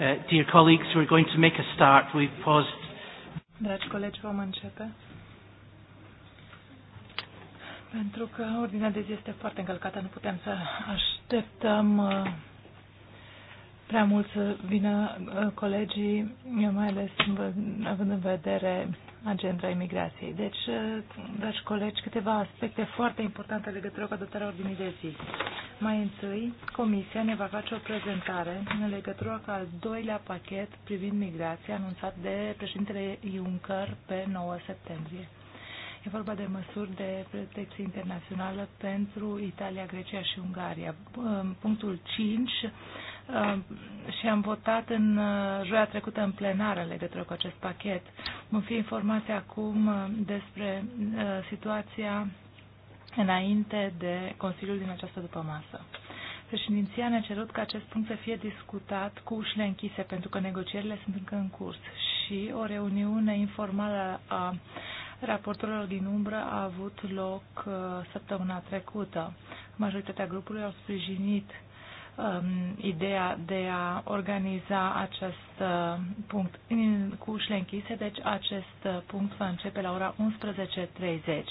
Uh, dear colleagues, we're going to make a start. We've paused. Dragi colegi, vom începe. Pentru că ordinea de zi este foarte încălcată, nu putem să așteptăm uh, prea mult să vină uh, colegii, eu mai ales având în vedere agenda imigrației. Deci, uh, dragi colegi, câteva aspecte foarte importante legătură cu adoptarea ordinii de zi. Mai întâi, Comisia ne va face o prezentare în legătură cu al doilea pachet privind migrația anunțat de președintele Juncker pe 9 septembrie. E vorba de măsuri de protecție internațională pentru Italia, Grecia și Ungaria. Punctul 5 Uh, și am votat în uh, joia trecută în plenară legătură cu acest pachet. Mă fi informați acum uh, despre situația înainte de Consiliul din această dupămasă. Președinția ne-a cerut ca acest punct să fie discutat cu ușile închise, pentru că negocierile sunt încă în curs și o reuniune informală a raporturilor din umbră a avut loc săptămâna trecută. Majoritatea grupului au sprijinit um, ideea de a organiza acest uh, punct in, cu ușile închise, deci acest uh, punct va începe la ora 11.30,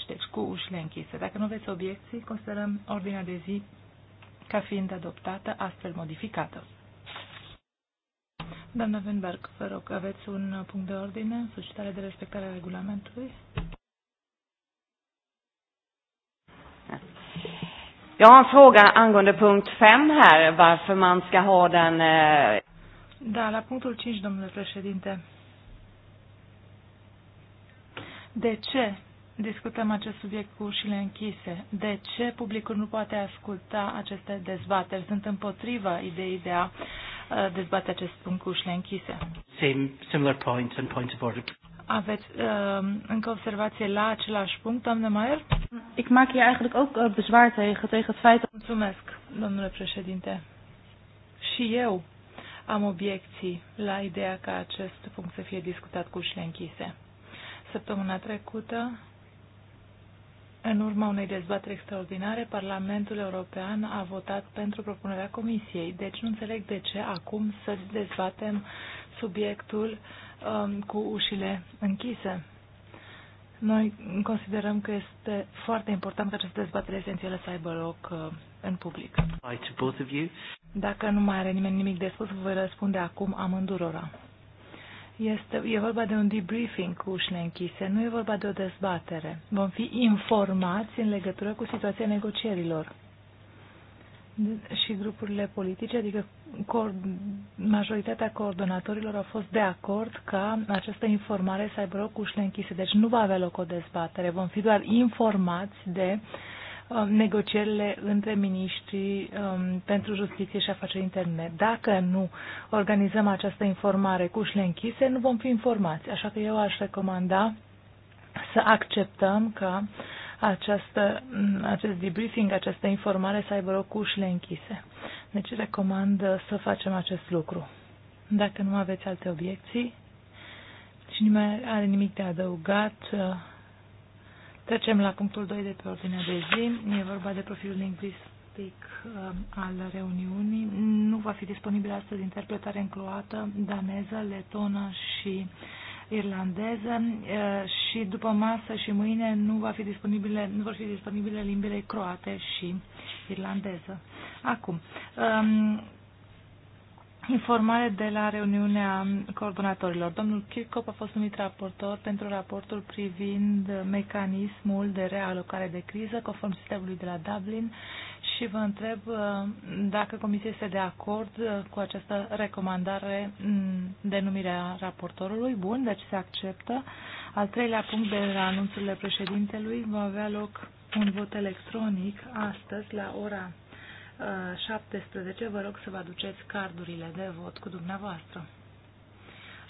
deci cu ușile închise. Dacă nu veți obiecții, considerăm ordinea de zi ca fiind adoptată, astfel modificată. Doamna Wenberg, vă rog, aveți un punct de ordine, solicitare de respectare a regulamentului? Jag har en fråga angående punkt 5 här, varför man ska ha den... Eh... Da, la punctul 5, domnule președinte. De ce discutăm acest subiect cu ușile închise? De ce publicul nu poate asculta aceste dezbateri? Sunt împotriva ideii de a eh, dezbate acest punct cu ușile închise. Same, similar point and point of order aveți uh, încă observație la același punct, doamnă Maier? Ik maak hier eigenlijk ook uh, bezwaar tegen, tegen het feit... Mulțumesc, domnule președinte. Și eu am obiecții la ideea ca acest punct să fie discutat cu ușile închise. Săptămâna trecută, în urma unei dezbateri extraordinare, Parlamentul European a votat pentru propunerea Comisiei. Deci nu înțeleg de ce acum să dezbatem subiectul uh, Um, cu ușile închise. Noi considerăm că este foarte important ca această dezbatere esențială să aibă loc uh, în public. Dacă nu mai are nimeni nimic de spus, vă voi răspunde acum amândurora. Este, e vorba de un debriefing cu ușile închise, nu e vorba de o dezbatere. Vom fi informați în legătură cu situația negocierilor și grupurile politice, adică majoritatea coordonatorilor au fost de acord ca această informare să aibă loc ușile închise. Deci nu va avea loc o dezbatere, vom fi doar informați de um, negocierile între miniștrii um, pentru justiție și afaceri interne. Dacă nu organizăm această informare cu ușile închise, nu vom fi informați. Așa că eu aș recomanda să acceptăm că uh, această, acest debriefing, această informare să aibă loc cu ușile închise. Deci recomand să facem acest lucru. Dacă nu aveți alte obiecții și nimeni are nimic de adăugat, trecem la punctul 2 de pe ordinea de zi. E vorba de profilul lingvistic um, al reuniunii. Nu va fi disponibilă astăzi interpretare în daneză, letonă și uh, irlandeză și după masă și mâine nu, va fi disponibile, nu vor fi disponibile limbile croate și irlandeză. Acum, um, informare de la reuniunea coordonatorilor. Domnul Kirchhoff a fost numit raportor pentru raportul privind mecanismul de realocare de criză conform sistemului de la Dublin și vă întreb uh, dacă Comisia este de acord uh, cu această recomandare mm, de numire a raportorului. Bun, deci se acceptă. Al treilea punct de la anunțurile președintelui va avea loc un vot electronic astăzi la ora 17. Uh, vă rog să vă aduceți cardurile de vot cu dumneavoastră.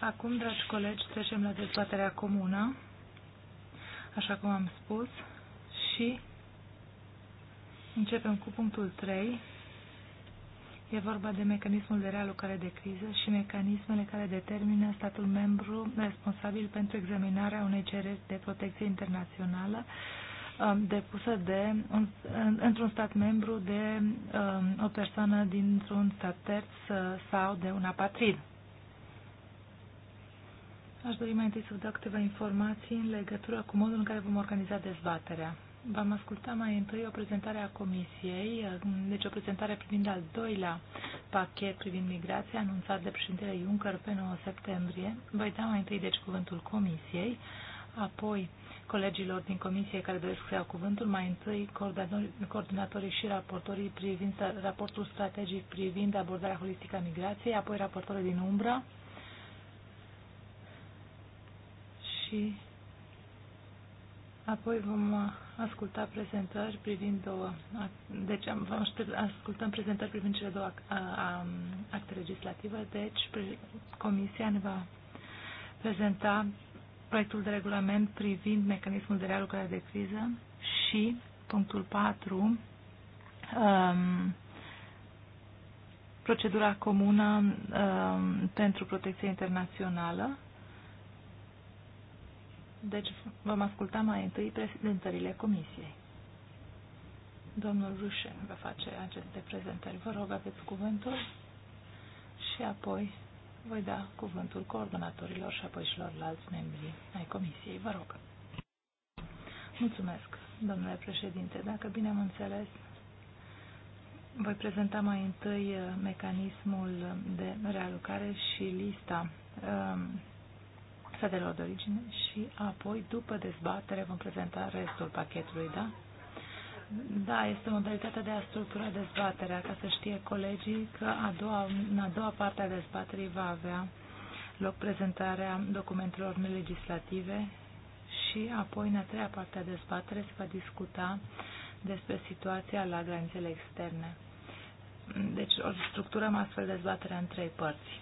Acum, dragi colegi, trecem la dezbaterea comună, așa cum am spus, și Începem cu punctul 3. E vorba de mecanismul de realocare de criză și mecanismele care determină statul membru responsabil pentru examinarea unei cereri de protecție internațională um, depusă de un, într-un stat membru de um, o persoană dintr-un stat terț uh, sau de un apatrid. Aș dori mai întâi să vă dau câteva informații în legătură cu modul în care vom organiza dezbaterea. Vom asculta mai întâi o prezentare a Comisiei, deci o prezentare privind al doilea pachet privind migrația anunțat de președintele Juncker pe 9 septembrie. Voi da mai întâi deci cuvântul Comisiei, apoi colegilor din Comisie care doresc să iau cuvântul, mai întâi coordonatorii și raportorii privind raportul strategic privind abordarea holistică a migrației, apoi raportorii din umbra și apoi vom asculta prezentări privind două. Deci vom ascultăm prezentări privind cele două acte legislative. Deci Comisia ne va prezenta proiectul de regulament privind mecanismul de realocare de criză și punctul 4 um, procedura comună um, pentru protecție internațională deci vom asculta mai întâi prezentările comisiei. Domnul Rușen va face aceste prezentări. Vă rog, aveți cuvântul și apoi voi da cuvântul coordonatorilor și apoi și celorlalți membri ai comisiei. Vă rog. Mulțumesc, domnule președinte. Dacă bine am înțeles, voi prezenta mai întâi mecanismul de realocare și lista um, statelor de origine și apoi, după dezbatere, vom prezenta restul pachetului, da? Da, este modalitatea de a structura dezbaterea, ca să știe colegii că a doua, în a doua parte a dezbaterii va avea loc prezentarea documentelor nelegislative și apoi, în a treia parte a dezbaterii, se va discuta despre situația la granițele externe. Deci, o structurăm astfel dezbaterea în trei părți.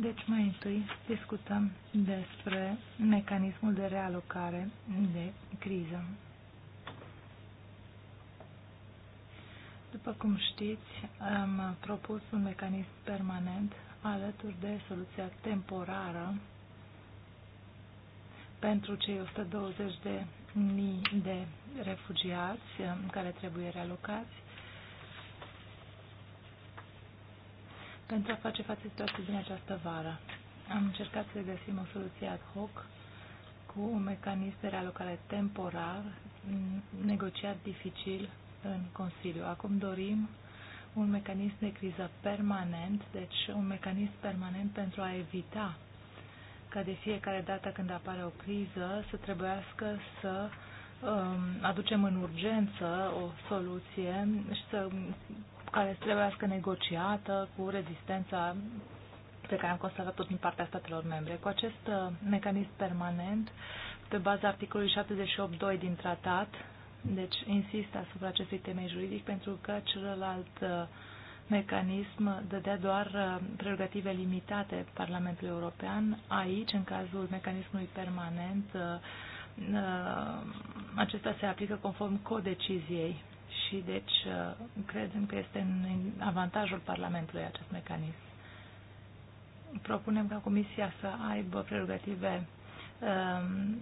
Deci mai întâi discutăm despre mecanismul de realocare de criză. După cum știți, am propus un mecanism permanent alături de soluția temporară pentru cei 120 de mii de refugiați care trebuie realocați pentru a face față situației din această vară. Am încercat să găsim o soluție ad hoc cu un mecanism de realocare temporar negociat dificil în Consiliu. Acum dorim un mecanism de criză permanent, deci un mecanism permanent pentru a evita ca de fiecare dată când apare o criză să trebuiască să um, aducem în urgență o soluție și să care să trebuiască negociată cu rezistența pe care am constatat tot din partea statelor membre. Cu acest uh, mecanism permanent, pe baza articolului 78.2 din tratat, deci insist asupra acestei teme juridic pentru că celălalt uh, mecanism dădea doar uh, prerogative limitate Parlamentului European. Aici, în cazul mecanismului permanent, acesta se aplică conform codeciziei și deci uh, credem că este în avantajul Parlamentului acest mecanism. Propunem ca Comisia să aibă prerogative um,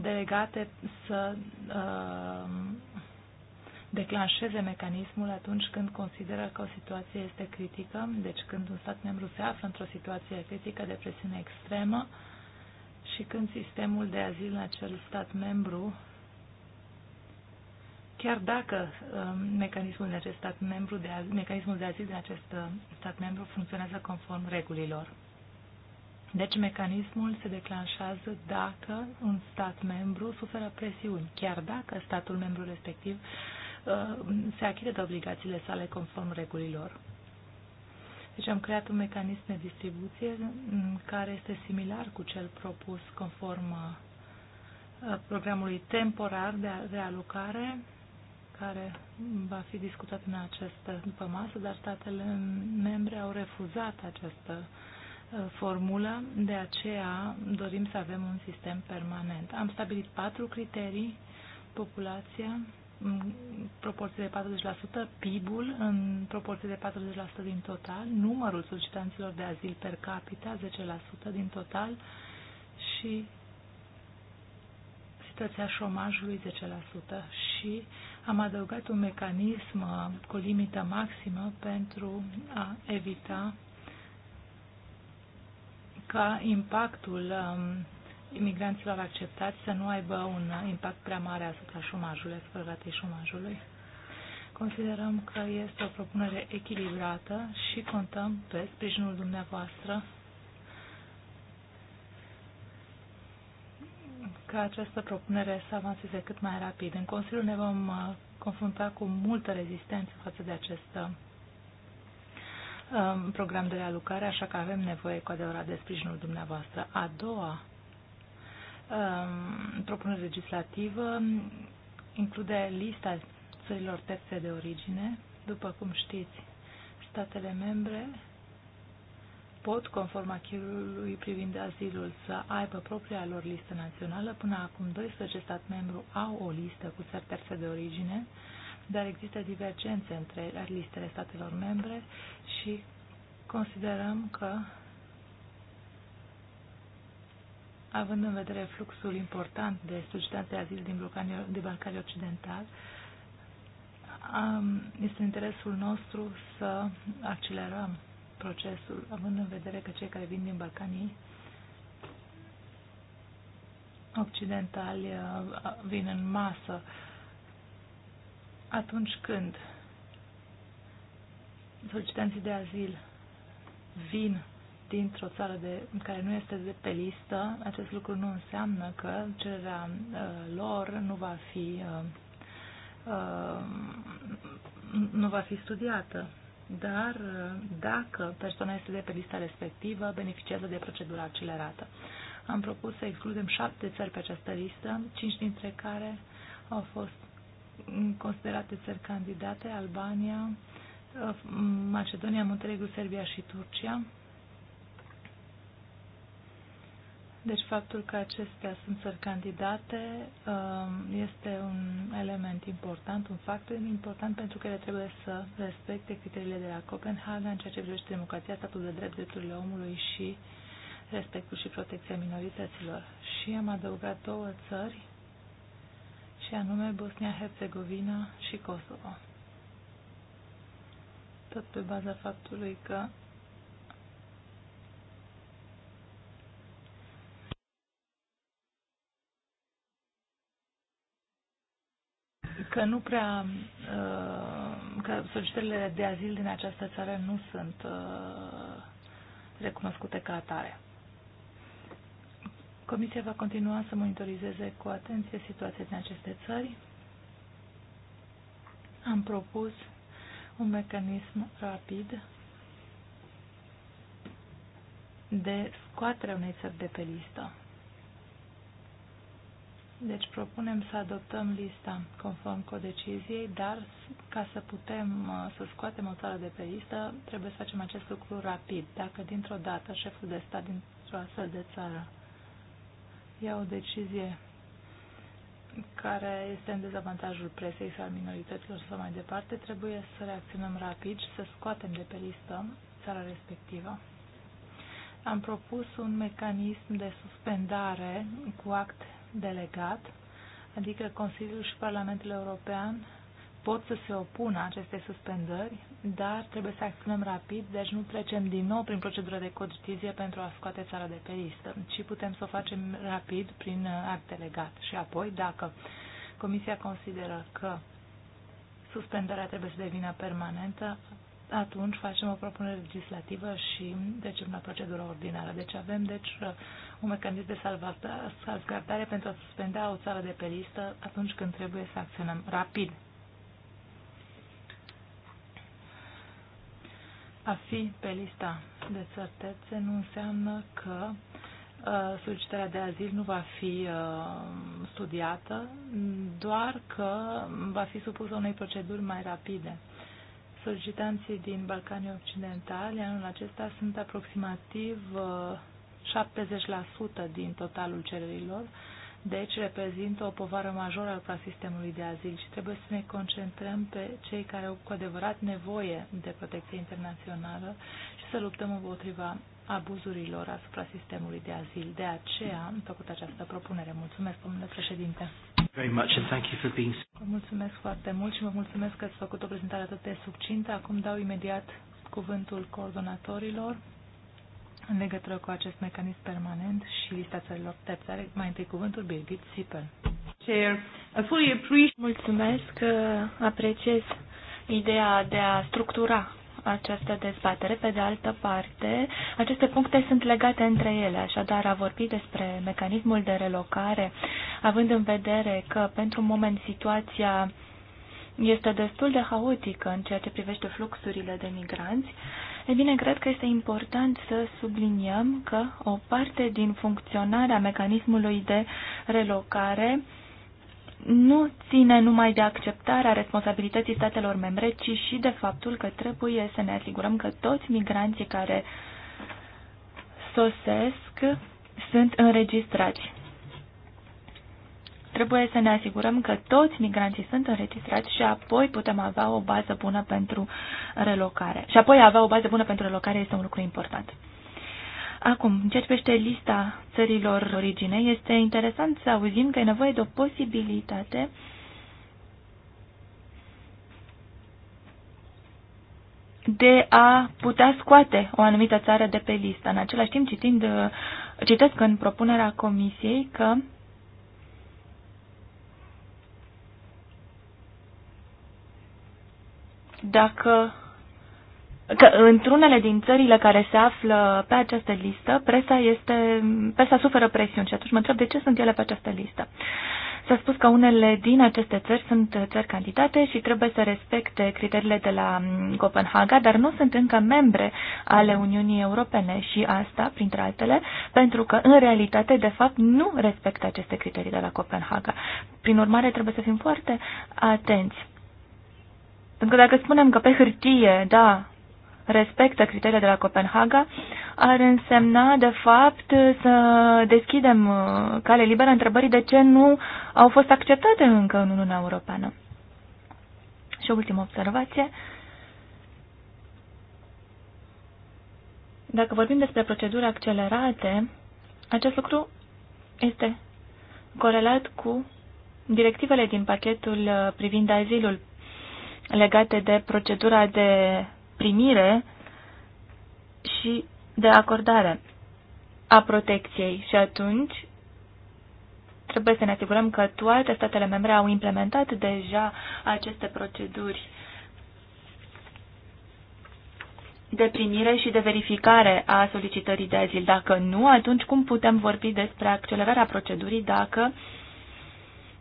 delegate să um, declanșeze mecanismul atunci când consideră că o situație este critică, deci când un stat membru se află într-o situație critică de presiune extremă și când sistemul de azil în acel stat membru chiar dacă um, mecanismul de acest stat membru de mecanismul de azil din acest uh, stat membru funcționează conform regulilor. Deci mecanismul se declanșează dacă un stat membru suferă presiuni, chiar dacă statul membru respectiv uh, se achide de obligațiile sale conform regulilor. Deci am creat un mecanism de distribuție mm, care este similar cu cel propus conform uh, programului temporar de realocare care va fi discutat în această după masă, dar statele membre au refuzat această ă, formulă, de aceea dorim să avem un sistem permanent. Am stabilit patru criterii, populația, în proporție de 40%, PIB-ul în proporție de 40% din total, numărul solicitanților de azil per capita 10% din total și situația șomajului 10% și am adăugat un mecanism uh, cu limită maximă pentru a evita ca impactul um, imigranților acceptați să nu aibă un impact prea mare asupra șumajului, asupra ratei șomajului. Considerăm că este o propunere echilibrată și contăm pe sprijinul dumneavoastră ca această propunere să avanseze cât mai rapid. În Consiliu ne vom uh, confrunta cu multă rezistență față de acest uh, um, program de realocare, așa că avem nevoie cu adevărat de sprijinul dumneavoastră. A doua um, propunere legislativă include lista țărilor terțe de origine. După cum știți, statele membre pot, conform achilului privind azilul, să aibă propria lor listă națională. Până acum, 12 stat membru au o listă cu țări de origine, dar există divergențe între listele statelor membre și considerăm că, având în vedere fluxul important de solicitanți de azil din Balcanii Occidental, este interesul nostru să accelerăm procesul, având în vedere că cei care vin din Balcanii occidentali uh, uh, vin în masă atunci când solicitanții de azil vin dintr-o țară de, care nu este de pe listă, acest lucru nu înseamnă că cererea uh, lor nu va fi uh, uh, nu va fi studiată dar uh, dacă persoana este de pe lista respectivă, beneficiază de procedura accelerată. Am propus să excludem șapte țări pe această listă, cinci dintre care au fost considerate țări candidate, Albania, uh, Macedonia, Muntenegru, Serbia și Turcia, Deci faptul că acestea sunt țări candidate um, este un element important, un factor important pentru că ele trebuie să respecte criteriile de la Copenhaga în ceea ce privește democrația, statul de drept, drepturile omului și respectul și protecția minorităților. Și am adăugat două țări, și anume Bosnia-Herzegovina și Kosovo. Tot pe baza faptului că că nu prea, uh, că solicitările de azil din această țară nu sunt uh, recunoscute ca atare. Comisia va continua să monitorizeze cu atenție situația din aceste țări. Am propus un mecanism rapid de scoaterea unei țări de pe listă. Deci propunem să adoptăm lista conform codeciziei, dar ca să putem uh, să scoatem o țară de pe listă, trebuie să facem acest lucru rapid. Dacă dintr-o dată șeful de stat dintr-o astfel de țară ia o decizie care este în dezavantajul presei sau minorităților sau mai departe, trebuie să reacționăm rapid și să scoatem de pe listă țara respectivă. Am propus un mecanism de suspendare cu act delegat, adică Consiliul și Parlamentul European pot să se opună acestei suspendări, dar trebuie să acționăm rapid, deci nu trecem din nou prin procedura de codicizie pentru a scoate țara de pe listă, ci putem să o facem rapid prin uh, act delegat. Și apoi, dacă Comisia consideră că suspendarea trebuie să devină permanentă, atunci facem o propunere legislativă și trecem la procedură ordinară. Deci avem deci uh, un mecanism de salvgardare pentru a suspenda o țară de pe listă atunci când trebuie să acționăm rapid. A fi pe lista de țări nu înseamnă că uh, solicitarea de azil nu va fi uh, studiată, doar că va fi supusă unei proceduri mai rapide. Solicitanții din Balcanii Occidentali anul acesta sunt aproximativ uh, 70% din totalul cererilor, deci reprezintă o povară majoră asupra sistemului de azil și trebuie să ne concentrăm pe cei care au cu adevărat nevoie de protecție internațională și să luptăm împotriva abuzurilor asupra sistemului de azil. De aceea am făcut această propunere. Mulțumesc, domnule președinte. Very much and thank you for being... Vă mulțumesc foarte mult și vă mulțumesc că ați făcut o prezentare atât de succintă. Acum dau imediat cuvântul coordonatorilor în legătură cu acest mecanism permanent și lista țărilor terțe. Are mai întâi cuvântul Birgit Sipel. Chair, fully appreciate. Mulțumesc că uh, apreciez ideea de a structura această dezbatere. Pe de altă parte, aceste puncte sunt legate între ele, așadar a vorbi despre mecanismul de relocare, având în vedere că pentru un moment situația este destul de haotică în ceea ce privește fluxurile de migranți, E bine, cred că este important să subliniem că o parte din funcționarea mecanismului de relocare nu ține numai de acceptarea responsabilității statelor membre, ci și de faptul că trebuie să ne asigurăm că toți migranții care sosesc sunt înregistrați. Trebuie să ne asigurăm că toți migranții sunt înregistrați și apoi putem avea o bază bună pentru relocare. Și apoi avea o bază bună pentru relocare este un lucru important. Acum, în ceea ce privește lista țărilor origine, este interesant să auzim că e nevoie de o posibilitate de a putea scoate o anumită țară de pe listă. În același timp, citind, citesc în propunerea Comisiei că dacă că într-unele din țările care se află pe această listă, presa, este, presa suferă presiuni și atunci mă întreb de ce sunt ele pe această listă. S-a spus că unele din aceste țări sunt țări candidate și trebuie să respecte criteriile de la mm, Copenhaga, dar nu sunt încă membre ale Uniunii Europene și asta, printre altele, pentru că, în realitate, de fapt, nu respectă aceste criterii de la Copenhaga. Prin urmare, trebuie să fim foarte atenți pentru că dacă spunem că pe hârtie, da, respectă criteriile de la Copenhaga, ar însemna, de fapt, să deschidem uh, cale liberă întrebării de ce nu au fost acceptate încă în Uniunea Europeană. Și o ultimă observație. Dacă vorbim despre proceduri accelerate, acest lucru este corelat cu directivele din pachetul uh, privind azilul legate de procedura de primire și de acordare a protecției și atunci trebuie să ne asigurăm că toate statele membre au implementat deja aceste proceduri de primire și de verificare a solicitării de azil. Dacă nu, atunci cum putem vorbi despre accelerarea procedurii dacă uh,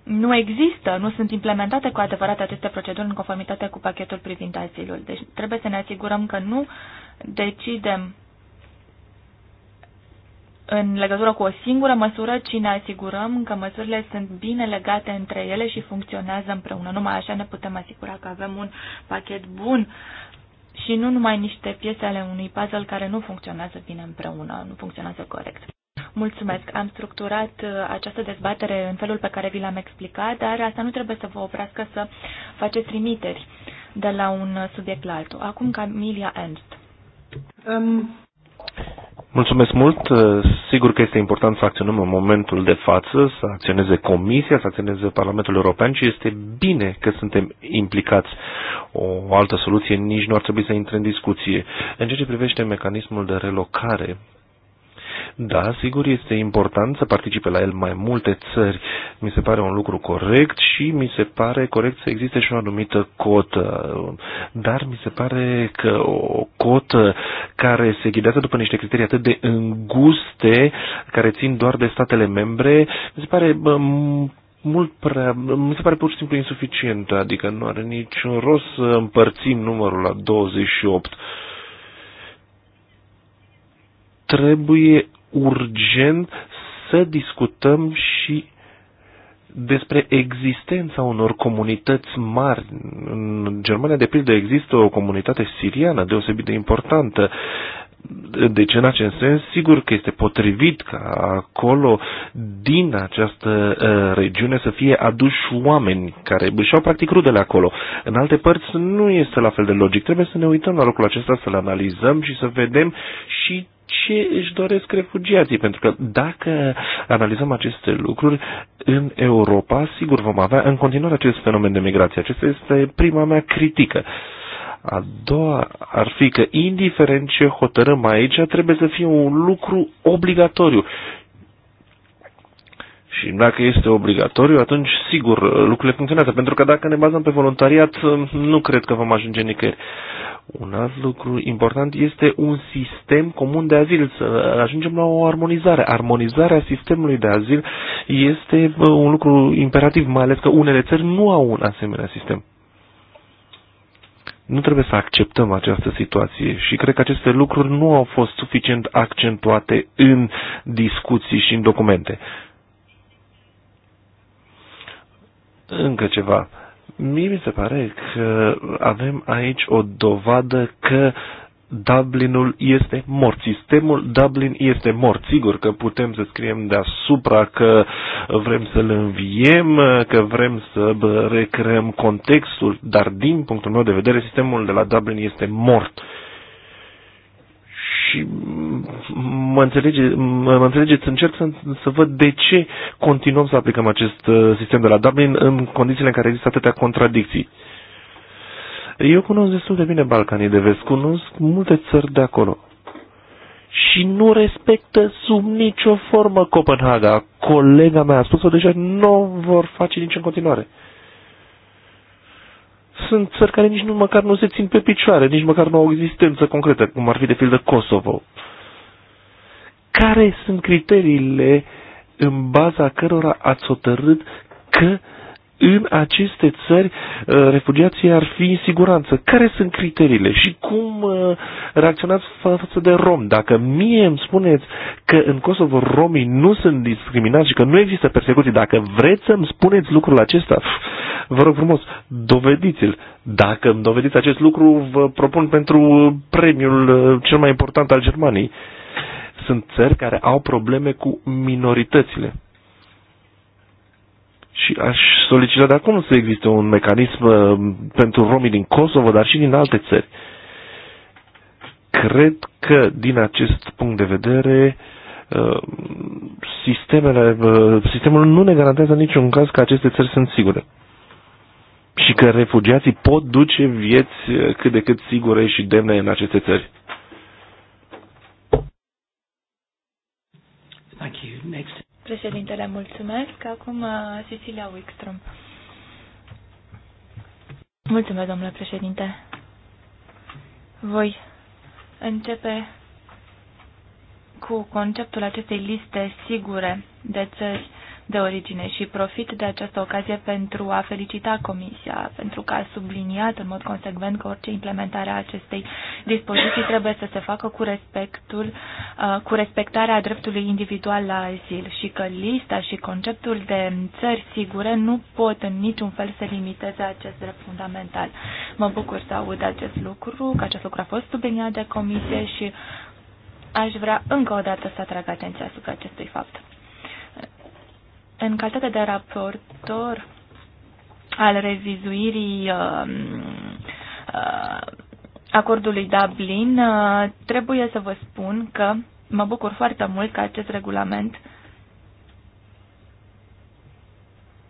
nu există, nu sunt implementate cu adevărat aceste proceduri în conformitate cu pachetul privind asilul. Deci trebuie să ne asigurăm că nu decidem în legătură cu o singură măsură, ci ne asigurăm că măsurile sunt bine legate între ele și funcționează împreună. Numai așa ne putem asigura că avem un pachet bun și nu numai niște piese ale unui puzzle care nu funcționează bine împreună, nu funcționează corect. Mulțumesc. Am structurat uh, această dezbatere în felul pe care vi l-am explicat, dar asta nu trebuie să vă oprească să faceți trimiteri de la un subiect la altul. Acum Camilia Ernst. Um. Mulțumesc mult. Uh, sigur că este important să acționăm în momentul de față, să acționeze Comisia, să acționeze Parlamentul European și este bine că suntem implicați. O altă soluție nici nu ar trebui să intre în discuție. În ceea ce privește mecanismul de relocare, da, sigur, este important să participe la el mai multe țări. Mi se pare un lucru corect și mi se pare corect să existe și o anumită cotă. Dar mi se pare că o cotă care se ghidează după niște criterii atât de înguste, care țin doar de statele membre, mi se pare mult prea, mi se pare pur și simplu insuficient, adică nu are niciun rost să împărțim numărul la 28. Trebuie urgent să discutăm și despre existența unor comunități mari. În Germania, de pildă, există o comunitate siriană deosebit de importantă. Deci, în acest sens, sigur că este potrivit ca acolo, din această uh, regiune, să fie aduși oameni care își au practic rudele acolo. În alte părți nu este la fel de logic. Trebuie să ne uităm la locul acesta, să-l analizăm și să vedem și ce își doresc refugiații, pentru că dacă analizăm aceste lucruri în Europa, sigur vom avea în continuare acest fenomen de migrație. Acesta este prima mea critică. A doua ar fi că, indiferent ce hotărâm aici, trebuie să fie un lucru obligatoriu. Și dacă este obligatoriu, atunci, sigur, lucrurile funcționează. Pentru că dacă ne bazăm pe voluntariat, nu cred că vom ajunge nicăieri. Un alt lucru important este un sistem comun de azil, să ajungem la o armonizare. Armonizarea sistemului de azil este un lucru imperativ, mai ales că unele țări nu au un asemenea sistem. Nu trebuie să acceptăm această situație și cred că aceste lucruri nu au fost suficient accentuate în discuții și în documente. Încă ceva Mie mi se pare că avem aici o dovadă că Dublinul este mort. Sistemul Dublin este mort. Sigur că putem să scriem deasupra că vrem să-l înviem, că vrem să recreăm contextul, dar din punctul meu de vedere sistemul de la Dublin este mort. Uh, și mă, înțelege, mă înțelegeți, încerc să, să văd de ce continuăm să aplicăm acest uh, sistem de la Dublin în condițiile în care există atâtea contradicții. Eu cunosc destul de bine Balcanii de Vest, cunosc multe țări de acolo. Și nu respectă sub nicio formă Copenhaga. Colega mea a spus-o deja, nu vor face nici în continuare sunt țări care nici nu măcar nu se țin pe picioare, nici măcar nu au existență concretă, cum ar fi de de Kosovo. Care sunt criteriile în baza cărora ați hotărât că uh, în aceste țări uh, refugiații ar fi în siguranță. Care sunt criteriile și cum uh, reacționați față de rom? Dacă mie îmi spuneți că în Kosovo romii nu sunt discriminați și că nu există persecuții, dacă vreți să-mi spuneți lucrul acesta, vă rog frumos, dovediți-l. Dacă îmi dovediți acest lucru, vă propun pentru premiul uh, cel mai important al Germaniei. Sunt țări care au probleme cu minoritățile și aș solicita de acum să existe un mecanism uh, pentru romii din Kosovo, dar și din alte țări. Cred că, din acest punct de vedere, uh, sistemele, uh, sistemul nu ne garantează niciun caz că aceste țări sunt sigure și că refugiații pot duce vieți cât de cât sigure și demne în aceste țări. Thank you. Next. Președintele, mulțumesc. Acum uh, Cecilia Wickstrom. Mulțumesc, domnule președinte. Voi începe cu conceptul acestei liste sigure de țări de origine și profit de această ocazie pentru a felicita Comisia, pentru că a subliniat în mod consecvent că orice implementare a acestei dispoziții trebuie să se facă cu respectul, uh, cu respectarea dreptului individual la azil și că lista și conceptul de țări sigure nu pot în niciun fel să limiteze acest drept fundamental. Mă bucur să aud acest lucru, că acest lucru a fost subliniat de Comisie și aș vrea încă o dată să atrag atenția asupra acestui fapt. În calitate de raportor al revizuirii uh, uh, acordului Dublin, uh, trebuie să vă spun că mă bucur foarte mult că acest regulament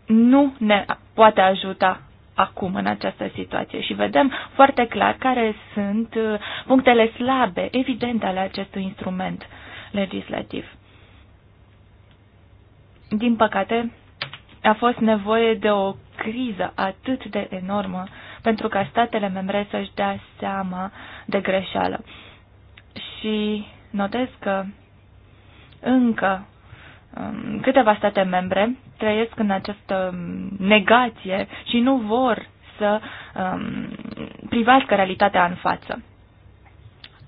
nu ne poate ajuta acum în această situație și vedem foarte clar care sunt uh, punctele slabe, evidente, ale acestui instrument legislativ. Din păcate, a fost nevoie de o criză atât de enormă pentru ca statele membre să-și dea seama de greșeală. Și notez că încă um, câteva state membre trăiesc în această um, negație și nu vor să um, privească realitatea în față.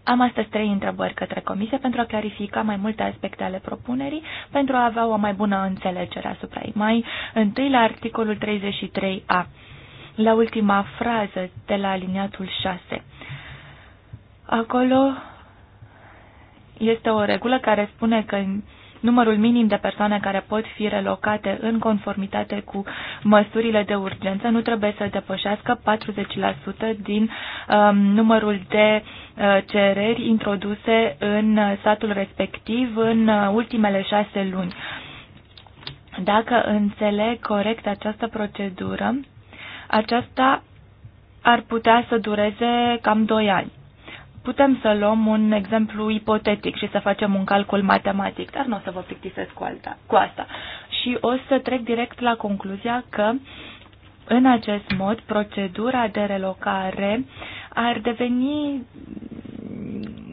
Am astăzi trei întrebări către comisie pentru a clarifica mai multe aspecte ale propunerii, pentru a avea o mai bună înțelegere asupra ei. Mai întâi la articolul 33a, la ultima frază de la aliniatul 6. Acolo este o regulă care spune că numărul minim de persoane care pot fi relocate în conformitate cu măsurile de urgență nu trebuie să depășească 40% din um, numărul de uh, cereri introduse în satul respectiv în uh, ultimele șase luni. Dacă înțeleg corect această procedură, aceasta ar putea să dureze cam 2 ani. Putem să luăm un exemplu ipotetic și să facem un calcul matematic, dar nu o să vă plictisesc cu, alta, cu asta. Și o să trec direct la concluzia că în acest mod procedura de relocare ar deveni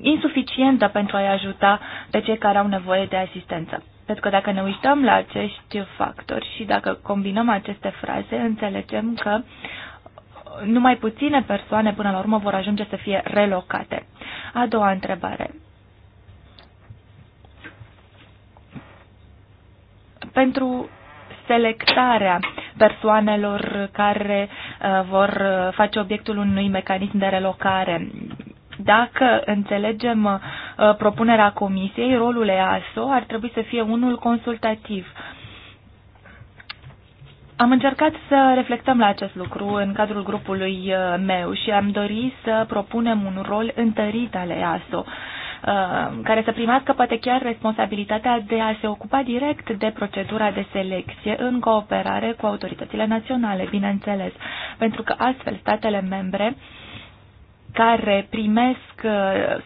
insuficientă pentru a-i ajuta pe cei care au nevoie de asistență. Pentru că dacă ne uităm la acești factori și dacă combinăm aceste fraze, înțelegem că uh, numai puține persoane până la urmă vor ajunge să fie relocate. A doua întrebare. Pentru selectarea persoanelor care uh, vor uh, face obiectul unui mecanism de relocare. Dacă înțelegem uh, propunerea comisiei, rolul EASO ar trebui să fie unul consultativ. Am încercat să reflectăm la acest lucru în cadrul grupului uh, meu și am dorit să propunem un rol întărit al EASO uh, care să primească poate chiar responsabilitatea de a se ocupa direct de procedura de selecție în cooperare cu autoritățile naționale, bineînțeles, pentru că astfel statele membre uh, care primesc uh,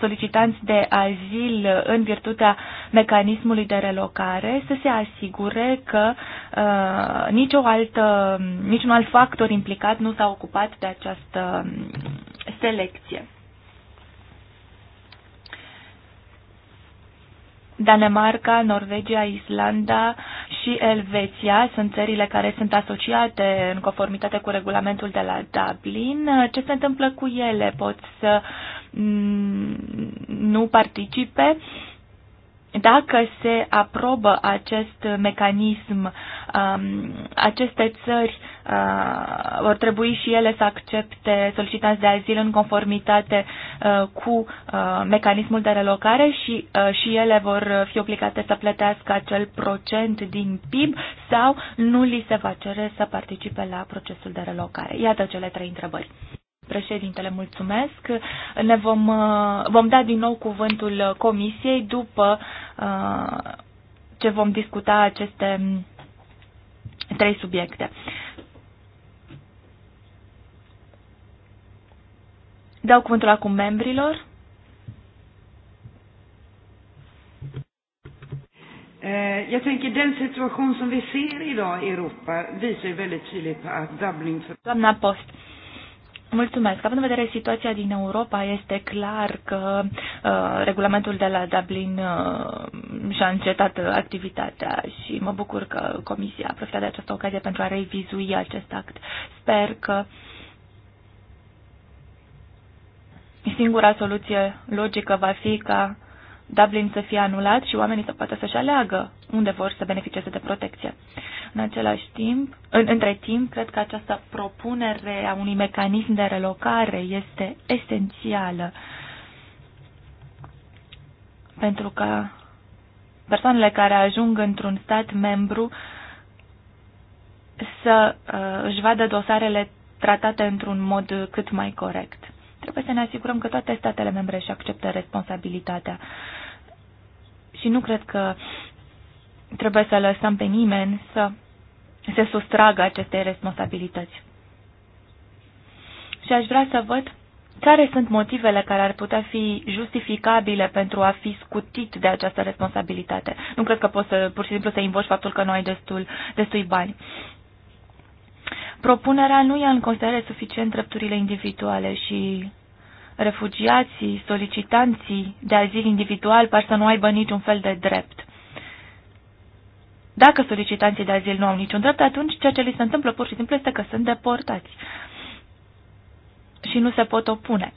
solicitanți de azil în virtutea mecanismului de relocare să se asigure că uh, nicio altă, niciun alt factor implicat nu s-a ocupat de această um, selecție. Danemarca, Norvegia, Islanda și Elveția sunt țările care sunt asociate în conformitate cu regulamentul de la Dublin. Ce se întâmplă cu ele? Pot să mm, nu participe? Dacă se aprobă acest mecanism, um, aceste țări Uh, vor trebui și ele să accepte solicitanți de azil în conformitate uh, cu uh, mecanismul de relocare și, și ele vor fi obligate să plătească acel procent din PIB sau nu li se va cere să participe la procesul de relocare. Iată cele trei întrebări. Președintele, mulțumesc. Ne vom, vom da din nou cuvântul comisiei după ce vom discuta aceste trei subiecte. Dau cuvântul acum membrilor. Eh, jag tänker den situation som vi ser idag i Europa visar väldigt tydligt på att Dublin... Doamna Post, mulțumesc. Având în vedere situația din Europa, este clar că uh, regulamentul de la Dublin uh, și-a încetat activitatea și mă bucur că Comisia a profitat de această ocazie pentru a revizui acest act. Sper că uh, Singura soluție logică va fi ca Dublin să fie anulat și oamenii să poată să-și aleagă unde vor să beneficieze de protecție. În același timp, în, între timp, cred că această propunere a unui mecanism de relocare este esențială pentru că persoanele care ajung într-un stat membru să uh, își vadă dosarele tratate într-un mod cât mai corect. Trebuie să ne asigurăm că toate statele membre își acceptă responsabilitatea. Și nu cred că trebuie să lăsăm pe nimeni să se sustragă acestei responsabilități. Și aș vrea să văd care sunt motivele care ar putea fi justificabile pentru a fi scutit de această responsabilitate? Nu cred că poți să, pur și simplu să invoci faptul că nu ai destul, destui bani. Propunerea nu ia în considerare suficient drepturile individuale și refugiații, solicitanții de azil individual par să nu aibă niciun fel de drept. Dacă solicitanții de azil nu au niciun drept, atunci ceea ce li se întâmplă pur și simplu este că sunt deportați și nu se pot opune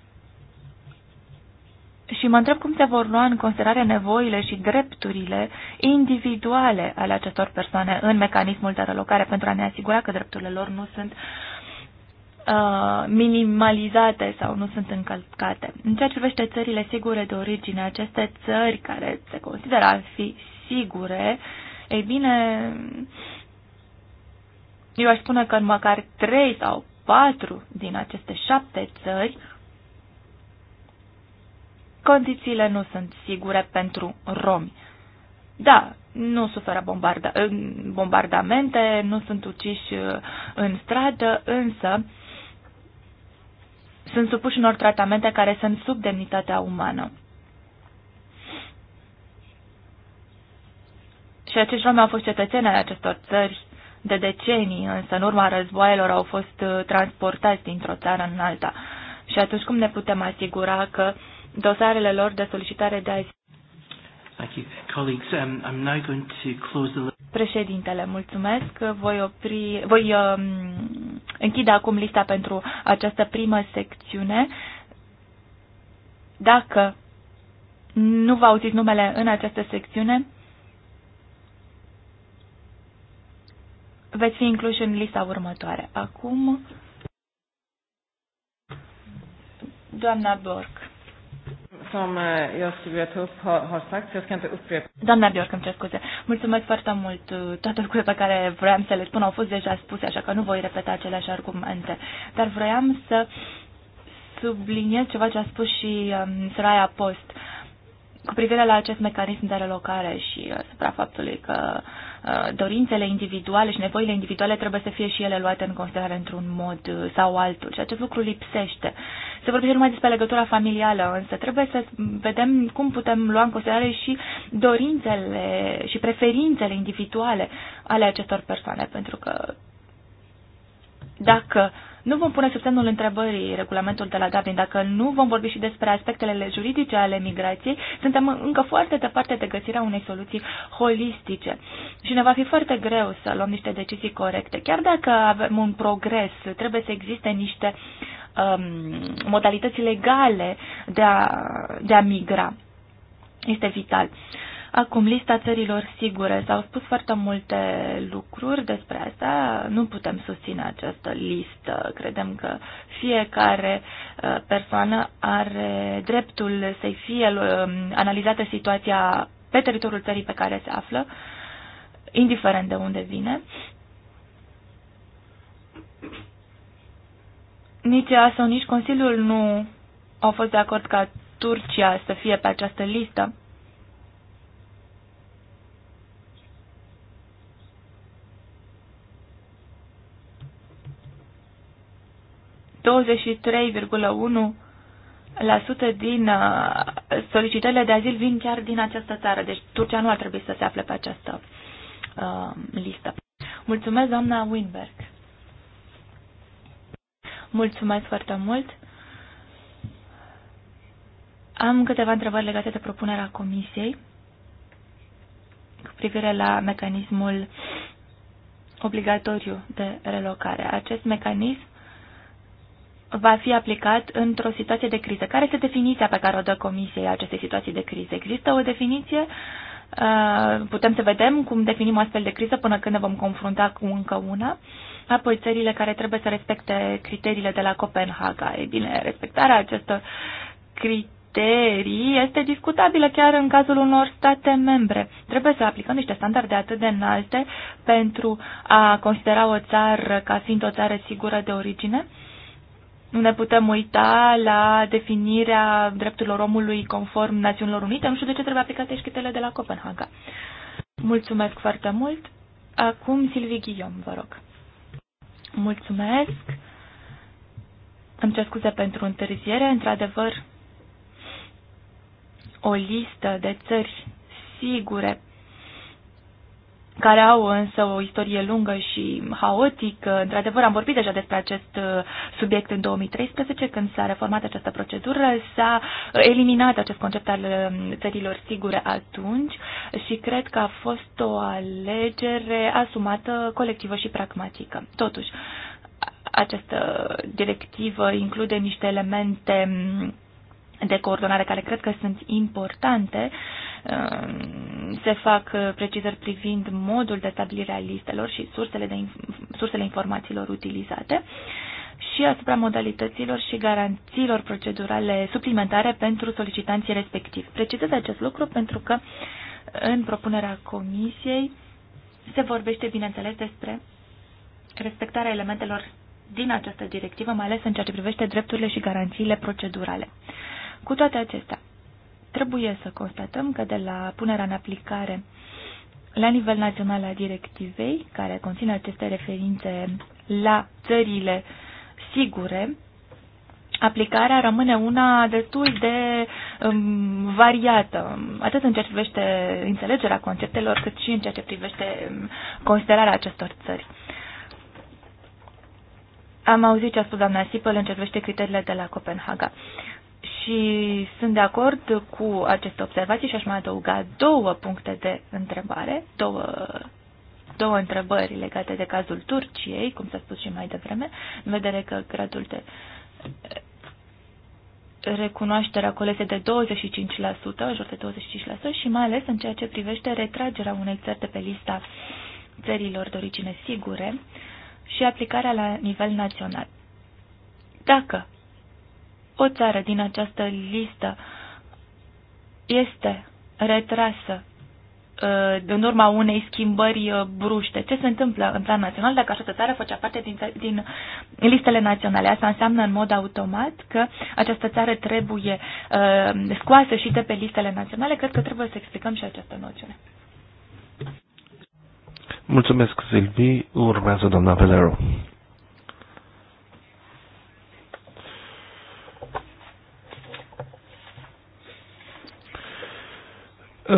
și mă întreb cum se vor lua în considerare nevoile și drepturile individuale ale acestor persoane în mecanismul de relocare pentru a ne asigura că drepturile lor nu sunt uh, minimalizate sau nu sunt încălcate. În ceea ce privește țările sigure de origine, aceste țări care se consideră a fi sigure, ei bine, eu aș spune că în măcar trei sau patru din aceste șapte țări condițiile nu sunt sigure pentru romi. Da, nu suferă bombarda bombardamente, nu sunt uciși uh, în stradă, însă sunt supuși unor tratamente care sunt sub demnitatea umană. Și acești romi au fost cetățeni ale acestor țări de decenii, însă în urma războaielor au fost uh, transportați dintr-o țară în alta. Și atunci cum ne putem asigura că uh, dosarele lor de solicitare de azi. Um, Președintele, mulțumesc. Voi, opri, voi um, închide acum lista pentru această primă secțiune. Dacă nu vă auziți numele în această secțiune, veți fi incluși în lista următoare. Acum, doamna Borg som jag skulle vilja ta upp har, har sagts, jag ska inte upprepa. Doamna Bjork, îmi cer scuze. Mulțumesc foarte mult. Uh, toate lucrurile pe care vreau să le spun au fost deja spuse, așa că nu voi repeta aceleași argumente. Dar vreau să subliniez ceva ce a spus și um, Soraya Post cu privire la acest mecanism de relocare și uh, asupra faptului că uh, Uh, dorințele individuale și nevoile individuale trebuie să fie și ele luate în considerare într-un mod uh, sau altul și acest lucru lipsește. Se vorbește numai despre legătura familială, însă trebuie să vedem cum putem lua în considerare și dorințele și preferințele individuale ale acestor persoane, pentru că dacă uh, nu vom pune sub semnul întrebării regulamentul de la Dublin. Dacă nu vom vorbi și despre aspectele juridice ale migrației, suntem încă foarte departe de găsirea unei soluții holistice. Și ne va fi foarte greu să luăm niște decizii corecte. Chiar dacă avem un progres, trebuie să existe niște um, modalități legale de a, de a migra. Este vital. Uh, Acum, lista țărilor sigure. S-au spus foarte multe lucruri despre asta. Nu putem susține această listă. Credem că fiecare uh, persoană are dreptul să-i fie uh, analizată situația pe teritoriul țării pe care se află, indiferent de unde vine. Nici ASO, nici Consiliul nu au fost de acord ca Turcia să fie pe această listă. 23,1% din uh, solicitările de azil vin chiar din această țară, deci Turcia nu ar trebui să se afle pe această uh, listă. Mulțumesc, doamna Winberg. Mulțumesc foarte mult. Am câteva întrebări legate de propunerea Comisiei cu privire la mecanismul obligatoriu de relocare. Acest mecanism va fi aplicat într-o situație de criză. Care este definiția pe care o dă Comisiei acestei situații de criză? Există o definiție? Uh, putem să vedem cum definim astfel de criză până când ne vom confrunta cu încă una? Apoi țările care trebuie să respecte criteriile de la Copenhaga. E bine, respectarea acestor criterii criterii este discutabilă chiar în cazul unor state membre. Trebuie să aplicăm niște standarde atât de înalte pentru a considera o țară ca fiind o țară sigură de origine? Nu ne putem uita la definirea drepturilor omului conform Națiunilor Unite. Nu știu de ce trebuie aplicate etichetele de la Copenhaga. Mulțumesc foarte mult. Acum Silvi Ghiom, vă rog. Mulțumesc. Îmi cer scuze pentru întârziere. Într-adevăr, o listă de țări sigure care au însă o istorie lungă și haotică. Într-adevăr, am vorbit deja despre acest uh, subiect în 2013, când s-a reformat această procedură, s-a uh, eliminat acest concept al um, țărilor sigure atunci și cred că a fost o alegere asumată, colectivă și pragmatică. Totuși, această directivă include niște elemente mm, de coordonare care cred că sunt importante Um, se fac uh, precizări privind modul de stabilire a listelor și sursele, de, sursele informațiilor utilizate și asupra modalităților și garanțiilor procedurale suplimentare pentru solicitanții respectivi. Precizez acest lucru pentru că în propunerea comisiei se vorbește, bineînțeles, despre respectarea elementelor din această directivă, mai ales în ceea ce privește drepturile și garanțiile procedurale. Cu toate acestea, Trebuie să constatăm că de la punerea în aplicare la nivel național a directivei, care conține aceste referințe la țările sigure, aplicarea rămâne una destul de um, variată, atât în ceea ce privește înțelegerea conceptelor, cât și în ceea ce privește um, considerarea acestor țări. Am auzit ce a spus doamna Sipăl în ce privește criteriile de la Copenhaga. Uh, și sunt de acord cu aceste observații și aș mai adăuga două puncte de întrebare, două, două întrebări legate de cazul Turciei, cum s-a spus și mai devreme, în vedere că gradul de eh, recunoașterea este de 25%, jur de 25% și mai ales în ceea ce privește retragerea unei țări de pe lista țărilor de origine sigure și aplicarea la nivel național. Dacă o țară din această listă este retrasă uh, în urma unei schimbări uh, bruște. Ce se întâmplă în plan național dacă această țară făcea parte din, din listele naționale? Asta înseamnă în mod automat că această țară trebuie uh, scoasă și de pe listele naționale. Cred că trebuie să explicăm și această noțiune. Mulțumesc, Silvi. Urmează doamna Velero. Eh,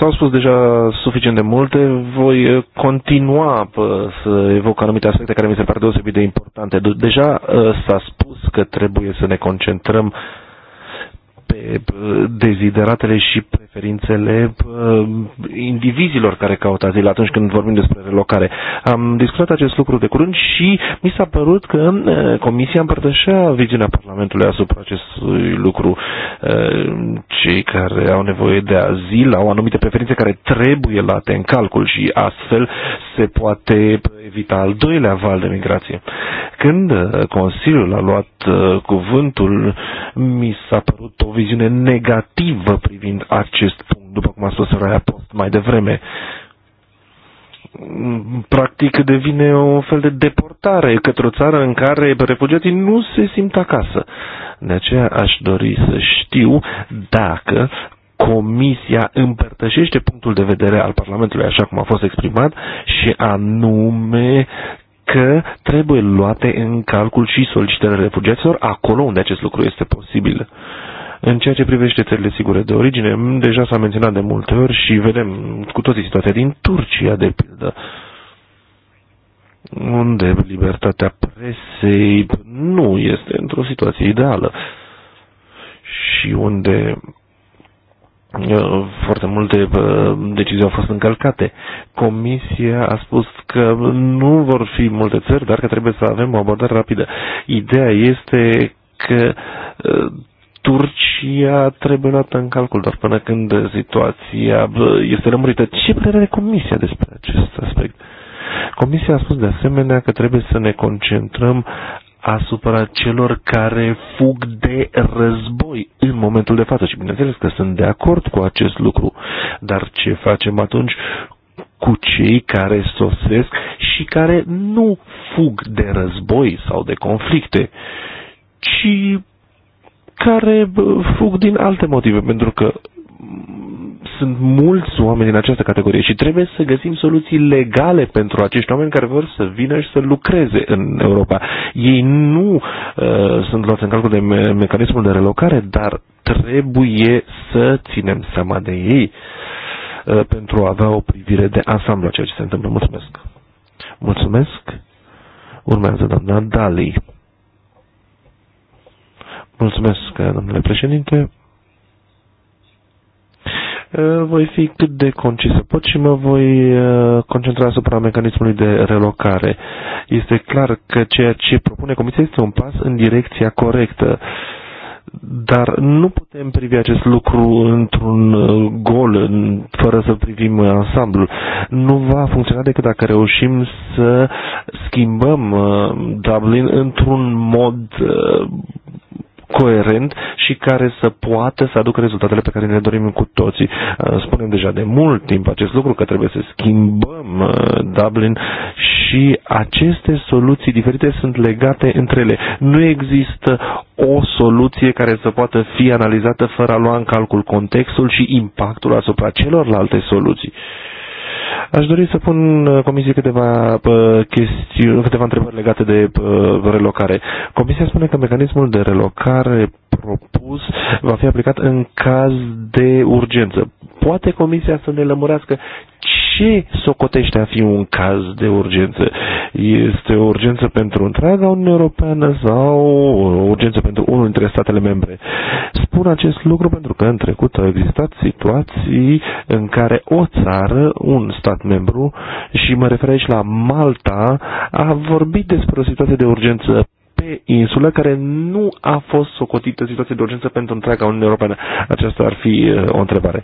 s-au spus deja suficient de multe, voi eh, continua eh, să evoc anumite aspecte care mi se par deosebit de importante. Deja s-a spus că trebuie să ne concentrăm uh, pe dezideratele și preferințele indivizilor care caută azil atunci când vorbim despre relocare. Am discutat acest lucru de curând și mi s-a părut că Comisia împărtășea viziunea Parlamentului asupra acestui lucru. Cei care au nevoie de azil au anumite preferințe care trebuie luate în calcul și astfel se poate evita al doilea val de migrație. Când Consiliul a luat cuvântul, mi s-a părut o viziune negativă privind acest punct, după cum a spus Soraya Post mai devreme. Practic devine o fel de deportare către o țară în care refugiații nu se simt acasă. De aceea aș dori să știu dacă Comisia împărtășește punctul de vedere al Parlamentului așa cum a fost exprimat și anume că trebuie luate în calcul și solicitările refugiaților acolo unde acest lucru este posibil. Uh, în ceea ce privește țările sigure de origine, deja s-a menționat de multe ori și vedem cu toții situația din Turcia, de pildă, unde libertatea presei nu este într-o situație ideală și unde uh, foarte multe uh, decizii au fost încălcate. Comisia a spus că nu vor fi multe țări, dar că trebuie să avem o abordare rapidă. Ideea este că uh, Turcia trebuie luată în calcul dar până când situația este lămurită. Ce părere are Comisia despre acest aspect? Comisia a spus de asemenea că trebuie să ne concentrăm asupra celor care fug de război în momentul de față și bineînțeles că sunt de acord cu acest lucru, dar ce facem atunci cu cei care sosesc și care nu fug de război sau de conflicte, ci care fug din alte motive, pentru că mm, sunt mulți oameni din această categorie și trebuie să găsim soluții legale pentru acești oameni care vor să vină și să lucreze în Europa. Ei nu uh, sunt luați în calcul de me- mecanismul de relocare, dar trebuie să ținem seama de ei uh, pentru a avea o privire de ansamblu a ceea ce se întâmplă. Mulțumesc! Mulțumesc! Urmează doamna Dali. Mulțumesc, domnule președinte. Voi fi cât de concis pot și mă voi concentra asupra mecanismului de relocare. Este clar că ceea ce propune Comisia este un pas în direcția corectă dar nu putem privi acest lucru într-un gol, fără să privim ansamblul. Nu va funcționa decât dacă reușim să schimbăm Dublin într-un mod coerent și care să poată să aducă rezultatele pe care ne dorim cu toții. Uh, spunem deja de mult timp acest lucru că trebuie să schimbăm uh, Dublin și aceste soluții diferite sunt legate între ele. Nu există o soluție care să poată fi analizată fără a lua în calcul contextul și impactul asupra celorlalte soluții. Aș dori să pun uh, Comisiei câteva, uh, chestiuni, câteva întrebări legate de uh, relocare. Comisia spune că mecanismul de relocare propus va fi aplicat în caz de urgență. Poate Comisia să ne lămurească și socotește a fi un caz de urgență. Este o urgență pentru întreaga Uniune Europeană sau o urgență pentru unul dintre statele membre. Spun acest lucru pentru că în trecut au existat situații în care o țară, un stat membru, și mă refer aici la Malta, a vorbit despre o situație de urgență pe insulă care nu a fost socotită situație de urgență pentru întreaga Uniune Europeană? Aceasta ar fi eh, o întrebare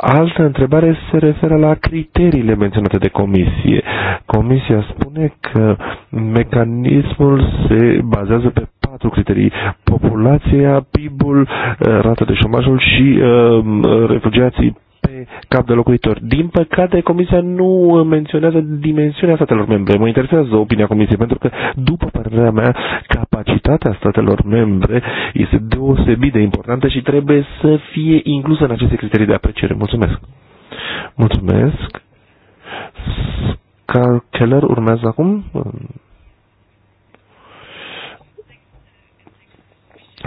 altă întrebare se referă la criteriile menționate de comisie. Comisia spune că mecanismul se bazează pe patru criterii. Populația, PIB-ul, eh, rata de șomajul și uh, refugiații pe cap de locuitor. Din păcate, Comisia nu menționează dimensiunea statelor membre. Mă interesează opinia Comisiei, pentru că, după părerea mea, capacitatea statelor membre este deosebit de importantă și trebuie să fie inclusă în aceste criterii de apreciere. Mulțumesc! Mulțumesc! Keller urmează acum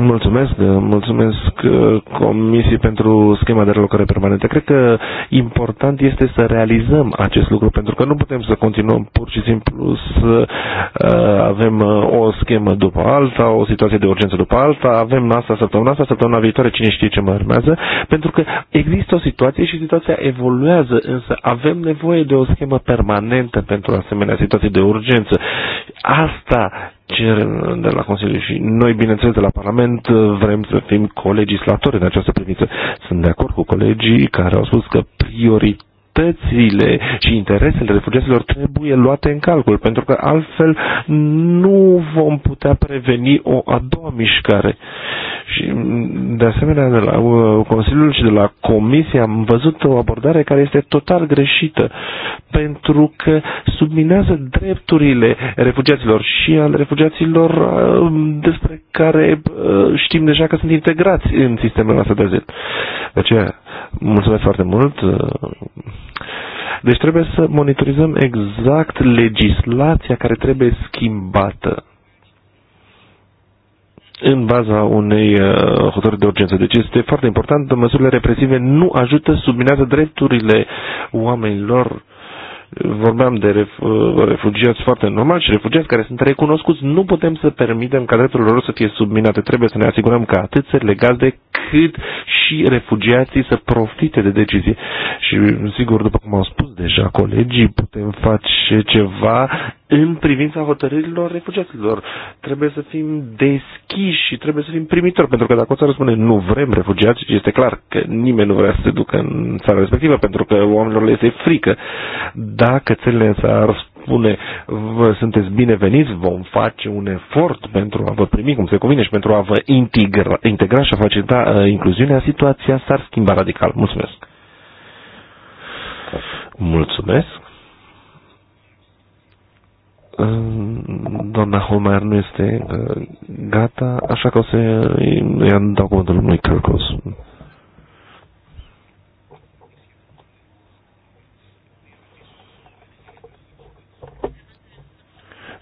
Mulțumesc, uh, mulțumesc uh, Comisiei pentru schema de relocare permanentă. Cred că important este să realizăm acest lucru, pentru că nu putem să continuăm pur și simplu să uh, avem o schemă după alta, o situație de urgență după alta, avem asta săptămâna asta, săptămâna viitoare, cine știe ce mai urmează, pentru că există o situație și situația evoluează, însă avem nevoie de o schemă permanentă pentru asemenea situații de urgență Asta cer de la Consiliu și noi, bineînțeles, de la Parlament vrem să fim colegislatori în această privință. Sunt de acord cu colegii care au spus că priorit libertățile și interesele refugiaților trebuie luate în calcul, pentru că altfel nu vom putea preveni o a doua mișcare. Și de asemenea, de la uh, Consiliul și de la Comisie am văzut o abordare care este total greșită, pentru că subminează drepturile refugiaților și al refugiaților uh, despre care uh, știm deja că sunt integrați în sistemul noastră de azil. De aceea, mulțumesc foarte mult deci trebuie să monitorizăm exact legislația care trebuie schimbată în baza unei uh, hotărâri de urgență. Deci este foarte important, măsurile represive nu ajută, subminează drepturile oamenilor. Vorbeam de ref, uh, refugiați foarte normal și refugiați care sunt recunoscuți. Nu putem să permitem ca drepturile lor să fie subminate. Trebuie să ne asigurăm că atât țările gazde cât și refugiații să profite de decizie. Și, sigur, după cum au spus deja colegii, putem face ceva în privința hotărârilor refugiaților. Trebuie să fim deschiși și trebuie să fim primitori, pentru că dacă o țară spune nu vrem refugiați, este clar că nimeni nu vrea să se ducă în țara respectivă, pentru că oamenilor le este frică. Dacă țările s-ar spune vă sunteți bineveniți, vom face un efort pentru a vă primi cum se convine și pentru a vă integra, integra și a face da, uh, incluziunea, situația s-ar schimba radical. Mulțumesc! Mulțumesc! Uh, doamna Holmeier nu este uh, gata, așa că o să-i dau cuvântul lui Kirkos.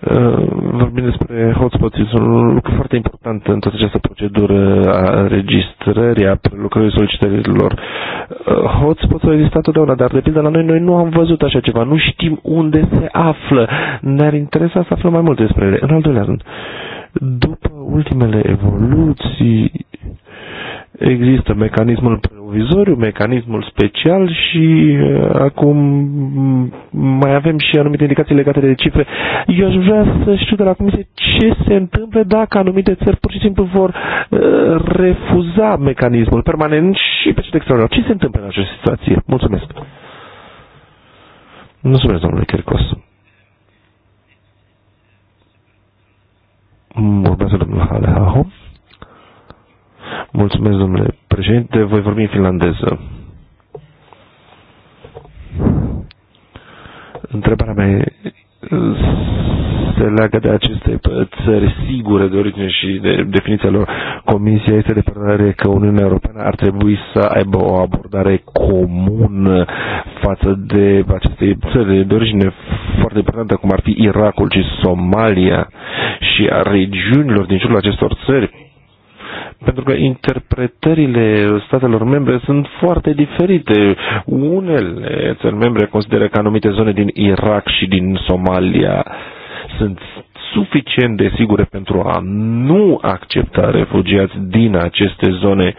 Uh, vorbim despre hotspots, este un lucru foarte important în toată această procedură a registrării, a lucrării solicitărilor. Uh, hotspots au existat întotdeauna, dar de pildă la noi, noi nu am văzut așa ceva, nu știm unde se află. Ne-ar interesa să aflăm mai multe despre ele. În al doilea rând, după ultimele evoluții, Există mecanismul provizoriu, mecanismul special și uh, acum mai avem și anumite indicații legate de cifre. Eu aș vrea să știu de la Comisie ce se întâmplă dacă anumite țări pur și simplu vor uh, refuza mecanismul permanent și pe cel extraordinar. Ce se întâmplă în această situație? Mulțumesc! Mulțumesc, domnule Chircos. Mulțumesc domnule Haleaho. Mulțumesc, domnule președinte. Voi vorbi în finlandeză. Întrebarea mea se leagă de aceste țări sigure de origine și de definiția lor. Comisia este de părere că Uniunea Europeană ar trebui să aibă o abordare comună față de aceste țări de origine foarte importantă, cum ar fi Irakul și Somalia și a regiunilor din jurul acestor țări pentru că interpretările statelor membre sunt foarte diferite. Unele țări membre consideră că anumite zone din Irak și din Somalia sunt suficient de sigure pentru a nu accepta refugiați din aceste zone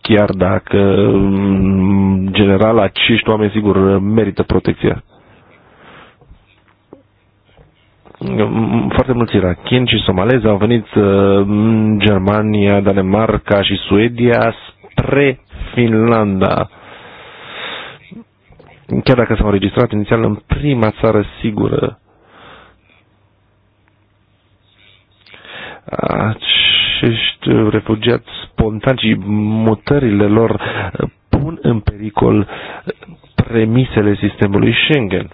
chiar dacă în general acești oameni sigur merită protecția. foarte mulți irachieni și somalezi au venit uh, în Germania, Danemarca și Suedia spre Finlanda. Chiar dacă s-au înregistrat inițial în prima țară sigură. Acești refugiați spontani și mutările lor pun în pericol premisele sistemului Schengen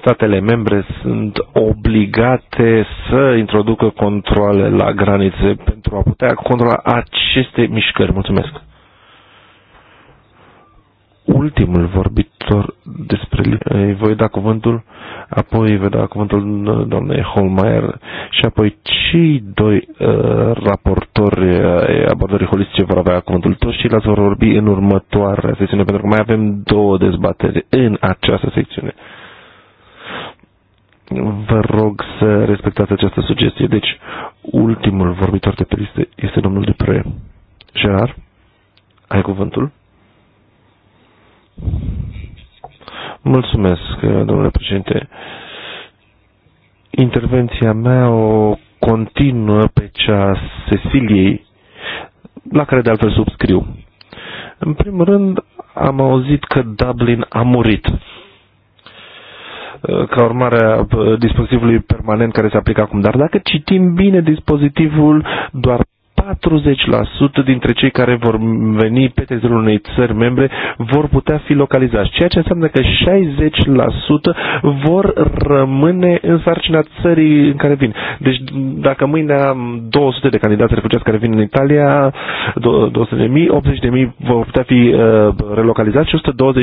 statele membre sunt obligate să introducă controle la granițe pentru a putea controla aceste mișcări. Mulțumesc! Ultimul vorbitor despre îi voi da cuvântul, apoi voi da cuvântul doamnei Holmeier și apoi cei doi uh, raportori uh, abordării holistice vor avea cuvântul. Toți ceilalți vor vorbi în următoarea sesiune, pentru că mai avem două dezbateri în această secțiune vă rog să respectați această sugestie. Deci, ultimul vorbitor de pe listă este domnul Dupre. Gerard, ai cuvântul? Mulțumesc, domnule președinte. Intervenția mea o continuă pe cea Cecilii, la care de altfel subscriu. În primul rând, am auzit că Dublin a murit. Uh, ca urmare a uh, dispozitivului permanent care se aplică acum. Dar dacă citim bine dispozitivul, doar 40% dintre cei care vor veni pe teritoriul unei țări membre vor putea fi localizați, ceea ce înseamnă că 60% vor rămâne în sarcina țării în care vin. Deci dacă mâine am 200 de candidați refugiați care vin în Italia, 200.000, 80.000 vor putea fi uh, relocalizați și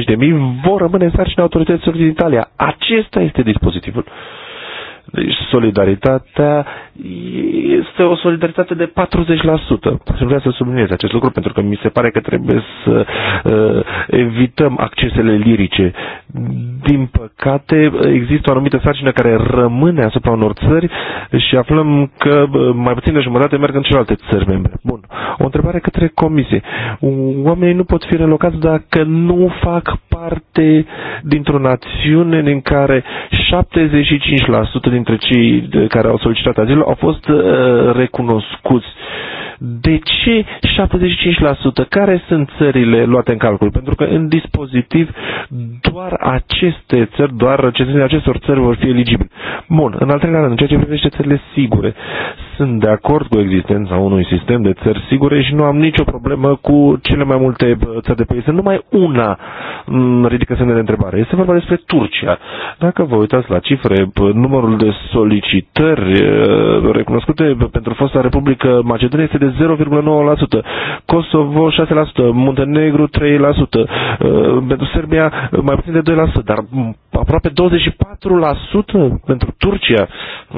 120.000 vor rămâne în sarcina autorităților din Italia. Acesta este dispozitivul. Deci solidaritatea este o solidaritate de 40%. Și vreau să subliniez acest lucru pentru că mi se pare că trebuie să uh, evităm accesele lirice din păcate, există o anumită sarcină care rămâne asupra unor țări și aflăm că mai puțin de jumătate merg în celelalte țări membre. Bun. O întrebare către comisie. Oamenii nu pot fi relocați dacă nu fac parte dintr-o națiune în care 75% dintre cei care au solicitat azil au fost uh, recunoscuți. Uh, de ce 75%? Care sunt țările luate în calcul? Pentru că în dispozitiv doar aceste țări, doar cetățenii acestor țări vor fi eligibili. Bun, în al treilea rând, în ceea ce privește țările sigure, sunt de acord cu existența unui sistem de țări sigure și nu am nicio problemă cu cele mai multe uh, țări de pe Este numai una mm, ridică semne de întrebare. Este vorba despre Turcia. Dacă vă uitați la cifre, numărul de solicitări uh, recunoscute pentru fosta Republică Macedonia este de 0,9%, Kosovo 6%, Muntenegru 3%, uh, pentru Serbia mai puțin de 2%, dar aproape 24% pentru Turcia.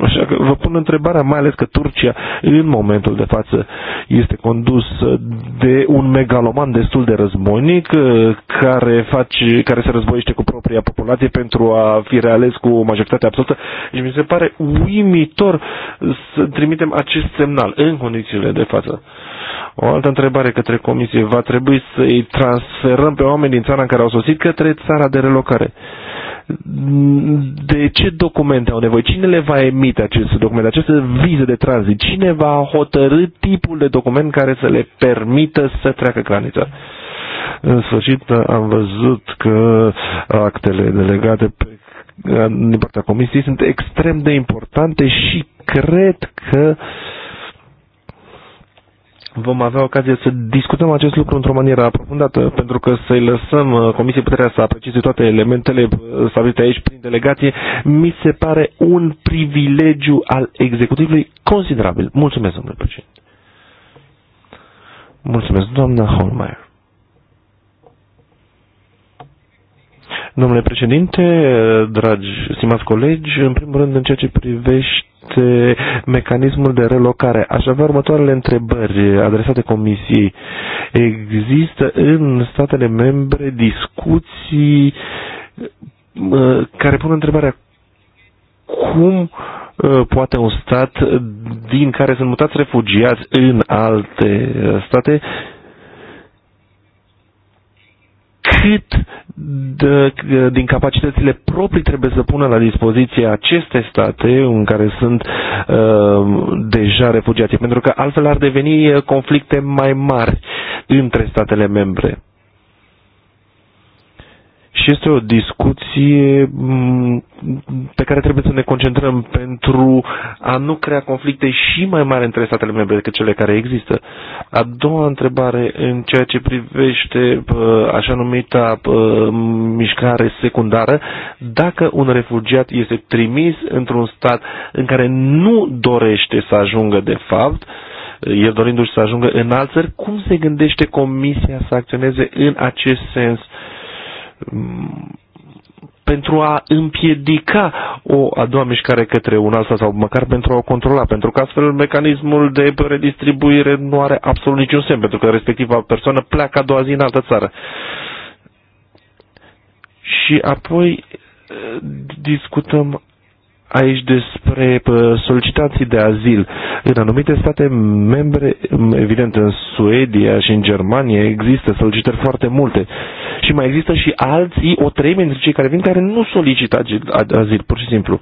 Așa că vă pun întrebarea, mai ales că Turcia Turcia în momentul de față este condus de un megaloman destul de războinic uh, care, face, care se războiește cu propria populație pentru a fi reales cu o majoritate absolută. Și deci mi se pare uimitor să trimitem acest semnal în condițiile de față. O altă întrebare către comisie. Va trebui să-i transferăm pe oameni din țara în care au sosit către țara de relocare. Uh, de ce documente au nevoie, cine le va emite aceste documente, aceste vize de tranzit, cine va hotărâ tipul de document care să le permită să treacă granița. În sfârșit am văzut că actele delegate pe din partea Comisiei sunt extrem de importante și cred că uh, vom avea ocazie să discutăm acest lucru într-o manieră aprofundată, pentru că să-i lăsăm uh, Comisiei Puterea să aprecieze toate elementele uh, stabilite aici prin delegație, mi se pare un privilegiu al executivului considerabil. Mulțumesc, domnule președinte. Mulțumesc, doamna Holmeier. Domnule președinte, dragi, stimați colegi, în primul rând în ceea ce privește mecanismul de relocare. Aș avea următoarele întrebări adresate Comisiei. Există în statele membre discuții care pun întrebarea cum ă, poate un stat din care sunt mutați refugiați în alte ă, state cât de, din capacitățile proprii trebuie să pună la dispoziție aceste state în care sunt uh, deja refugiații, pentru că altfel ar deveni uh, conflicte mai mari între statele membre și este o discuție mm, pe care trebuie să ne concentrăm pentru a nu crea conflicte și mai mari între statele membre decât cele care există. A doua întrebare în ceea ce privește așa numita mișcare secundară, dacă un refugiat este trimis într-un stat în care nu dorește să ajungă de fapt, el dorindu-și să ajungă în alt țări, cum se gândește Comisia să acționeze în acest sens uh, Mm, pentru a împiedica o a doua mișcare către una alta sau măcar pentru a o controla, pentru că astfel mecanismul de redistribuire nu are absolut niciun semn, pentru că respectiva persoană pleacă a doua zi în altă țară. Și apoi eh, discutăm aici despre solicitații de azil. În anumite state membre, evident în Suedia și în Germania, există solicitări foarte multe. Și mai există și alții, o treime dintre cei care vin, care nu solicită azil, pur și simplu.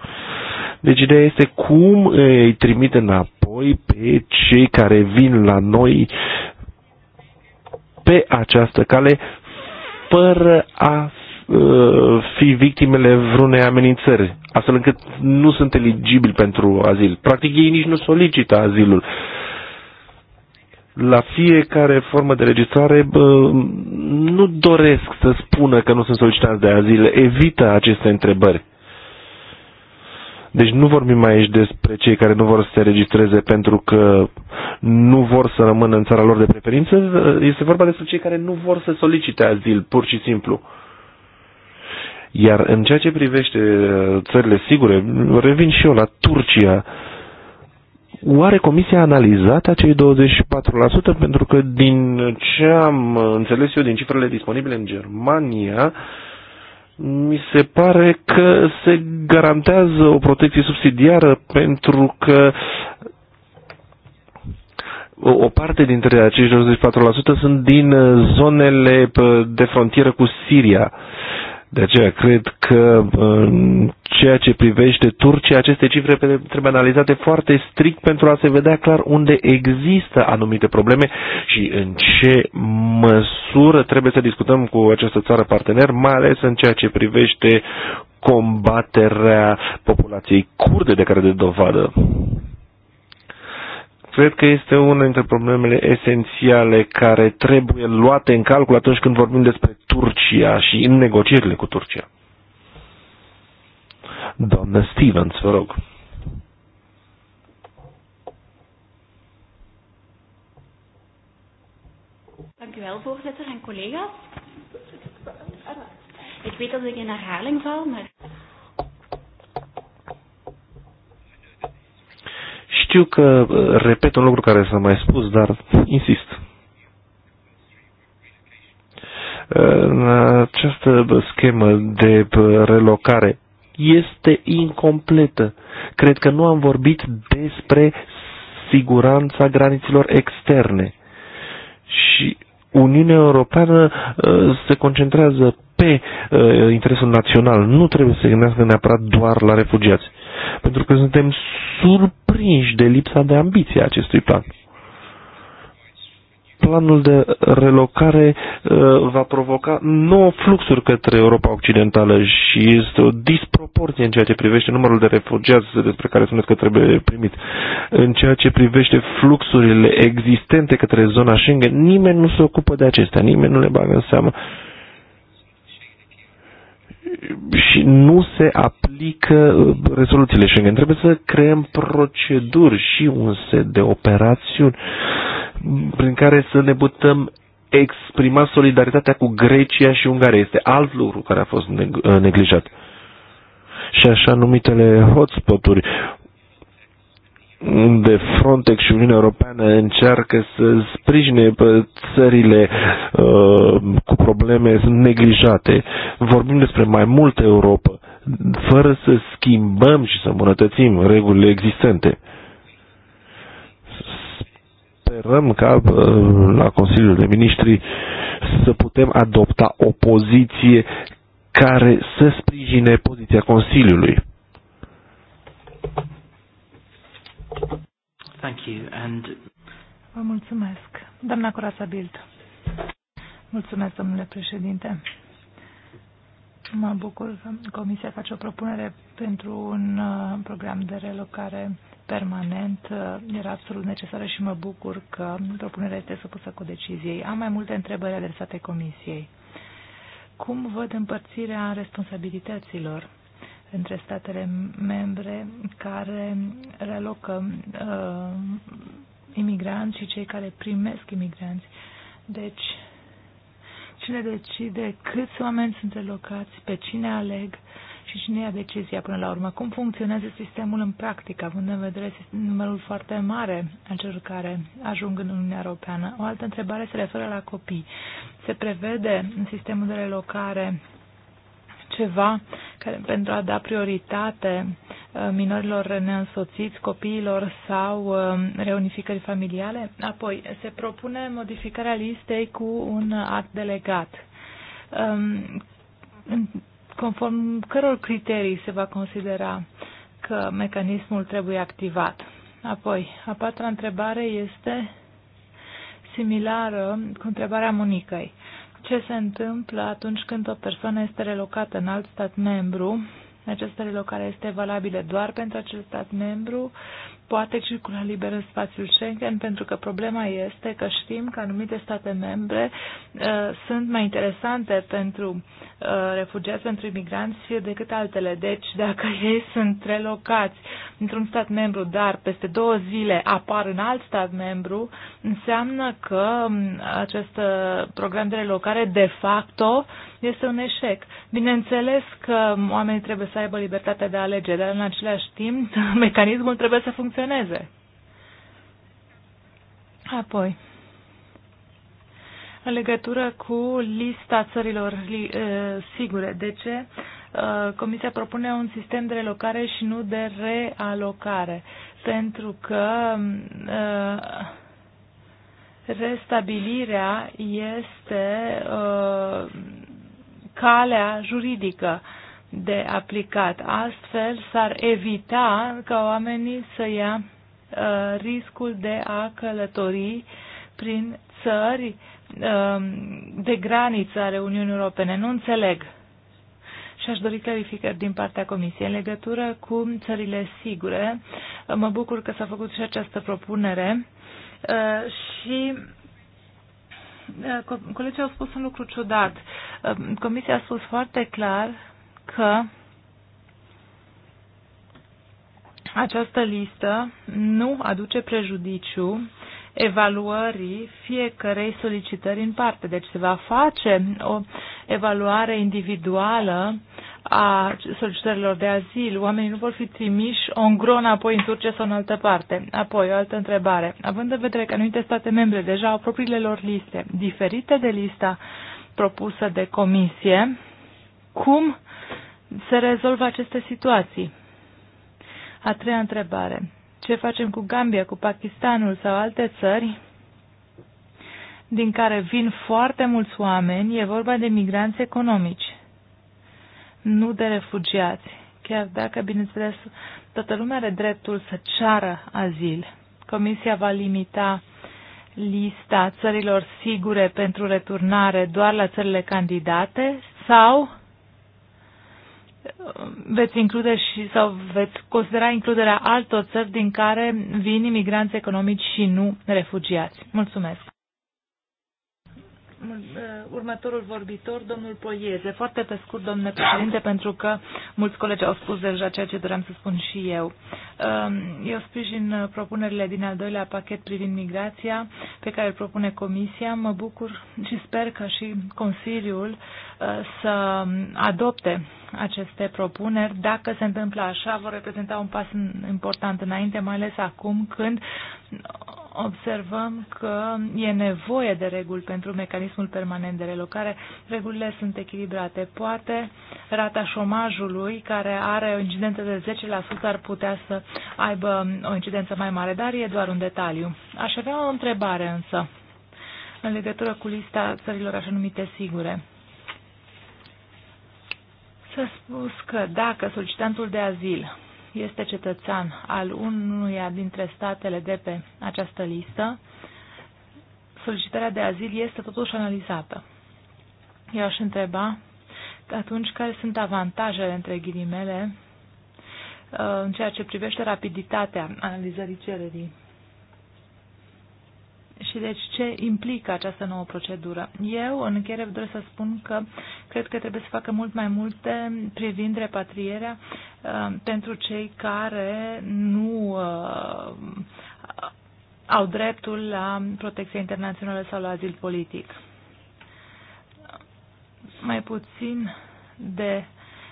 Deci ideea este cum îi trimite înapoi pe cei care vin la noi pe această cale fără a Uh, fi victimele vreunei amenințări, astfel încât nu sunt eligibili pentru azil. Practic ei nici nu solicită azilul. La fiecare formă de registrare nu doresc să spună că nu sunt solicitați de azil, evită aceste întrebări. Deci nu vorbim aici despre cei care nu vor să se registreze pentru că nu vor să rămână în țara lor de preferință, este vorba despre cei care nu vor să solicite azil, pur și simplu. Uh, iar în ceea ce privește uh, țările sigure, revin și eu la Turcia. Oare Comisia a analizat acei 24%? Pentru că din ce am uh, înțeles eu din cifrele disponibile în Germania, mi se pare că se garantează o protecție subsidiară pentru că o parte dintre acești 24% sunt din uh, zonele de frontieră cu Siria. Uh, de aceea cred că în ceea ce privește Turcia, aceste cifre trebuie analizate foarte strict pentru a se vedea clar unde există anumite probleme și în ce măsură trebuie să discutăm cu această țară partener, mai ales în ceea ce privește combaterea populației kurde de care de dovadă cred că este una dintre problemele esențiale care trebuie luate în calcul atunci când vorbim despre Turcia și în negocierile cu Turcia. Doamna Stevens, vă rog. Dank u wel, voorzitter en collega's. Ik weet dat ik in herhaling val, maar... Știu că uh, repet un lucru care s-a mai spus, dar insist. Uh, în această schemă de uh, relocare este incompletă. Cred că nu am vorbit despre siguranța graniților externe. Și Uniunea Europeană se concentrează pe interesul național. Nu trebuie să se gândească neapărat doar la refugiați pentru că suntem surprinși de lipsa de ambiție a acestui plan. Planul de relocare uh, va provoca nouă fluxuri către Europa Occidentală și este o disproporție în ceea ce privește numărul de refugiați despre care spuneți că trebuie primit. În ceea ce privește fluxurile existente către zona Schengen, nimeni nu se ocupă de acestea, nimeni nu le bagă în seamă. Uh, și nu se aplică uh, rezoluțiile Schengen. Trebuie să creăm proceduri și un set de operațiuni prin care să ne putem exprima solidaritatea cu Grecia și Ungaria. Este alt lucru care a fost uh, neglijat. Și așa numitele hotspot-uri, de Frontex și Uniunea Europeană încearcă să sprijine pe țările uh, cu probleme sunt neglijate. Vorbim despre mai multă Europa, fără să schimbăm și să îmbunătățim regulile existente. Sperăm ca uh, la Consiliul de Ministri să putem adopta o poziție care să sprijine poziția Consiliului Thank you and... Vă mulțumesc. Doamna Curasa Bild. Mulțumesc, domnule președinte. Mă bucur că Comisia face o propunere pentru un uh, program de relocare permanent. Uh, era absolut necesară și mă bucur că propunerea este supusă cu deciziei. Am mai multe întrebări adresate Comisiei. Cum văd împărțirea responsabilităților între statele membre care relocă uh, imigranți și cei care primesc imigranți. Deci, cine decide câți oameni sunt relocați, pe cine aleg și cine ia decizia până la urmă. Cum funcționează sistemul în practică, având în vedere numărul foarte mare al celor care ajung în Uniunea Europeană? O altă întrebare se referă la copii. Se prevede în sistemul de relocare ceva care, pentru a da prioritate uh, minorilor neînsoțiți, copiilor sau uh, reunificări familiale. Apoi, se propune modificarea listei cu un act delegat, um, conform căror criterii se va considera că mecanismul trebuie activat. Apoi, a patra întrebare este similară cu întrebarea Monicăi ce se întâmplă atunci când o persoană este relocată în alt stat membru. Această relocare este valabilă doar pentru acel stat membru poate circula liber în spațiul Schengen, pentru că problema este că știm că anumite state membre uh, sunt mai interesante pentru uh, refugiați, pentru imigranți decât altele. Deci, dacă ei sunt relocați într-un stat membru, dar peste două zile apar în alt stat membru, înseamnă că um, acest uh, program de relocare de facto uh, este un eșec. Bineînțeles că oamenii trebuie să aibă libertatea de a alege, dar în același timp mecanismul trebuie să funcționeze. Apoi, în legătură cu lista țărilor sigure. De ce? Comisia propune un sistem de relocare și nu de realocare, pentru că restabilirea este calea juridică de aplicat. Astfel s-ar evita ca oamenii să ia uh, riscul de a călători prin țări uh, de graniță ale Uniunii Europene. Nu înțeleg. Și aș dori clarificări din partea Comisiei în legătură cu țările sigure. Mă bucur că s-a făcut și această propunere uh, și colegii au spus un lucru ciudat. Ehm, Comisia a spus foarte clar că această listă nu aduce prejudiciu evaluării fiecărei solicitări în parte. Deci se va face o evaluare individuală a solicitărilor de azil. Oamenii nu vor fi trimiși în gron apoi în Turcia sau în altă parte. Apoi, o altă întrebare. Având în vedere că anumite state membre deja au propriile lor liste, diferite de lista propusă de comisie, cum se rezolvă aceste situații? A treia întrebare. Ce facem cu Gambia, cu Pakistanul sau alte țări din care vin foarte mulți oameni, e vorba de migranți economici nu de refugiați. Chiar dacă, bineînțeles, toată lumea are dreptul să ceară azil. Comisia va limita lista țărilor sigure pentru returnare doar la țările candidate sau um, veți include și sau veți considera includerea altor țări din care vin imigranți economici și nu refugiați. Mulțumesc. Uh, următorul vorbitor, domnul Poieze. Foarte pe scurt, domnule președinte, pentru că mulți colegi au spus deja ceea ce doream să spun și eu. Um, eu sprijin uh, propunerile din al doilea pachet privind migrația pe care îl propune Comisia. Mă bucur și sper că și Consiliul uh, să adopte aceste propuneri. Dacă se întâmplă așa, vor reprezenta un pas important înainte, mai ales acum când observăm că e nevoie de reguli pentru mecanismul permanent de relocare. Regulile sunt echilibrate. Poate rata șomajului, care are o incidență de 10%, ar putea să aibă o incidență mai mare, dar e doar un detaliu. Aș avea o întrebare însă în legătură cu lista țărilor așa numite sigure. S-a spus că dacă solicitantul de azil este cetățean al unuia dintre statele de pe această listă, solicitarea de azil este totuși analizată. Eu aș întreba atunci care sunt avantajele, între ghilimele, uh, în ceea ce privește rapiditatea analizării cererii și deci ce implică această nouă procedură. Eu, în încheiere, doresc să spun că cred că trebuie să facă mult mai multe privind repatrierea uh, pentru cei care nu uh, au dreptul la protecție internațională sau la azil politic. Mai puțin de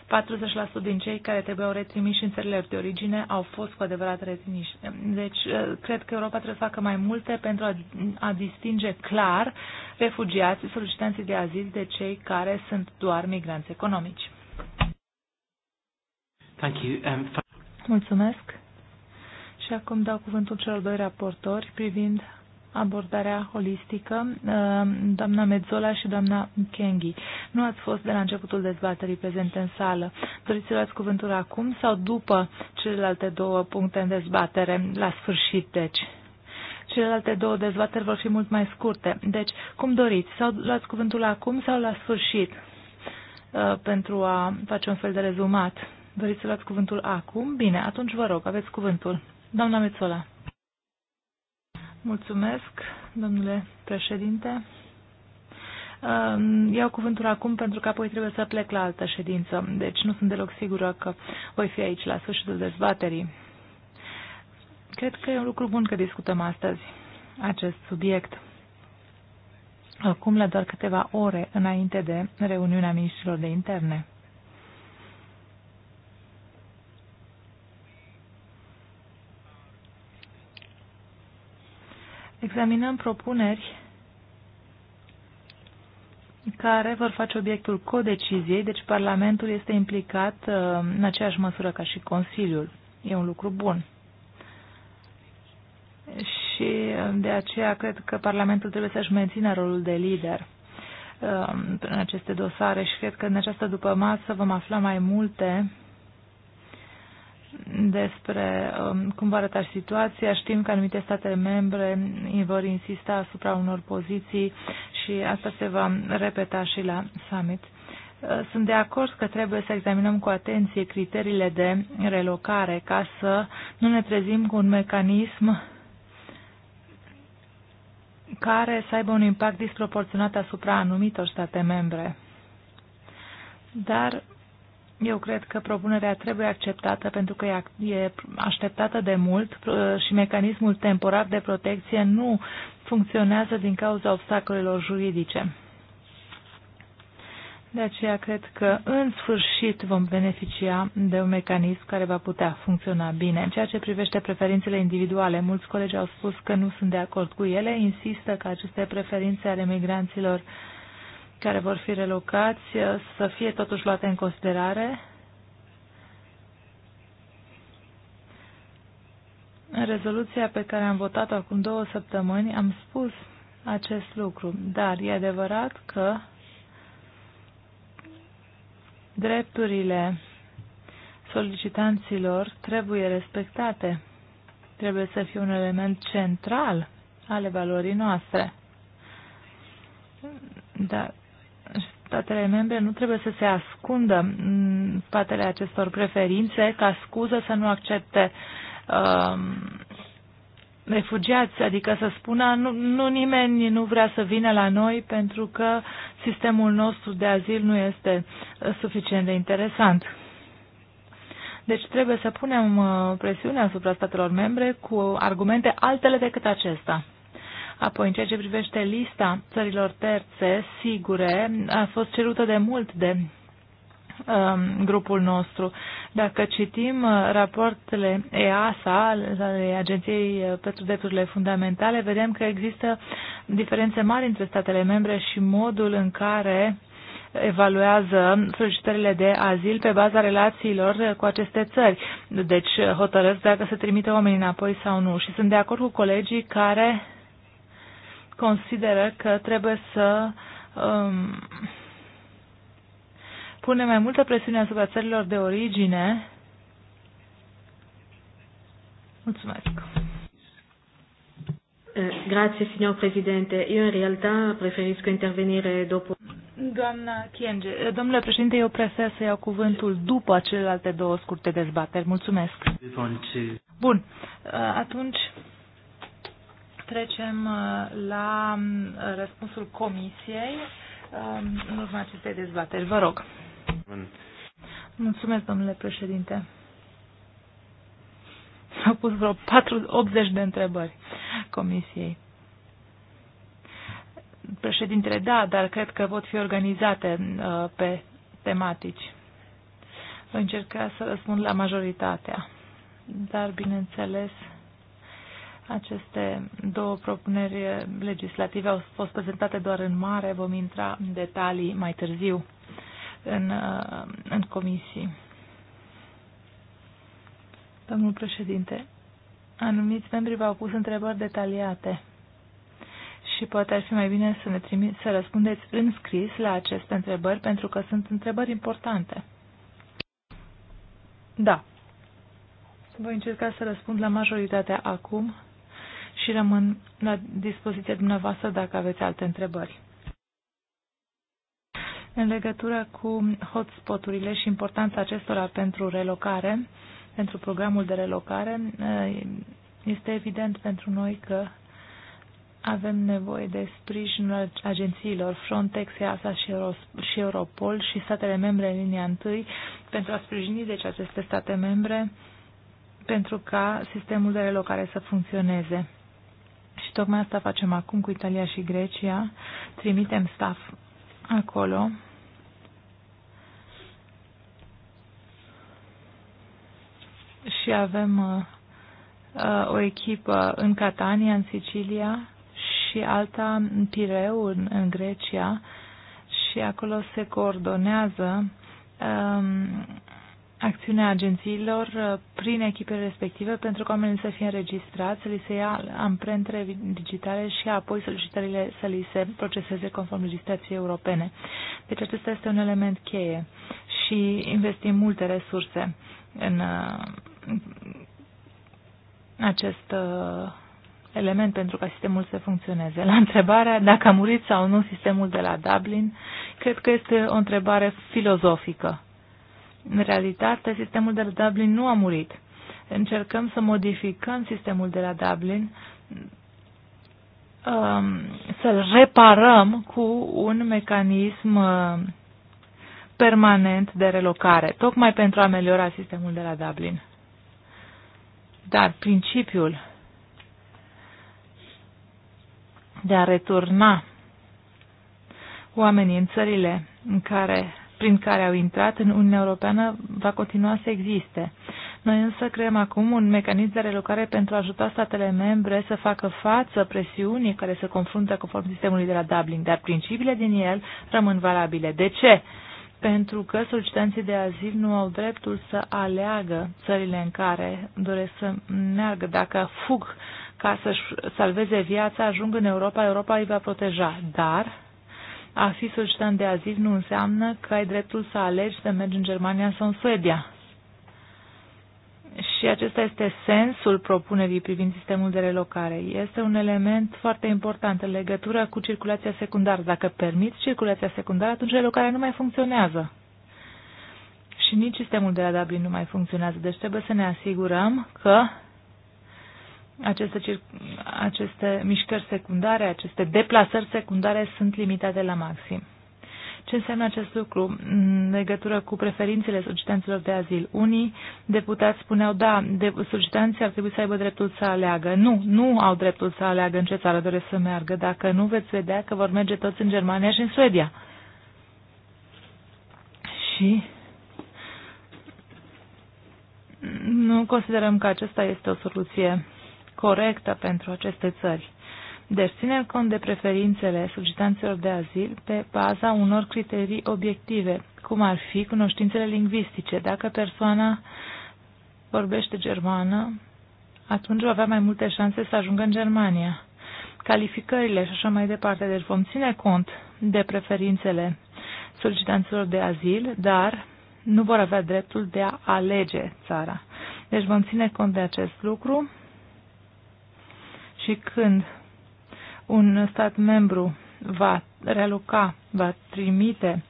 40% din cei care trebuiau retrimiși în țările de origine au fost cu adevărat retrimiși. Deci, uh, cred că Europa trebuie să facă mai multe pentru a, a distinge clar refugiații, solicitanții de azil de cei care sunt doar migranți economici. Thank you. Um, Mulțumesc. Și acum dau cuvântul celor doi raportori privind abordarea holistică, uh, doamna Mezzola și doamna Kenghi. Nu ați fost de la începutul dezbaterii prezente în sală. Doriți să luați cuvântul acum sau după celelalte două puncte în dezbatere, la sfârșit, deci? Celelalte două dezbateri vor fi mult mai scurte. Deci, cum doriți? Sau luați cuvântul acum sau la sfârșit uh, pentru a face un fel de rezumat? Doriți să luați cuvântul acum? Bine, atunci vă rog, aveți cuvântul. Doamna Mețola. Mulțumesc, domnule președinte. Iau cuvântul acum pentru că apoi trebuie să plec la altă ședință, deci nu sunt deloc sigură că voi fi aici la sfârșitul dezbaterii. Cred că e un lucru bun că discutăm astăzi acest subiect. Acum, la doar câteva ore înainte de reuniunea ministrilor de interne. examinăm propuneri care vor face obiectul codeciziei, deci Parlamentul este implicat uh, în aceeași măsură ca și Consiliul. E un lucru bun. Și uh, de aceea cred că Parlamentul trebuie să-și mențină rolul de lider uh, în aceste dosare și cred că în această după masă vom afla mai multe despre um, cum va arăta situația. Știm că anumite state membre vor insista asupra unor poziții și asta se va repeta și la summit. Uh, sunt de acord că trebuie să examinăm cu atenție criteriile de relocare ca să nu ne trezim cu un mecanism care să aibă un impact disproporționat asupra anumitor state membre. Dar eu cred că propunerea trebuie acceptată pentru că e așteptată de mult și mecanismul temporar de protecție nu funcționează din cauza obstacolelor juridice. De aceea cred că în sfârșit vom beneficia de un mecanism care va putea funcționa bine. În ceea ce privește preferințele individuale, mulți colegi au spus că nu sunt de acord cu ele, insistă că aceste preferințe ale migranților uh, care vor fi relocați eh, să fie totuși luate în considerare În rezoluția pe care am votat-o acum două săptămâni am spus acest lucru, dar e adevărat că drepturile solicitanților trebuie respectate. Trebuie să fie un element central ale valorii noastre. Dar statele membre nu trebuie să se ascundă în spatele acestor preferințe ca scuză să nu accepte uh, refugiați, adică să spună nu, nu nimeni nu vrea să vină la noi pentru că sistemul nostru de azil nu este uh, suficient de interesant. Deci trebuie să punem uh, presiune asupra statelor membre cu argumente altele decât acesta. Apoi, în ceea ce privește lista țărilor terțe sigure, a fost cerută de mult de um, grupul nostru. Dacă citim uh, rapoartele EASA, ale Agenției uh, pentru Drepturile Fundamentale, vedem că există diferențe mari între statele membre și modul în care evaluează solicitările de azil pe baza relațiilor uh, cu aceste țări. Deci hotărăsc dacă se trimite oamenii înapoi sau nu. Și sunt de acord cu colegii care consideră că trebuie să um, pune mai multă presiune asupra țărilor de origine. Mulțumesc. Eh, grazie, signor Presidente. Io in realtà preferisco intervenire dopo. Doamna Chienge, eh, domnule președinte, eu prefer să iau cuvântul după celelalte două scurte dezbateri. Mulțumesc. Bun, eh, atunci Trecem uh, la uh, răspunsul comisiei um, în urma acestei dezbateri. Vă rog. Mulțumesc, domnule președinte. S-au pus vreo 4, 80 de întrebări comisiei. Președintele, da, dar cred că pot fi organizate uh, pe tematici. Voi încerca să răspund la majoritatea, dar, bineînțeles, aceste două propuneri legislative au fost prezentate doar în mare, vom intra în detalii mai târziu în, uh, în comisii. Domnul președinte, anumiți membri v-au pus întrebări detaliate și poate ar fi mai bine să ne trimit, să răspundeți în scris la aceste întrebări pentru că sunt întrebări importante. Da. Voi încerca să răspund la majoritatea acum și rămân la dispoziția dumneavoastră dacă aveți alte întrebări. În legătură cu hotspoturile și importanța acestora pentru relocare, pentru programul de relocare, este evident pentru noi că avem nevoie de sprijinul agențiilor Frontex, EASA și Europol și statele membre în linia întâi pentru a sprijini deci aceste state membre pentru ca sistemul de relocare să funcționeze. Și tocmai asta facem acum cu Italia și Grecia. Trimitem staff acolo și avem uh, uh, o echipă în Catania, în Sicilia și alta în Pireu, în, în Grecia și acolo se coordonează um, acțiunea agențiilor uh, prin echipele respective pentru ca oamenii să fie înregistrați, să li se ia amprentele digitale și apoi solicitările să li se proceseze conform legislației europene. Deci acesta este un element cheie și investim multe resurse în uh, acest uh, element pentru ca sistemul să funcționeze. La întrebarea dacă a murit sau nu sistemul de la Dublin, cred că este o întrebare filozofică în realitate, sistemul de la Dublin nu a murit. Încercăm să modificăm sistemul de la Dublin, um, să-l reparăm cu un mecanism uh, permanent de relocare, tocmai pentru a ameliora sistemul de la Dublin. Dar principiul de a returna oamenii în țările în care prin care au intrat în Uniunea Europeană va continua să existe. Noi însă creăm acum un mecanism de relocare pentru a ajuta statele membre să facă față presiunii care se confruntă conform sistemului de la Dublin, dar principiile din el rămân valabile. De ce? Pentru că solicitanții de azil nu au dreptul să aleagă țările în care doresc să meargă. Dacă fug ca să-și salveze viața, ajung în Europa, Europa îi va proteja. Dar a fi solicitant de azil nu înseamnă că ai dreptul să alegi să mergi în Germania sau în Suedia. Și acesta este sensul propunerii privind sistemul de relocare. Este un element foarte important în legătură cu circulația secundară. Dacă permiți circulația secundară, atunci relocarea nu mai funcționează. Și nici sistemul de la Dublin nu mai funcționează. Deci trebuie să ne asigurăm că aceste, aceste mișcări secundare, aceste deplasări secundare sunt limitate la maxim. Ce înseamnă acest lucru în legătură cu preferințele solicitanților de azil? Unii deputați spuneau, da, de, solicitanții ar trebui să aibă dreptul să aleagă. Nu, nu au dreptul să aleagă în ce țară doresc să meargă. Dacă nu, veți vedea că vor merge toți în Germania și în Suedia. Și nu considerăm că acesta este o soluție corectă pentru aceste țări. Deci ținem cont de preferințele solicitanților de azil pe baza unor criterii obiective, cum ar fi cunoștințele lingvistice. Dacă persoana vorbește germană, atunci va avea mai multe șanse să ajungă în Germania. Calificările și așa mai departe. Deci vom ține cont de preferințele solicitanților de azil, dar nu vor avea dreptul de a alege țara. Deci vom ține cont de acest lucru și când un stat membru va realoca, va trimite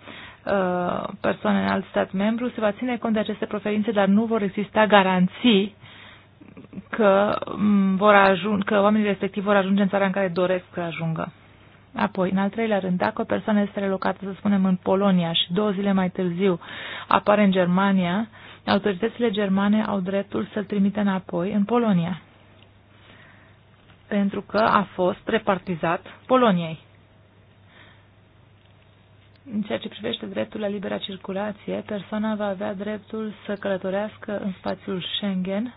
uh, persoane în alt stat membru, se va ține cont de aceste preferințe, dar nu vor exista garanții că, mm, vor ajun, că oamenii respectivi vor ajunge în țara în care doresc să ajungă. Apoi, în al treilea rând, dacă o persoană este relocată, să spunem, în Polonia și două zile mai târziu apare în Germania, autoritățile germane au dreptul să-l trimite înapoi în Polonia pentru că a fost repartizat Poloniei. În ceea ce privește dreptul la libera circulație, persoana va avea dreptul să călătorească în spațiul Schengen,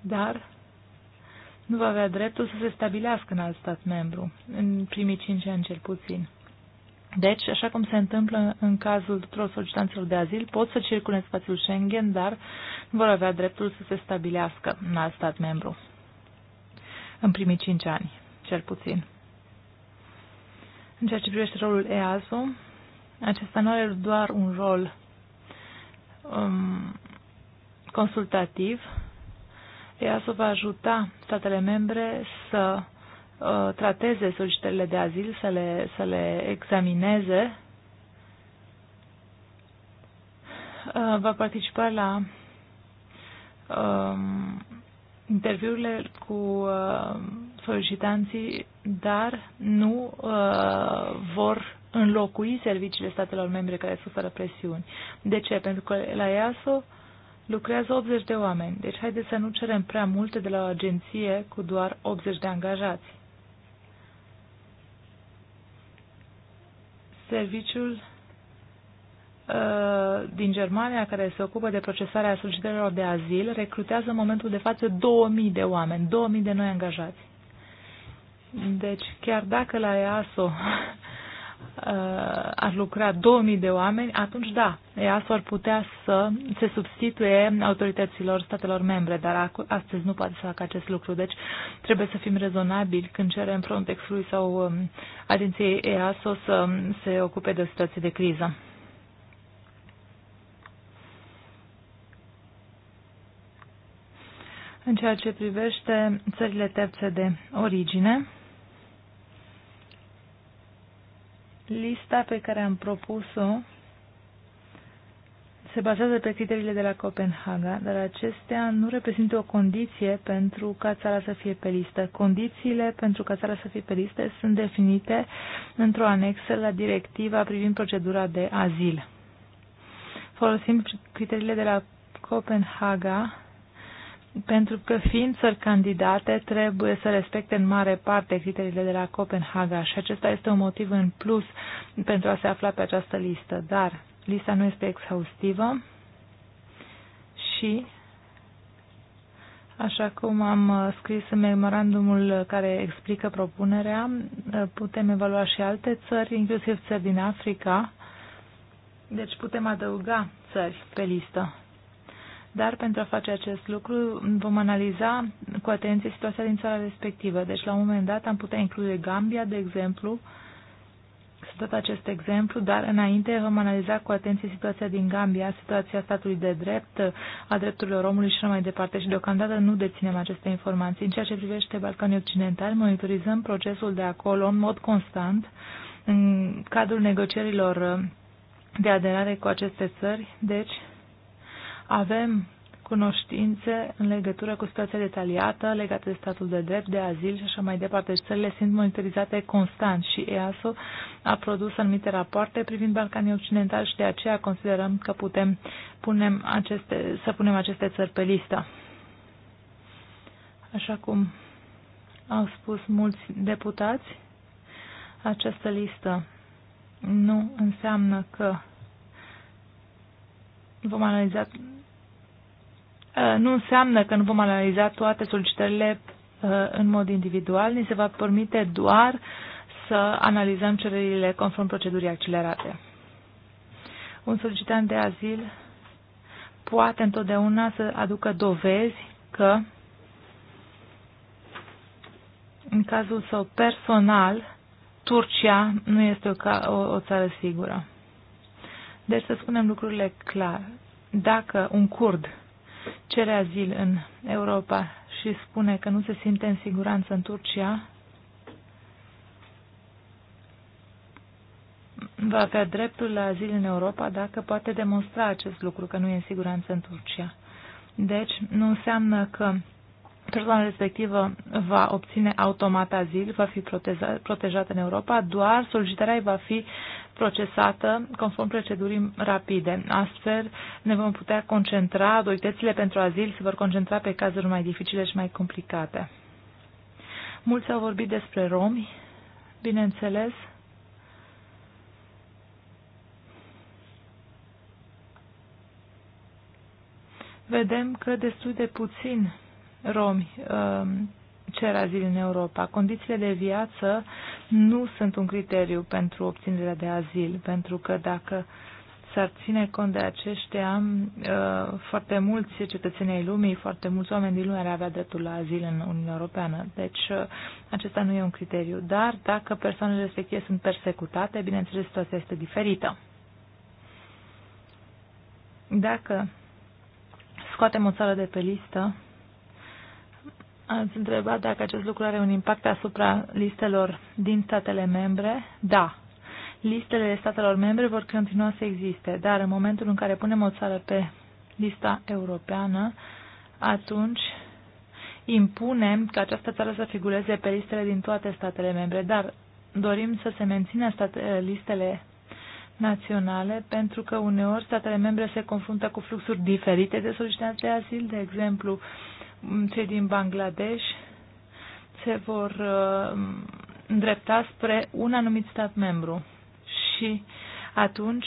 dar nu va avea dreptul să se stabilească în alt stat membru, în primii cinci ani cel puțin. Deci, așa cum se întâmplă în cazul tuturor solicitanților de azil, pot să circule în spațiul Schengen, dar nu vor avea dreptul să se stabilească în alt stat membru. În primii cinci ani, cel puțin. În ceea ce privește rolul EASO, acesta nu are doar un rol um, consultativ, EASO va ajuta statele membre să Uh, trateze solicitările de azil, să le, să le examineze, uh, va participa la um, interviurile cu uh, solicitanții, dar nu uh, vor înlocui serviciile statelor membre care suferă presiuni. De ce? Pentru că la EASO lucrează 80 de oameni, deci haideți să nu cerem prea multe de la o agenție cu doar 80 de angajați. serviciul uh, din Germania care se ocupă de procesarea solicitărilor de azil recrutează în momentul de față 2000 de oameni, 2000 de noi angajați. Deci chiar dacă la EASO uh, ar lucra 2000 de oameni, atunci da, EASO ar putea să se substituie autorităților statelor membre, dar astăzi nu poate să facă acest lucru. Deci trebuie să fim rezonabili când cerem Frontex-ului sau um, agenției EASO să se ocupe de situații de criză. În ceea ce privește țările terțe de origine, Lista pe care am propus-o se bazează pe criteriile de la Copenhaga, dar acestea nu reprezintă o condiție pentru ca țara să fie pe listă. Condițiile pentru ca țara să fie pe listă sunt definite într-o anexă la directiva privind procedura de azil. Folosim criteriile de la Copenhaga pentru că fiind țări candidate trebuie să respecte în mare parte criteriile de la Copenhaga și acesta este un motiv în plus pentru a se afla pe această listă, dar lista nu este exhaustivă și Așa cum am scris în memorandumul care explică propunerea, putem evalua și alte țări, inclusiv țări din Africa, deci putem adăuga țări pe listă dar pentru a face acest lucru vom analiza cu atenție situația din țara respectivă. Deci, la un moment dat, am putea include Gambia, de exemplu, să dat acest exemplu, dar înainte vom analiza cu atenție situația din Gambia, situația statului de drept, a drepturilor omului și așa mai departe și deocamdată nu deținem aceste informații. În ceea ce privește Balcanii Occidentali, monitorizăm procesul de acolo în mod constant în cadrul negocierilor de aderare cu aceste țări, deci avem cunoștințe în legătură cu situația detaliată legată de statul de drept, de azil și așa mai departe. Deci țările sunt monitorizate constant și EASO a produs anumite rapoarte privind Balcanii Occidentali și de aceea considerăm că putem punem aceste, să punem aceste țări pe listă. Așa cum au spus mulți deputați, această listă nu înseamnă că vom analiza Uh, nu înseamnă că nu vom analiza toate solicitările uh, în mod individual, ni se va permite doar să analizăm cererile conform procedurii accelerate. Un solicitant de azil poate întotdeauna să aducă dovezi că în cazul său personal, Turcia nu este o, o, o țară sigură. Deci să spunem lucrurile clar. Dacă un curd cere azil în Europa și spune că nu se simte în siguranță în Turcia, va avea dreptul la azil în Europa dacă poate demonstra acest lucru, că nu e în siguranță în Turcia. Deci, nu înseamnă că persoana respectivă va obține automat azil, va fi protejată în Europa, doar solicitarea ei va fi procesată conform procedurii rapide. Astfel ne vom putea concentra, autoritățile pentru azil se vor concentra pe cazuri mai dificile și mai complicate. Mulți au vorbit despre romi, bineînțeles. Vedem că destul de puțin romi uh, cer azil în Europa. Condițiile de viață nu sunt un criteriu pentru obținerea de azil, pentru că dacă s-ar ține cont de aceștia, uh, foarte mulți cetățeni ai lumii, foarte mulți oameni din lume ar avea dreptul la azil în Uniunea Europeană. Deci uh, acesta nu e un criteriu. Dar dacă persoanele respective sunt persecutate, bineînțeles, situația este diferită. Dacă scoatem o țară de pe listă, Ați întrebat dacă acest lucru are un impact asupra listelor din statele membre? Da. Listele statelor membre vor continua să existe, dar în momentul în care punem o țară pe lista europeană, atunci impunem ca această țară să figureze pe listele din toate statele membre, dar dorim să se mențină state, listele naționale, pentru că uneori statele membre se confruntă cu fluxuri diferite de solicitanți de azil, de exemplu, cei din Bangladesh se vor uh, îndrepta spre un anumit stat membru și atunci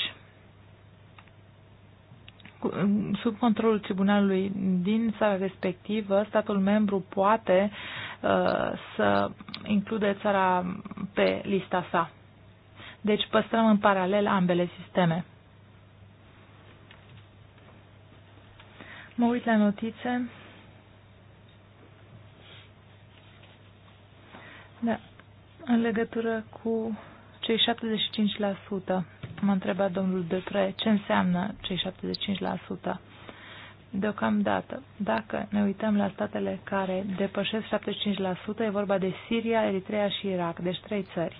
sub controlul tribunalului din țara respectivă, statul membru poate uh, să include țara pe lista sa. Deci păstrăm în paralel ambele sisteme. Mă uit la notițe. Da. În legătură cu cei 75%, m-a întrebat domnul Depre ce înseamnă cei 75%. Deocamdată, dacă ne uităm la statele care depășesc 75%, e vorba de Siria, Eritrea și Irak, deci trei țări.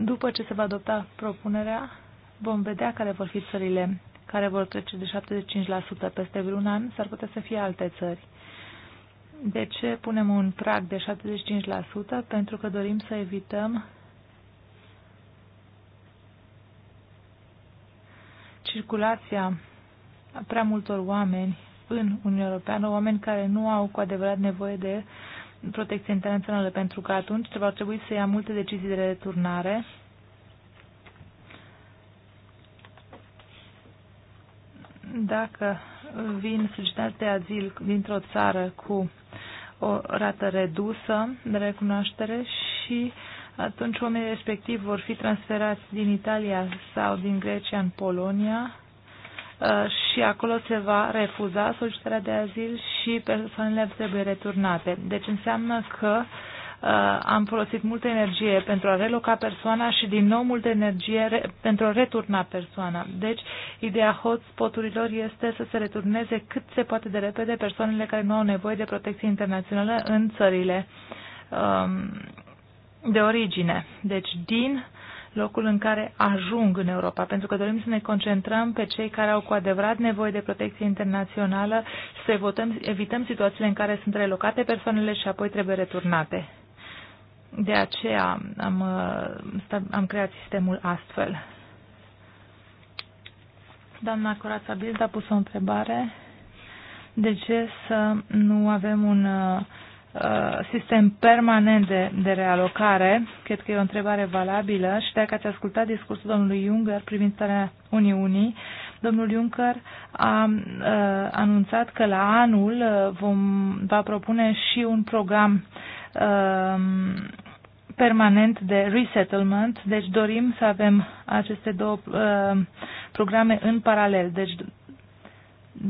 După ce se va adopta propunerea, vom vedea care vor fi țările care vor trece de 75% peste vreun an, s-ar putea să fie alte țări. De ce punem un prag de 75%? Pentru că dorim să evităm circulația a prea multor oameni în Uniunea Europeană, oameni care nu au cu adevărat nevoie de protecție internațională, pentru că atunci va trebui să ia multe decizii de returnare. Dacă vin solicitați de azil dintr-o țară cu o rată redusă de recunoaștere și atunci oamenii respectivi vor fi transferați din Italia sau din Grecia în Polonia ă, și acolo se va refuza solicitarea de azil și persoanele trebuie returnate. Deci înseamnă că uh, Uh, am folosit multă energie pentru a reloca persoana și din nou multă energie pentru a returna persoana. Deci, ideea hotspoturilor este să se returneze cât se poate de repede persoanele care nu au nevoie de protecție internațională în țările um, de origine. Deci, din locul în care ajung în Europa, pentru că dorim să ne concentrăm pe cei care au cu adevărat nevoie de protecție internațională, să evităm, evităm situațiile în care sunt relocate persoanele și apoi trebuie returnate. De aceea am, uh, am creat sistemul astfel. Doamna Corața Bild a pus o întrebare. De ce să nu avem un uh, uh, sistem permanent de, de realocare? Cred că e o întrebare valabilă și dacă ați ascultat discursul domnului Juncker privind starea Uniunii, domnul Juncker a a anunțat că la anul vom, va propune și un program a, permanent de resettlement, deci dorim să avem aceste două uh, programe în paralel. Deci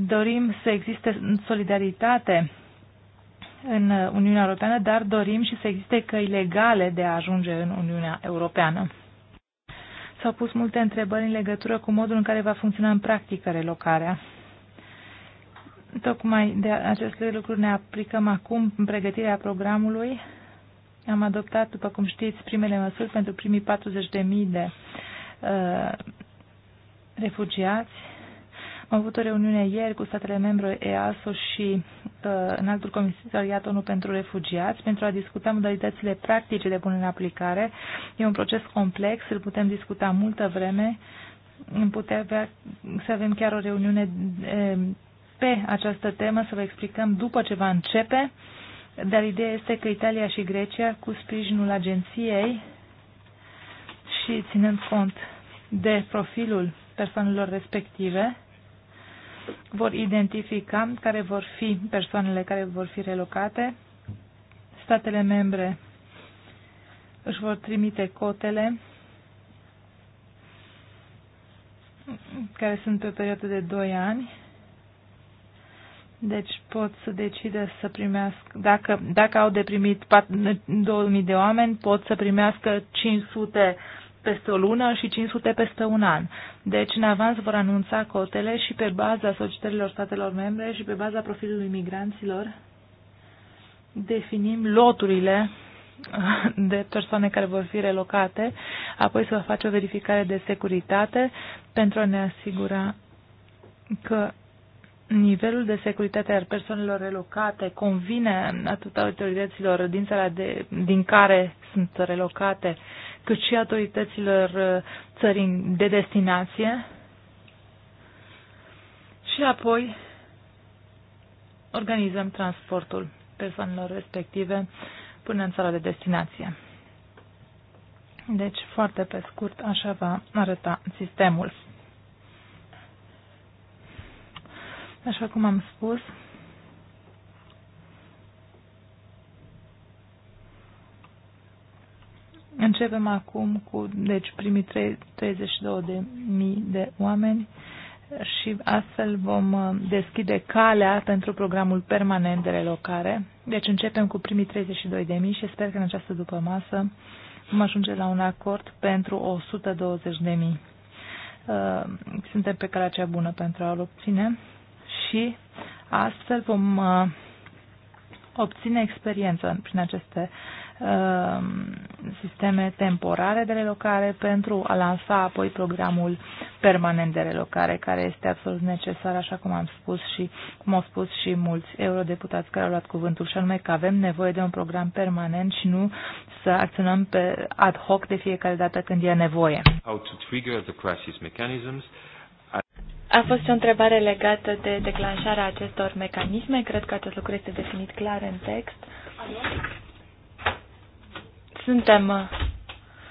dorim să existe solidaritate în Uniunea Europeană, dar dorim și să existe căi legale de a ajunge în Uniunea Europeană. S-au pus multe întrebări în legătură cu modul în care va funcționa în practică relocarea. Tocmai de aceste lucruri ne aplicăm acum în pregătirea programului am adoptat, după cum știți, primele măsuri pentru primii 40.000 de uh, refugiați. Am avut o reuniune ieri cu statele membre EASO și uh, altul comisariat ONU pentru refugiați pentru a discuta modalitățile practice de punere în aplicare. E un proces complex, îl putem discuta multă vreme. Putem avea, să avem chiar o reuniune pe această temă, să vă explicăm după ce va începe uh, dar ideea este că Italia și Grecia, cu sprijinul agenției și ținând cont de profilul persoanelor respective, vor identifica care vor fi persoanele care vor fi relocate. Statele membre își vor trimite cotele care sunt pe o perioadă de 2 ani deci pot să decide să primească, dacă, dacă au deprimit 2000 de oameni, pot să primească 500 peste o lună și 500 peste un an. Deci, în avans vor anunța cotele și pe baza societărilor statelor membre și pe baza profilului migranților definim loturile de persoane care vor fi relocate, apoi să face o verificare de securitate pentru a ne asigura că nivelul de securitate al persoanelor relocate convine atât autorităților din țara de, din care sunt relocate, cât și autorităților uh, țării de destinație. Și apoi organizăm transportul persoanelor respective până în țara de destinație. Deci, foarte pe scurt, așa va arăta sistemul. Așa cum am spus, Începem acum cu deci, primii 32.000 de de oameni și astfel vom uh, deschide calea pentru programul permanent de relocare. Deci începem cu primii 32.000 de și sper că în această după masă vom ajunge la un acord pentru 120.000. de mii. Uh, suntem pe calea cea bună pentru a-l obține și astfel vom uh, obține experiență prin aceste uh, sisteme temporare de relocare pentru a lansa apoi programul permanent de relocare, care este absolut necesar, așa cum am spus și cum au spus și mulți eurodeputați care au luat cuvântul, și anume că avem nevoie de un program permanent și nu să acționăm pe ad hoc de fiecare dată când e nevoie. How to trigger the crisis mechanisms a fost o întrebare legată de declanșarea acestor mecanisme. Cred că acest lucru este definit clar în text. Suntem uh,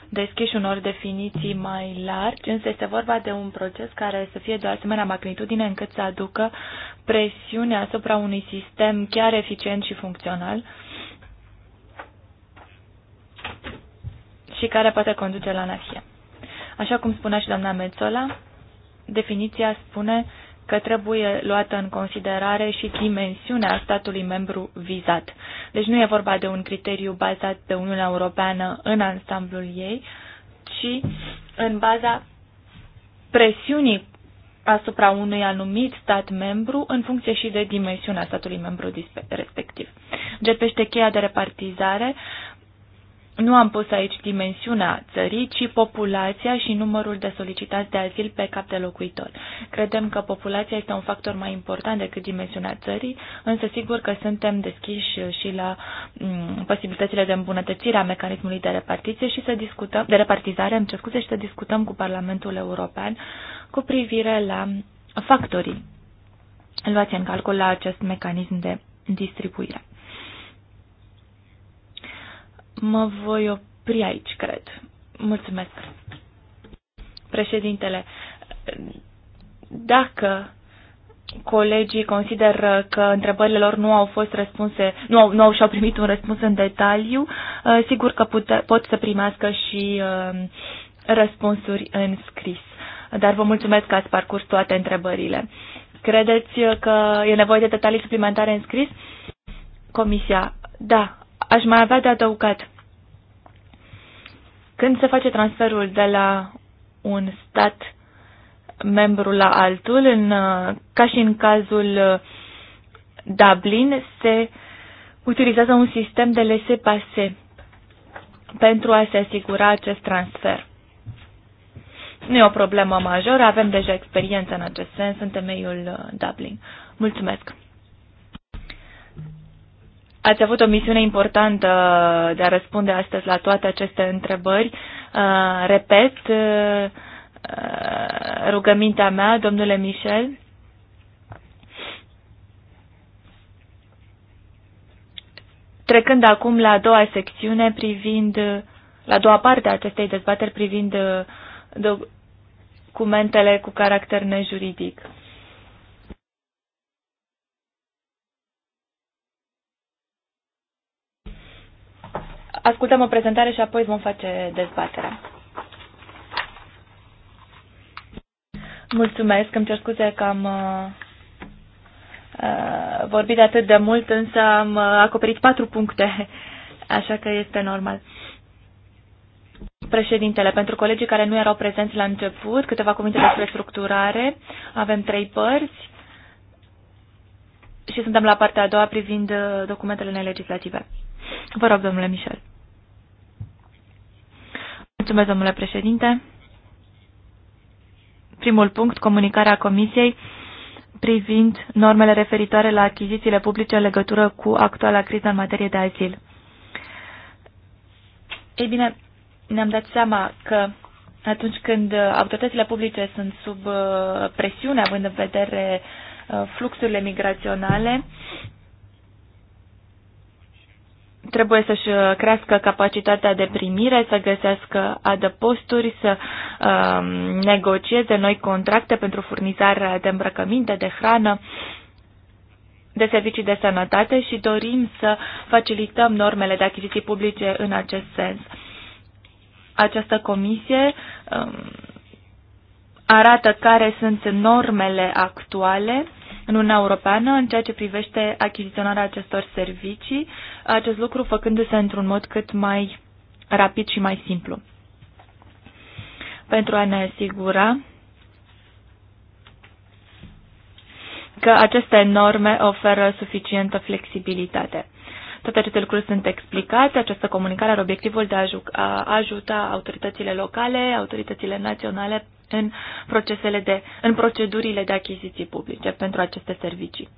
deschiși unor definiții mai largi, însă este vorba de un proces care să fie de o asemenea magnitudine încât să aducă presiune asupra unui sistem chiar eficient și funcțional și care poate conduce la anarhie. Așa cum spunea și doamna Metzola, definiția spune că trebuie luată în considerare și dimensiunea statului membru vizat. Deci nu e vorba de un criteriu bazat pe Uniunea Europeană în ansamblul ei, ci în baza presiunii asupra unui anumit stat membru în funcție și de dimensiunea statului membru respectiv. Începește cheia de repartizare. Nu am pus aici dimensiunea țării, ci populația și numărul de solicitați de azil pe cap de locuitor. Credem că populația este un factor mai important decât dimensiunea țării, însă sigur că suntem deschiși și la mm, posibilitățile de îmbunătățire a mecanismului de repartiție și să discutăm, de repartizare, îmi cer scuze, și să discutăm cu Parlamentul European cu privire la factorii luați în calcul la acest mecanism de distribuire. Mă voi opri aici, cred. Mulțumesc. Președintele, dacă colegii consideră că întrebările lor nu au fost răspunse, nu au, nu au și-au primit un răspuns în detaliu, uh, sigur că pute, pot să primească și uh, răspunsuri în scris. Dar vă mulțumesc că ați parcurs toate întrebările. Credeți că e nevoie de detalii suplimentare în scris? Comisia, da, aș mai avea de adăugat. Când se face transferul de la un stat membru la altul, în, ca și în cazul uh, Dublin, se utilizează un sistem de lese-pase pentru a se asigura acest transfer. Nu e o problemă majoră, avem deja experiență în acest sens în temeiul uh, Dublin. Mulțumesc! Ați avut o misiune importantă de a răspunde astăzi la toate aceste întrebări. Uh, repet, uh, uh, rugămintea mea, domnule Michel, Trecând acum la a doua secțiune privind, la a doua parte a acestei dezbateri privind documentele cu caracter nejuridic. ascultăm o prezentare și apoi vom face dezbaterea. Mulțumesc, îmi cer scuze că am uh, vorbit atât de mult, însă am uh, acoperit patru puncte, așa că este normal. Președintele, pentru colegii care nu erau prezenți la început, câteva cuvinte despre structurare. Avem trei părți și suntem la partea a doua privind uh, documentele nelegislative. Vă rog, domnule Michel. Mulțumesc, domnule președinte. Primul punct, comunicarea Comisiei privind normele referitoare la achizițiile publice în legătură cu actuala criză în materie de azil. Ei bine, ne-am dat seama că atunci când autoritățile publice sunt sub uh, presiune, având în vedere uh, fluxurile migraționale, trebuie să-și uh, crească capacitatea de primire, să găsească adăposturi, să um, negocieze noi contracte pentru furnizarea de îmbrăcăminte, de hrană, de servicii de sănătate și dorim să facilităm normele de achiziții publice în acest sens. Această comisie um, arată care sunt normele actuale în Uniunea Europeană în ceea ce privește achiziționarea acestor servicii, acest lucru făcându-se într-un mod cât mai rapid și mai simplu. Pentru a ne asigura că aceste norme oferă suficientă flexibilitate. Toate aceste lucruri sunt explicate. Această comunicare are obiectivul de a ajuta autoritățile locale, autoritățile naționale în, procesele de, în procedurile de achiziții publice pentru aceste servicii.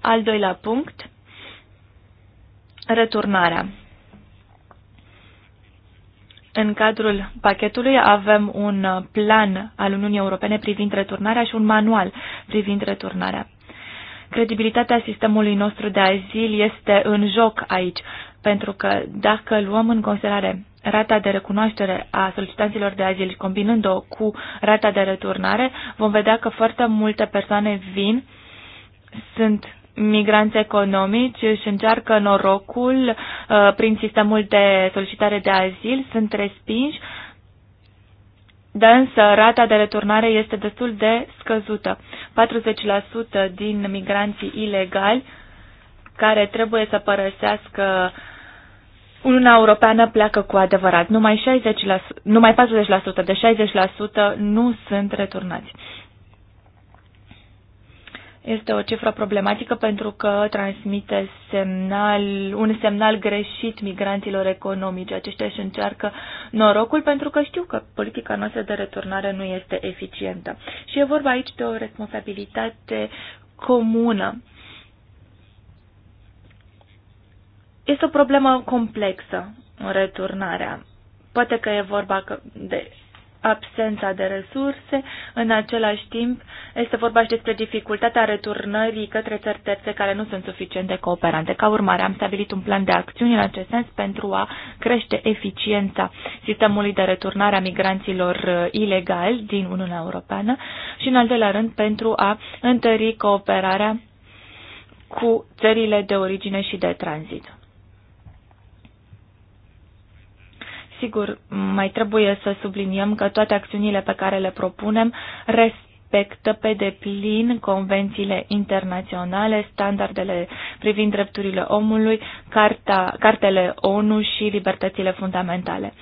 Al doilea punct, returnarea. În cadrul pachetului avem un plan al Uniunii Europene privind returnarea și un manual privind returnarea credibilitatea sistemului nostru de azil este în joc aici, pentru că dacă luăm în considerare rata de recunoaștere a solicitanților de azil, combinând-o cu rata de returnare, vom vedea că foarte multe persoane vin, sunt migranți economici, și încearcă norocul uh, prin sistemul de solicitare de azil, sunt respinși dar însă rata de returnare este destul de scăzută. 40% din migranții ilegali care trebuie să părăsească Uniunea Europeană pleacă cu adevărat. Numai, 60%, numai 40%, de 60% nu sunt returnați. Este o cifră problematică pentru că transmite semnal, un semnal greșit migranților economici. Aceștia își încearcă norocul pentru că știu că politica noastră de returnare nu este eficientă. Și e vorba aici de o responsabilitate comună. Este o problemă complexă în returnarea. Poate că e vorba de absența de resurse. În același timp, este vorba și despre dificultatea returnării către țări terțe care nu sunt suficient de cooperante. Ca urmare, am stabilit un plan de acțiuni în acest sens pentru a crește eficiența sistemului de returnare a migranților uh, ilegali din Uniunea Europeană și, în al doilea rând, pentru a întări cooperarea cu țările de origine și de tranzit. Sigur, mai trebuie să subliniem că toate acțiunile pe care le propunem respectă pe deplin convențiile internaționale, standardele privind drepturile omului, carta, cartele ONU și libertățile fundamentale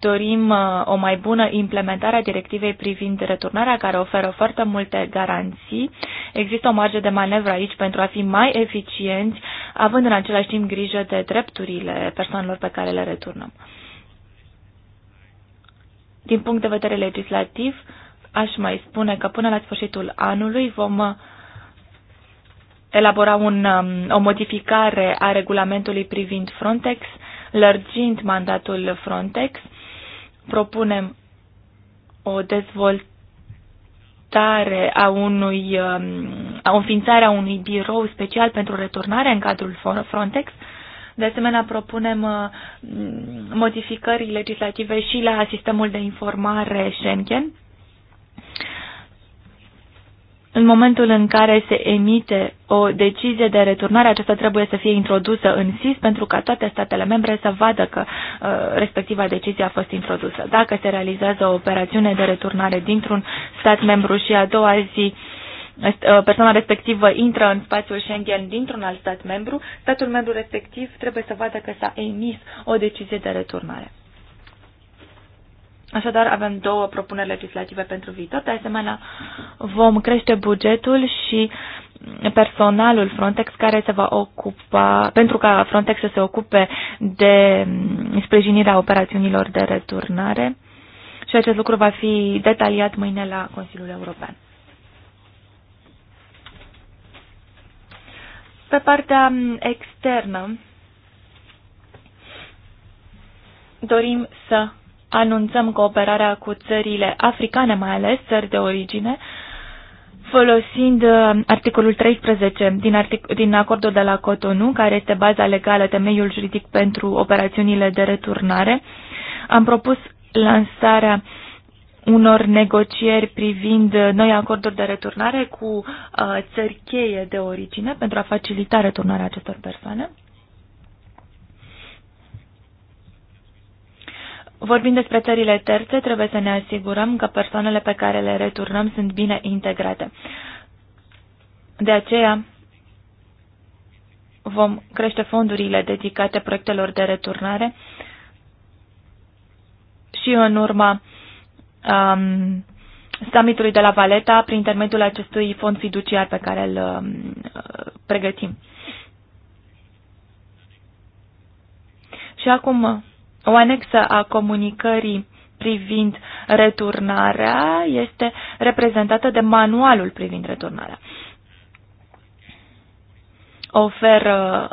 dorim uh, o mai bună implementare a directivei privind returnarea, care oferă foarte multe garanții. Există o marge de manevră aici pentru a fi mai eficienți, având în același timp grijă de drepturile persoanelor pe care le returnăm. Din punct de vedere legislativ, aș mai spune că până la sfârșitul anului vom uh, elabora un, um, o modificare a regulamentului privind Frontex, lărgind mandatul Frontex. Propunem o dezvoltare a unui, um, a înființarea unui birou special pentru returnare în cadrul Frontex de asemenea, propunem uh, modificări legislative și la sistemul de informare Schengen. În momentul în care se emite o decizie de returnare, aceasta trebuie să fie introdusă în SIS pentru ca toate statele membre să vadă că uh, respectiva decizie a fost introdusă. Dacă se realizează o operațiune de returnare dintr-un stat membru și a doua zi uh, Uh, persoana respectivă intră în spațiul Schengen dintr-un alt stat membru, statul membru respectiv trebuie să vadă că s-a emis o decizie de returnare. Așadar, avem două propuneri legislative pentru viitor. De asemenea, vom crește bugetul și personalul Frontex care se va ocupa, pentru ca Frontex să se ocupe de sprijinirea operațiunilor de returnare și acest lucru va fi detaliat mâine la Consiliul European. Pe partea externă, dorim să anunțăm cooperarea cu țările africane, mai ales țări de origine, folosind uh, articolul 13 din, artic- din acordul de la Cotonou, care este baza legală, temeiul juridic pentru operațiunile de returnare. Am propus lansarea uh, unor negocieri privind noi acorduri de returnare cu uh, țări cheie de origine pentru a facilita returnarea acestor persoane. Vorbind despre țările terțe, trebuie să ne asigurăm că persoanele pe care le returnăm sunt bine integrate. De aceea, vom crește fondurile dedicate proiectelor de returnare și în urma um, summitului de la Valeta prin intermediul acestui fond fiduciar pe care îl um, pregătim. Și acum, o anexă a comunicării privind returnarea este reprezentată de manualul privind returnarea. Oferă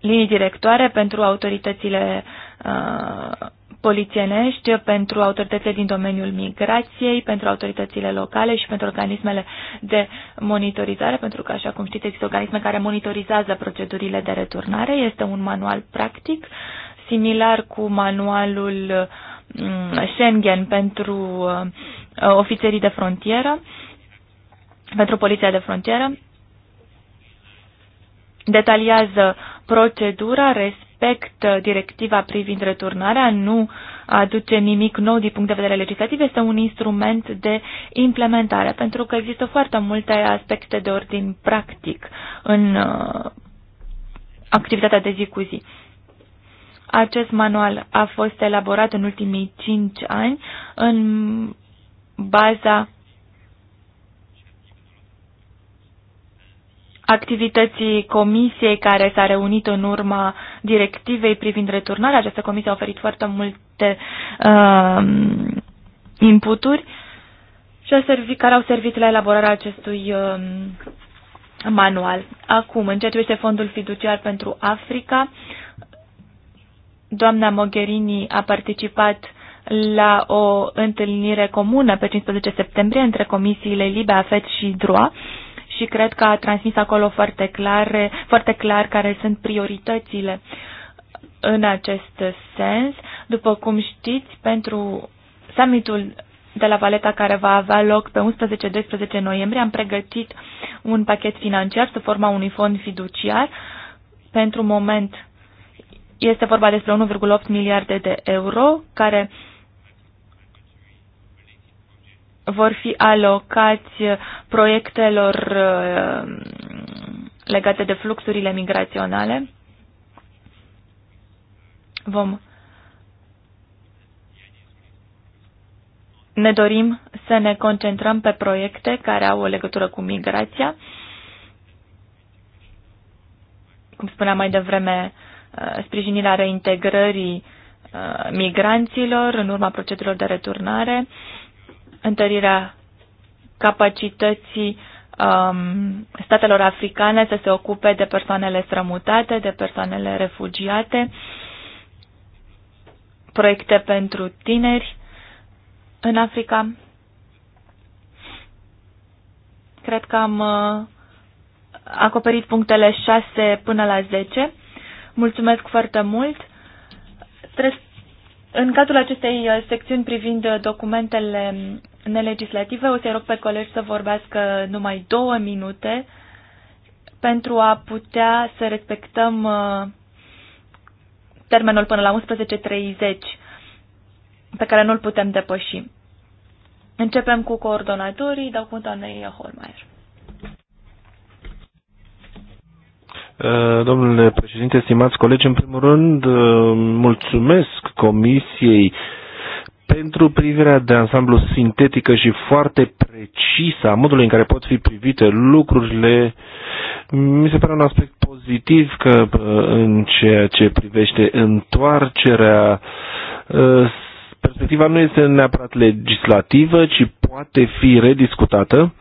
linii directoare pentru autoritățile uh, polițienești pentru autoritățile din domeniul migrației, pentru autoritățile locale și pentru organismele de monitorizare, pentru că, așa cum știți, există organisme care monitorizează procedurile de returnare. Este un manual practic, similar cu manualul mm, Schengen pentru uh, ofițerii de frontieră, pentru poliția de frontieră. Detaliază procedura, respect directiva privind returnarea, nu aduce nimic nou din punct de vedere legislativ, este un instrument de implementare, pentru că există foarte multe aspecte de ordin practic în uh, activitatea de zi cu zi. Acest manual a fost elaborat în ultimii cinci ani în baza activității comisiei care s-a reunit în urma directivei privind returnarea. Această comisie a oferit foarte multe uh, inputuri și a servit, care au servit la elaborarea acestui uh, manual. Acum, în ceea ce este fondul fiduciar pentru Africa, doamna Mogherini a participat la o întâlnire comună pe 15 septembrie între comisiile Libe, AFET și DROA și cred că a transmis acolo foarte clar, foarte clar care sunt prioritățile în acest sens. După cum știți, pentru summitul de la Valeta care va avea loc pe 11-12 noiembrie, am pregătit un pachet financiar sub forma unui fond fiduciar. Pentru moment este vorba despre 1,8 miliarde de euro care uh, vor fi alocați proiectelor uh, legate de fluxurile migraționale. Vom ne dorim să ne concentrăm pe proiecte care au o legătură cu migrația. Cum spuneam mai devreme, uh, sprijinirea reintegrării uh, migranților în urma procedurilor de returnare, întărirea capacității um, statelor africane să se ocupe de persoanele strămutate, de persoanele refugiate, proiecte pentru tineri în Africa. Cred că am uh, acoperit punctele 6 până la 10. Mulțumesc foarte mult. În cadrul acestei uh, secțiuni privind uh, documentele nelegislative. O să rog pe colegi să vorbească numai două minute pentru a putea să respectăm uh, termenul până la 11.30 pe care nu-l putem depăși. Începem cu coordonatorii, dau cuvântul Anei Holmeier. Uh, domnule președinte, stimați colegi, în primul rând uh, mulțumesc Comisiei uh, pentru privirea de ansamblu sintetică și foarte precisă a modului în care pot fi privite lucrurile, mi se pare un aspect pozitiv că uh, în ceea ce privește întoarcerea, uh, perspectiva nu este neapărat legislativă, ci poate fi rediscutată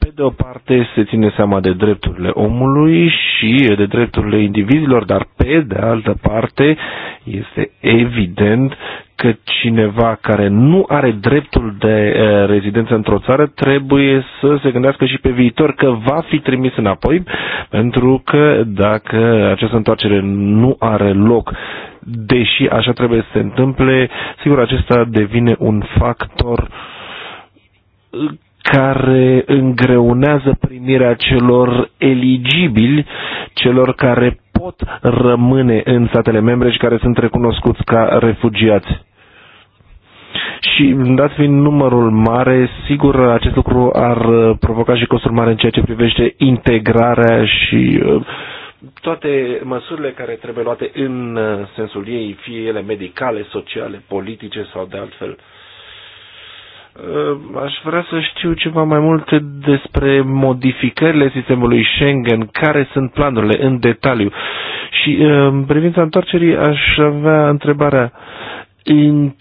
pe de o parte se ține seama de drepturile omului și de drepturile indivizilor, dar pe de altă parte este evident că cineva care nu are dreptul de eh, rezidență într-o țară trebuie să se gândească și pe viitor că va fi trimis înapoi, pentru că dacă această întoarcere nu are loc, deși așa trebuie să se întâmple, sigur acesta devine un factor care îngreunează primirea celor eligibili, celor care pot rămâne în statele membre și care sunt recunoscuți ca refugiați. Și dat fiind numărul mare, sigur acest lucru ar uh, provoca și costuri mari în ceea ce privește integrarea și uh, toate măsurile care trebuie luate în uh, sensul ei, fie ele medicale, sociale, politice sau de altfel. Ă, aș vrea să știu ceva mai multe despre modificările sistemului Schengen, care sunt planurile în detaliu. Și ă, în privința întoarcerii aș avea întrebarea, în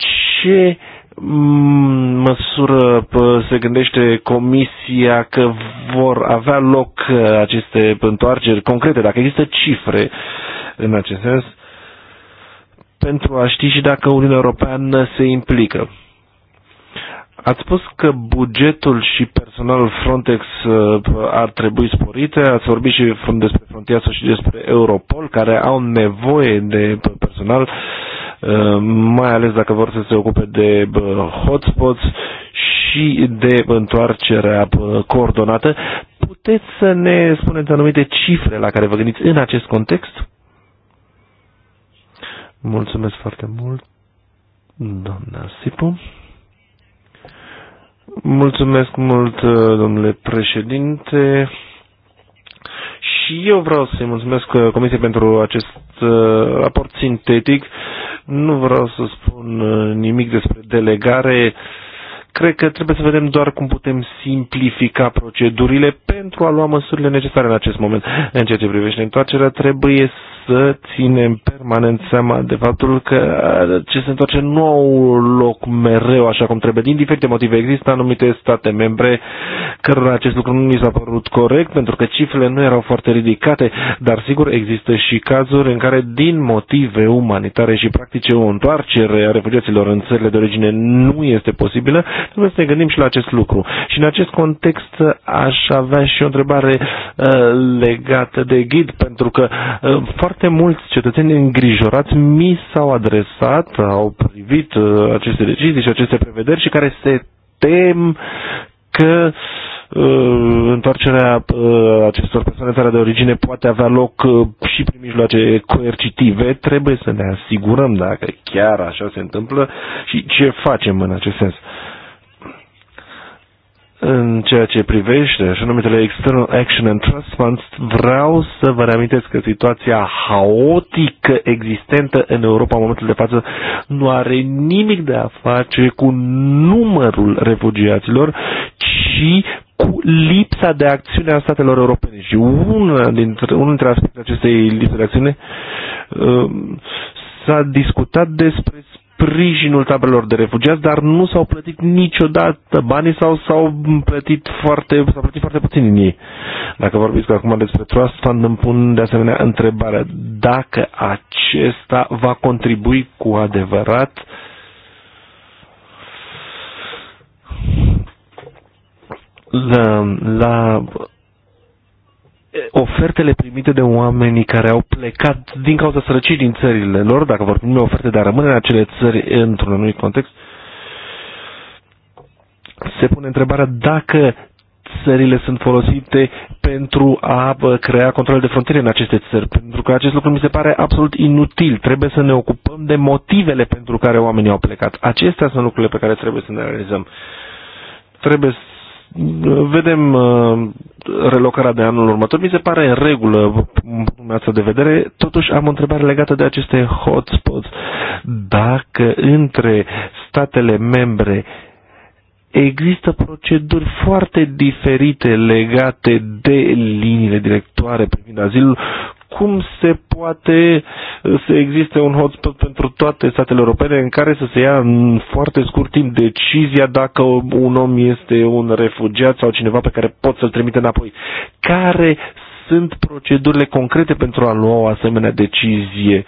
ce mm, măsură se gândește Comisia că vor avea loc ă, aceste întoarceri concrete, dacă există cifre în acest sens, pentru a ști și dacă Uniunea Europeană se implică. Ați spus că bugetul și personalul Frontex uh, ar trebui sporite, ați vorbit și despre Frontiasa și despre Europol, care au nevoie de personal, uh, mai ales dacă vor să se ocupe de uh, hotspots și de întoarcerea coordonată. Puteți să ne spuneți anumite cifre la care vă gândiți în acest context? Mulțumesc foarte mult, doamna Sipu. Mulțumesc mult, uh, domnule președinte. Și eu vreau să-i mulțumesc uh, Comisiei pentru acest uh, raport sintetic. Nu vreau să spun nimic despre delegare. Cred că trebuie să vedem doar cum putem simplifica procedurile pentru a lua măsurile necesare în acest moment. În ceea ce privește întoarcerea, trebuie să ținem permanent seama de faptul că uh, ce se întoarce nu au loc mereu așa cum trebuie. Din diferite motive există anumite state membre cărora acest lucru nu ni s-a părut corect pentru că cifrele nu erau foarte ridicate, dar sigur există și cazuri în care din motive umanitare și practice o întoarcere a refugiaților în țările de origine nu este posibilă, trebuie să ne gândim și la acest lucru. Și în acest context aș avea și o întrebare uh, legată de ghid, pentru că uh, foarte mulți cetățeni îngrijorați mi s-au adresat, au privit uh, aceste decizii și aceste prevederi și care se tem că uh, întoarcerea uh, acestor persoane țara de origine poate avea loc uh, și prin mijloace coercitive, trebuie să ne asigurăm dacă chiar așa se întâmplă și ce facem în acest sens. Uh, în ceea ce privește și numitele External Action and Trust Funds, vreau să vă reamintesc că situația haotică existentă în Europa în momentul de față nu are nimic de a face cu numărul refugiaților, ci cu lipsa de acțiune a statelor europene. Și una dintre, unul dintre aspectele acestei lipse de acțiune uh, s-a discutat despre sprijinul tabelor de refugiați, dar nu s-au plătit niciodată banii sau s-au plătit foarte, s-au plătit foarte puțin din ei. Dacă vorbiți cu acum despre Trust Fund, îmi pun de asemenea întrebarea dacă acesta va contribui cu adevărat la, la ofertele primite de oamenii care au plecat din cauza sărăciei din țările lor, dacă vor primi oferte de a rămâne în acele țări într-un anumit context, se pune întrebarea dacă țările sunt folosite pentru a crea control de frontiere în aceste țări, pentru că acest lucru mi se pare absolut inutil. Trebuie să ne ocupăm de motivele pentru care oamenii au plecat. Acestea sunt lucrurile pe care trebuie să ne realizăm. Trebuie vedem uh, relocarea de anul următor. Mi se pare în regulă asta de vedere. Totuși am o întrebare legată de aceste hotspots. Dacă între statele membre există proceduri foarte diferite legate de liniile directoare privind azilul, cum se poate uh, să existe un hotspot pentru toate statele europene în care să se ia în foarte scurt timp decizia dacă un om este un refugiat sau cineva pe care pot să-l trimite înapoi. Care sunt procedurile concrete pentru a lua o asemenea decizie?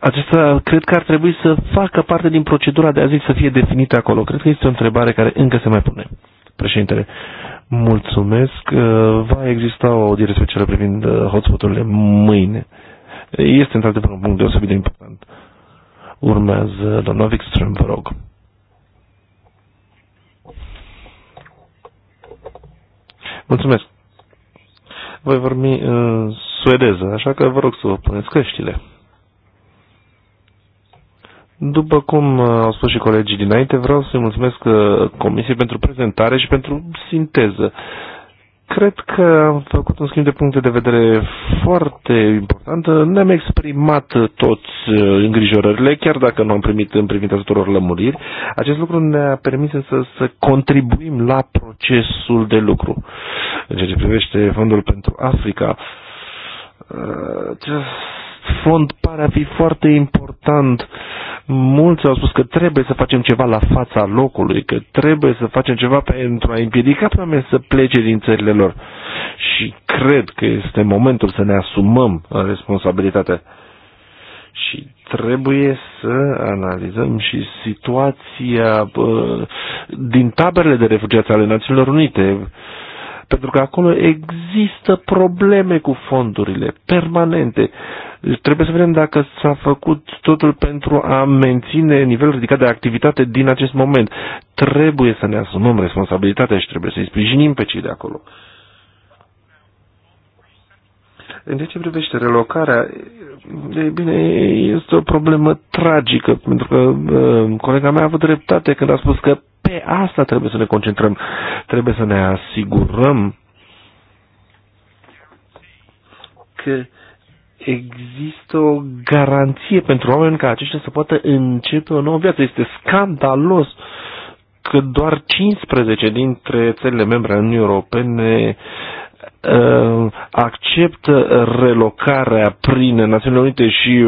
Acesta cred că ar trebui să facă parte din procedura de azi să fie definită acolo. Cred că este o întrebare care încă se mai pune, președintele. Mulțumesc. Uh, va exista o audiere specială privind uh, hotspot-urile mâine. Este într-adevăr un punct deosebit de important. Urmează doamna Wikström, vă rog. Mulțumesc. Voi vorbi în uh, suedeză, așa că vă rog să vă puneți căștile. După cum uh, au spus și colegii dinainte, vreau să-i mulțumesc uh, Comisiei pentru prezentare și pentru sinteză. Cred că am făcut un schimb de puncte de vedere foarte important. Ne-am exprimat uh, toți îngrijorările, chiar dacă nu am primit în privința tuturor lămuriri. Acest lucru ne-a permis să, să contribuim la procesul de lucru. În ceea ce privește Fondul pentru Africa, ce fond pare a fi foarte important. Mulți au spus că trebuie să facem ceva la fața locului, că trebuie să facem ceva pentru a împiedica pe oameni să plece din țările lor. Și cred că este momentul să ne asumăm responsabilitatea. Și trebuie să analizăm și situația uh, din taberele de refugiați ale Națiunilor Unite pentru că acolo există probleme cu fondurile permanente trebuie să vedem dacă s-a făcut totul pentru a menține nivelul ridicat de activitate din acest moment. Trebuie să ne asumăm responsabilitatea și trebuie să-i sprijinim pe cei de acolo. În ceea ce privește relocarea, e bine, este o problemă tragică, pentru că uh, colega mea a avut dreptate când a spus că pe asta trebuie să ne concentrăm, trebuie să ne asigurăm că există o garanție pentru oameni ca aceștia să poată începe o nouă viață. Este scandalos că doar 15 dintre țările membre ale Uniunii Europene uh, acceptă relocarea prin Națiunile Unite și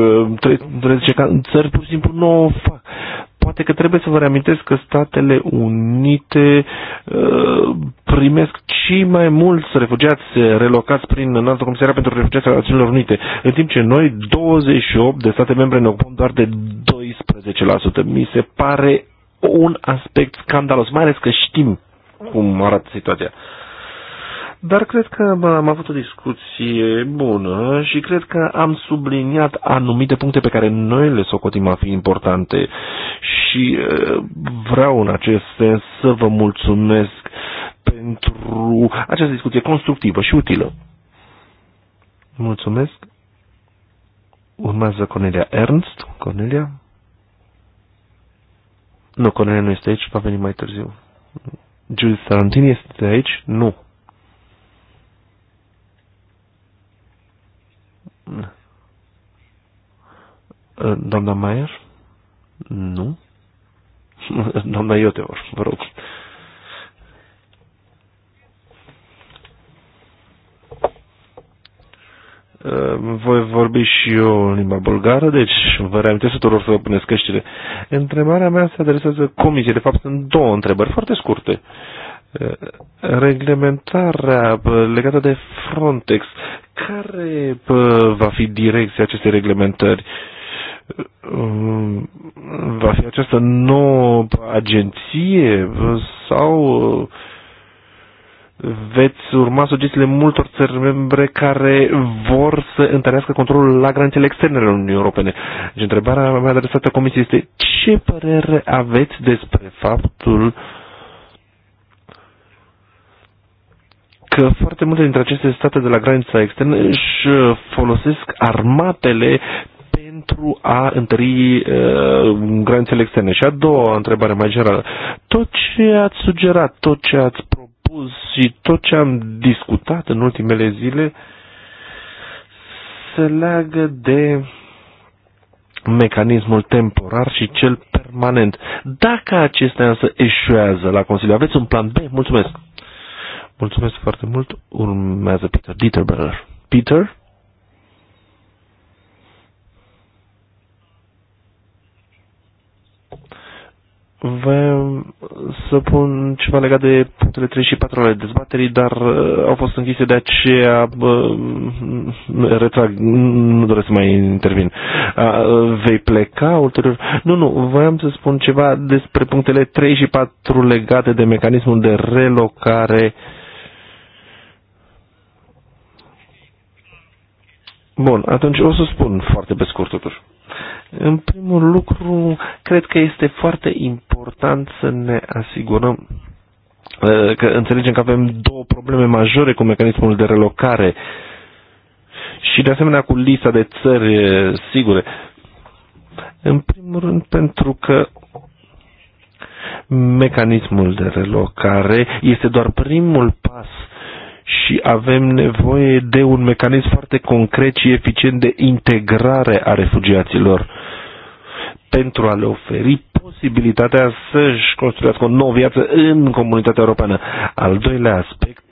13 uh, țări pur și simplu nu o fac. Poate că trebuie să vă reamintesc că Statele Unite uh, primesc cei mai mulți refugiați relocați prin înaltă comisarea pentru refugiați al Națiunilor Unite, în timp ce noi, 28 de state membre, ne ocupăm doar de 12%. Mi se pare un aspect scandalos, mai ales că știm cum arată situația. Uh, dar cred că am avut o discuție bună și cred că am subliniat anumite puncte pe care noi le socotim a fi importante și vreau în acest sens să vă mulțumesc pentru această discuție constructivă și utilă. Mulțumesc. Urmează Cornelia Ernst. Cornelia? Nu, Cornelia nu este aici, va veni mai târziu. Judith Tarantini este aici? Nu. Doamna Maier? Nu. Doamna Iotevor, vă rog. voi vorbi și eu în limba bulgară, deci vă reamintesc tuturor să vă puneți căștile. Întrebarea mea se adresează comisiei. De fapt, sunt două întrebări foarte scurte. Uh, reglementarea legată de Frontex, care va fi direcția acestei reglementări? Mm, va fi această nouă agenție sau uh, veți urma sugestiile multor țări membre care vor să întărească controlul la granițele externe ale Uniunii Europene. Deci întrebarea mea adresată Comisiei este ce părere aveți despre faptul uh, că foarte multe dintre aceste state de la granița externă își uh, folosesc armatele pentru a întări uh, granițele externe. Și a doua întrebare mai generală. Tot ce ați sugerat, tot ce ați propus și tot ce am discutat în ultimele zile se leagă de mecanismul temporar și cel permanent. Dacă acestea însă eșuează la Consiliu, aveți un plan B? Mulțumesc! Mulțumesc foarte mult. Urmează Peter Dieterbeller. Peter? Vreau să pun ceva legat de punctele 3 și 4 ale dezbaterii, dar uh, au fost închise, de aceea bă, retrag, nu doresc să mai intervin. A, vei pleca ulterior? Nu, nu, voiam să spun ceva despre punctele 3 și 4 legate de mecanismul de relocare uh, Bun, atunci o să spun foarte pe scurt totuși. În primul lucru, cred că este foarte important să ne asigurăm uh, că înțelegem că avem două probleme majore cu mecanismul de relocare și de asemenea cu lista de țări uh, sigure. În primul rând pentru că mecanismul de relocare este doar primul pas uh, și avem nevoie de un mecanism foarte concret și eficient de integrare a refugiaților pentru a le oferi posibilitatea să-și construiască o nouă viață în comunitatea europeană. Al doilea aspect,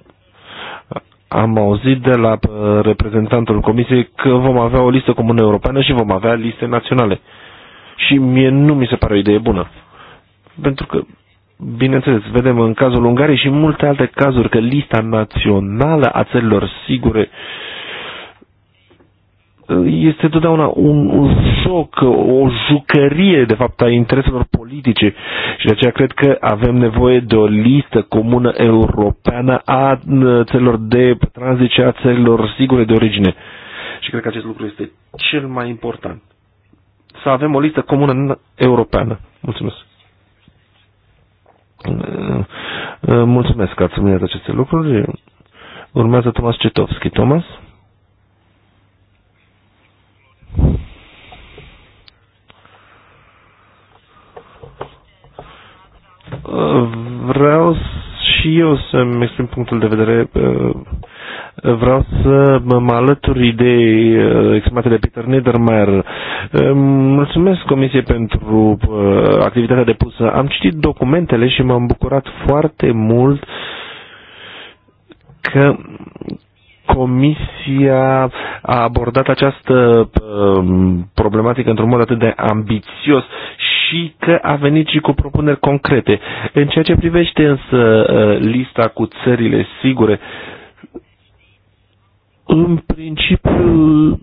am auzit de la uh, reprezentantul Comisiei că vom avea o listă comună europeană și vom avea liste naționale. Și mie nu mi se pare o idee bună. Pentru că bineînțeles, vedem în cazul Ungariei și multe alte cazuri că lista națională a țărilor sigure este totdeauna un, un joc, o jucărie, de fapt, a intereselor politice și de aceea cred că avem nevoie de o listă comună europeană a uh, țărilor de tranzit a țărilor sigure de origine. Și cred că acest lucru este cel mai important. Să avem o listă comună europeană. Mulțumesc. Mulțumesc că ați subliniat aceste lucruri. Urmează Tomas Cetovski. Tomas? Vreau și eu să-mi exprim punctul de vedere uh, vreau să mă alătur idei uh, exprimate de Peter Niedermayer. Mulțumesc Comisie pentru uh, activitatea depusă. Am citit documentele și m-am bucurat foarte mult că Comisia a abordat această um, problematică într-un mod atât de ambițios și că a venit și cu propuneri concrete. În ceea ce privește însă uh, lista cu țările sigure, în principiu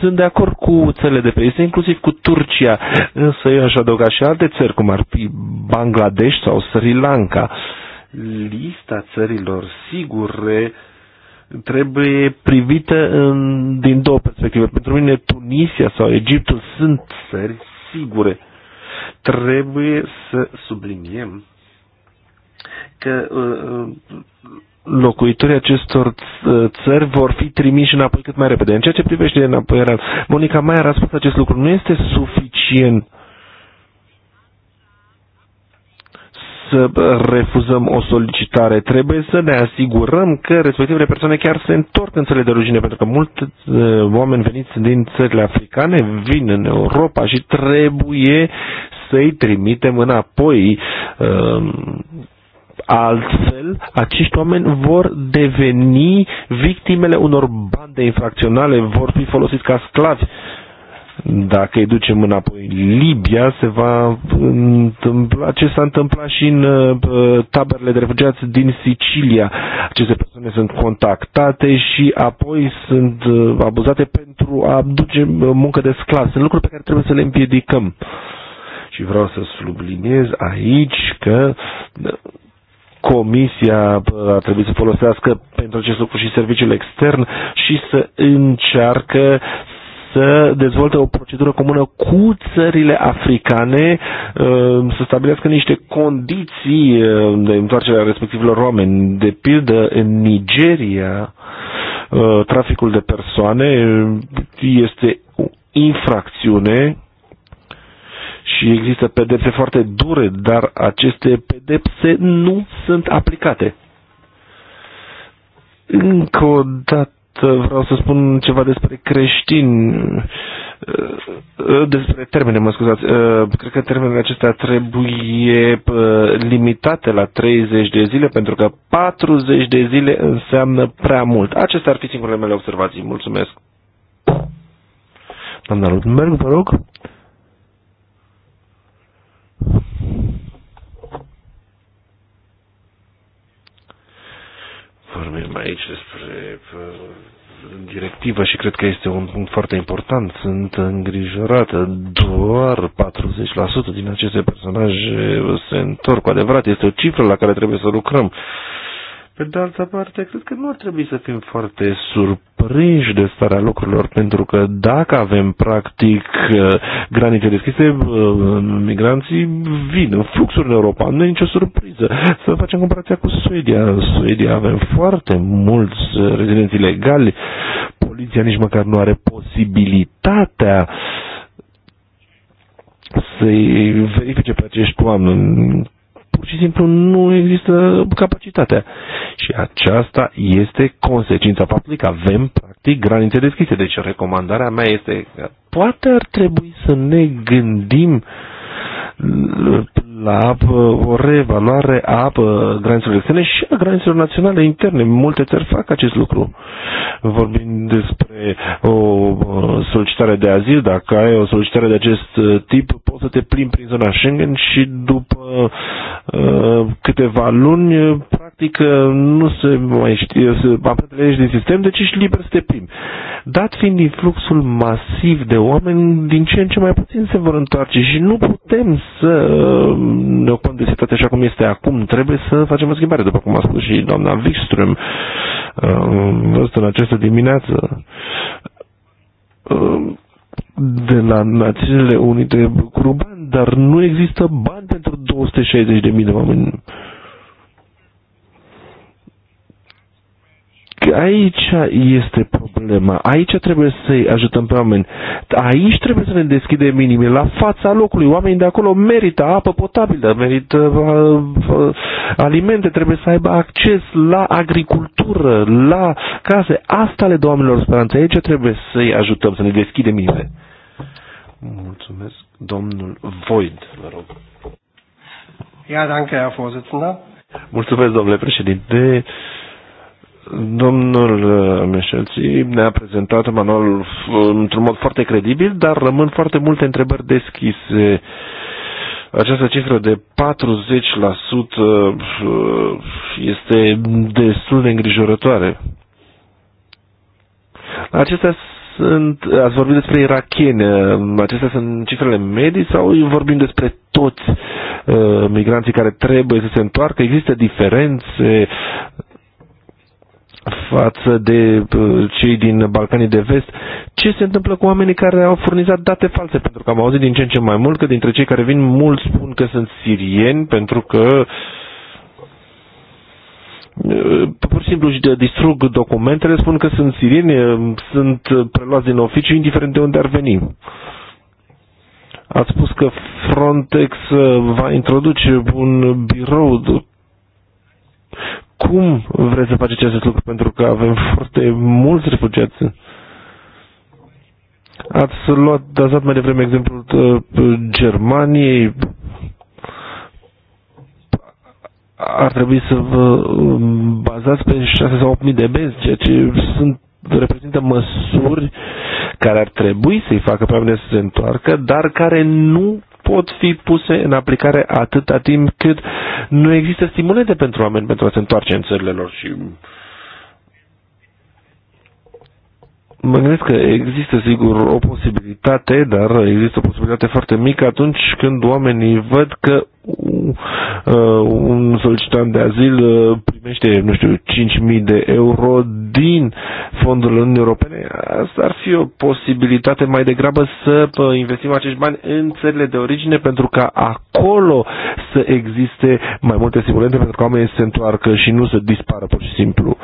sunt de acord cu țările de pe este inclusiv cu Turcia, însă eu aș adăuga și alte țări, cum ar fi Bangladesh sau Sri Lanka. Lista țărilor sigure trebuie privită în, din două perspective. Pentru mine Tunisia sau Egiptul sunt țări sigure. Trebuie să subliniem că uh, uh locuitorii acestor ă, țări vor fi trimiși înapoi cât mai repede. În ceea ce privește înapoierea, Monica mai a spus acest lucru, nu este suficient să refuzăm o solicitare. Trebuie să ne asigurăm că respectivele persoane chiar se întorc în țările de origine, pentru că mulți ă, oameni veniți din țările africane vin în Europa și trebuie să-i trimitem înapoi ă, Altfel, acești oameni vor deveni victimele unor bande infracționale, vor fi folosiți ca sclavi. Dacă îi ducem înapoi Libia, se va întâmpla ce s-a întâmplat și în uh, taberele de refugiați din Sicilia. Aceste persoane sunt contactate și apoi sunt uh, abuzate pentru a duce uh, muncă de sclav. Sunt lucruri pe care trebuie să le împiedicăm. Și vreau să subliniez aici că Comisia a trebuit să folosească pentru acest lucru și serviciul extern și să încearcă să dezvolte o procedură comună cu țările africane, uh, să stabilească niște condiții uh, de întoarcere a respectivilor oameni. De pildă, în Nigeria, uh, traficul de persoane este o infracțiune și există pedepse foarte dure, dar aceste pedepse nu sunt aplicate. Încă o dată vreau să spun ceva despre creștini, uh, despre termene, mă scuzați. Uh, cred că termenele acestea trebuie uh, limitate la 30 de zile, pentru că 40 de zile înseamnă prea mult. Acestea ar fi singurele mele observații. Mulțumesc. Doamna Rudmerg, vă rog. Vorbim aici despre uh, directivă și cred că este un punct foarte important. Sunt îngrijorată. Doar 40% din aceste personaje se întorc cu adevărat. Este o cifră la care trebuie să lucrăm. Pe de altă parte, cred că nu ar trebui să fim foarte surprinși de starea lucrurilor, pentru că dacă avem practic uh, granițe deschise, uh, migranții vin în fluxuri în Europa, nu e nicio surpriză. Să facem comparația cu Suedia. În Suedia avem foarte mulți uh, rezidenți ilegali, poliția nici măcar nu are posibilitatea să-i verifice pe acești oameni pur și simplu nu există capacitatea. Și aceasta este consecința faptului că avem, practic, granițe deschise. Deci recomandarea mea este că poate ar trebui să ne gândim uh, la o reevaluare a granițelor externe și a granițelor naționale interne. Multe țări fac acest lucru. Vorbim despre o solicitare de azil, dacă ai o solicitare de acest tip, poți să te plimbi prin zona Schengen și după uh, câteva luni, practic, nu se mai știe, amprentele ești din sistem, deci ești liber să te plimbi. Dat fiind influxul masiv de oameni, din ce în ce mai puțin se vor întoarce și nu putem să ne ocupăm de situația așa cum este acum. Trebuie să facem o schimbare, după cum a spus și doamna Wikström, văzut în această dimineață de la Națiunile Unite cu Ruban, dar nu există bani pentru 260.000 de oameni aici este problema. Aici trebuie să-i ajutăm pe oameni. Aici trebuie să ne deschidem inimile, la fața locului. Oamenii de acolo merită apă potabilă, merită uh, uh, alimente, trebuie să aibă acces la agricultură, la case. Asta le dă oamenilor speranță. Aici trebuie să-i ajutăm, să ne deschidem inimile. Mulțumesc. Domnul Void, vă rog. Ja, danke, Herr Vorsitzender. Mulțumesc, domnule președinte. Domnul uh, Meșelții ne-a prezentat manualul uh, într-un mod foarte credibil, dar rămân foarte multe întrebări deschise. Această cifră de 40% uh, este destul de îngrijorătoare. Acestea sunt, ați vorbit despre iracheni, acestea sunt cifrele medii sau vorbim despre toți uh, migranții care trebuie să se întoarcă? Există diferențe față de uh, cei din Balcanii de Vest, ce se întâmplă cu oamenii care au furnizat date false? Pentru că am auzit din ce în ce mai mult că dintre cei care vin, mulți spun că sunt sirieni pentru că uh, pur și simplu își distrug documentele, spun că sunt sirieni, uh, sunt preluați din oficiu, indiferent de unde ar veni. Ați spus că Frontex va introduce un birou cum vreți să faceți acest lucru, pentru că avem foarte mulți refugiați. Ați luat, ați dat mai devreme exemplul uh, Germaniei. Ar trebui să vă um, bazați pe 6 sau 8.000 de benzi, ceea ce sunt reprezintă măsuri care ar trebui să-i facă pe oameni să se întoarcă, dar care nu pot fi puse în aplicare atâta timp cât nu există stimulente pentru oameni pentru a se întoarce în țările lor și Mă gândesc că există sigur o posibilitate, dar există o posibilitate foarte mică atunci când oamenii văd că uh, un solicitant de azil uh, primește, nu știu, 5.000 de euro din fondurile Uniunii Europene. Asta ar fi o posibilitate mai degrabă să uh, investim acești bani în țările de origine pentru ca acolo să existe mai multe simulente pentru că oamenii se întoarcă și nu se dispară pur și simplu.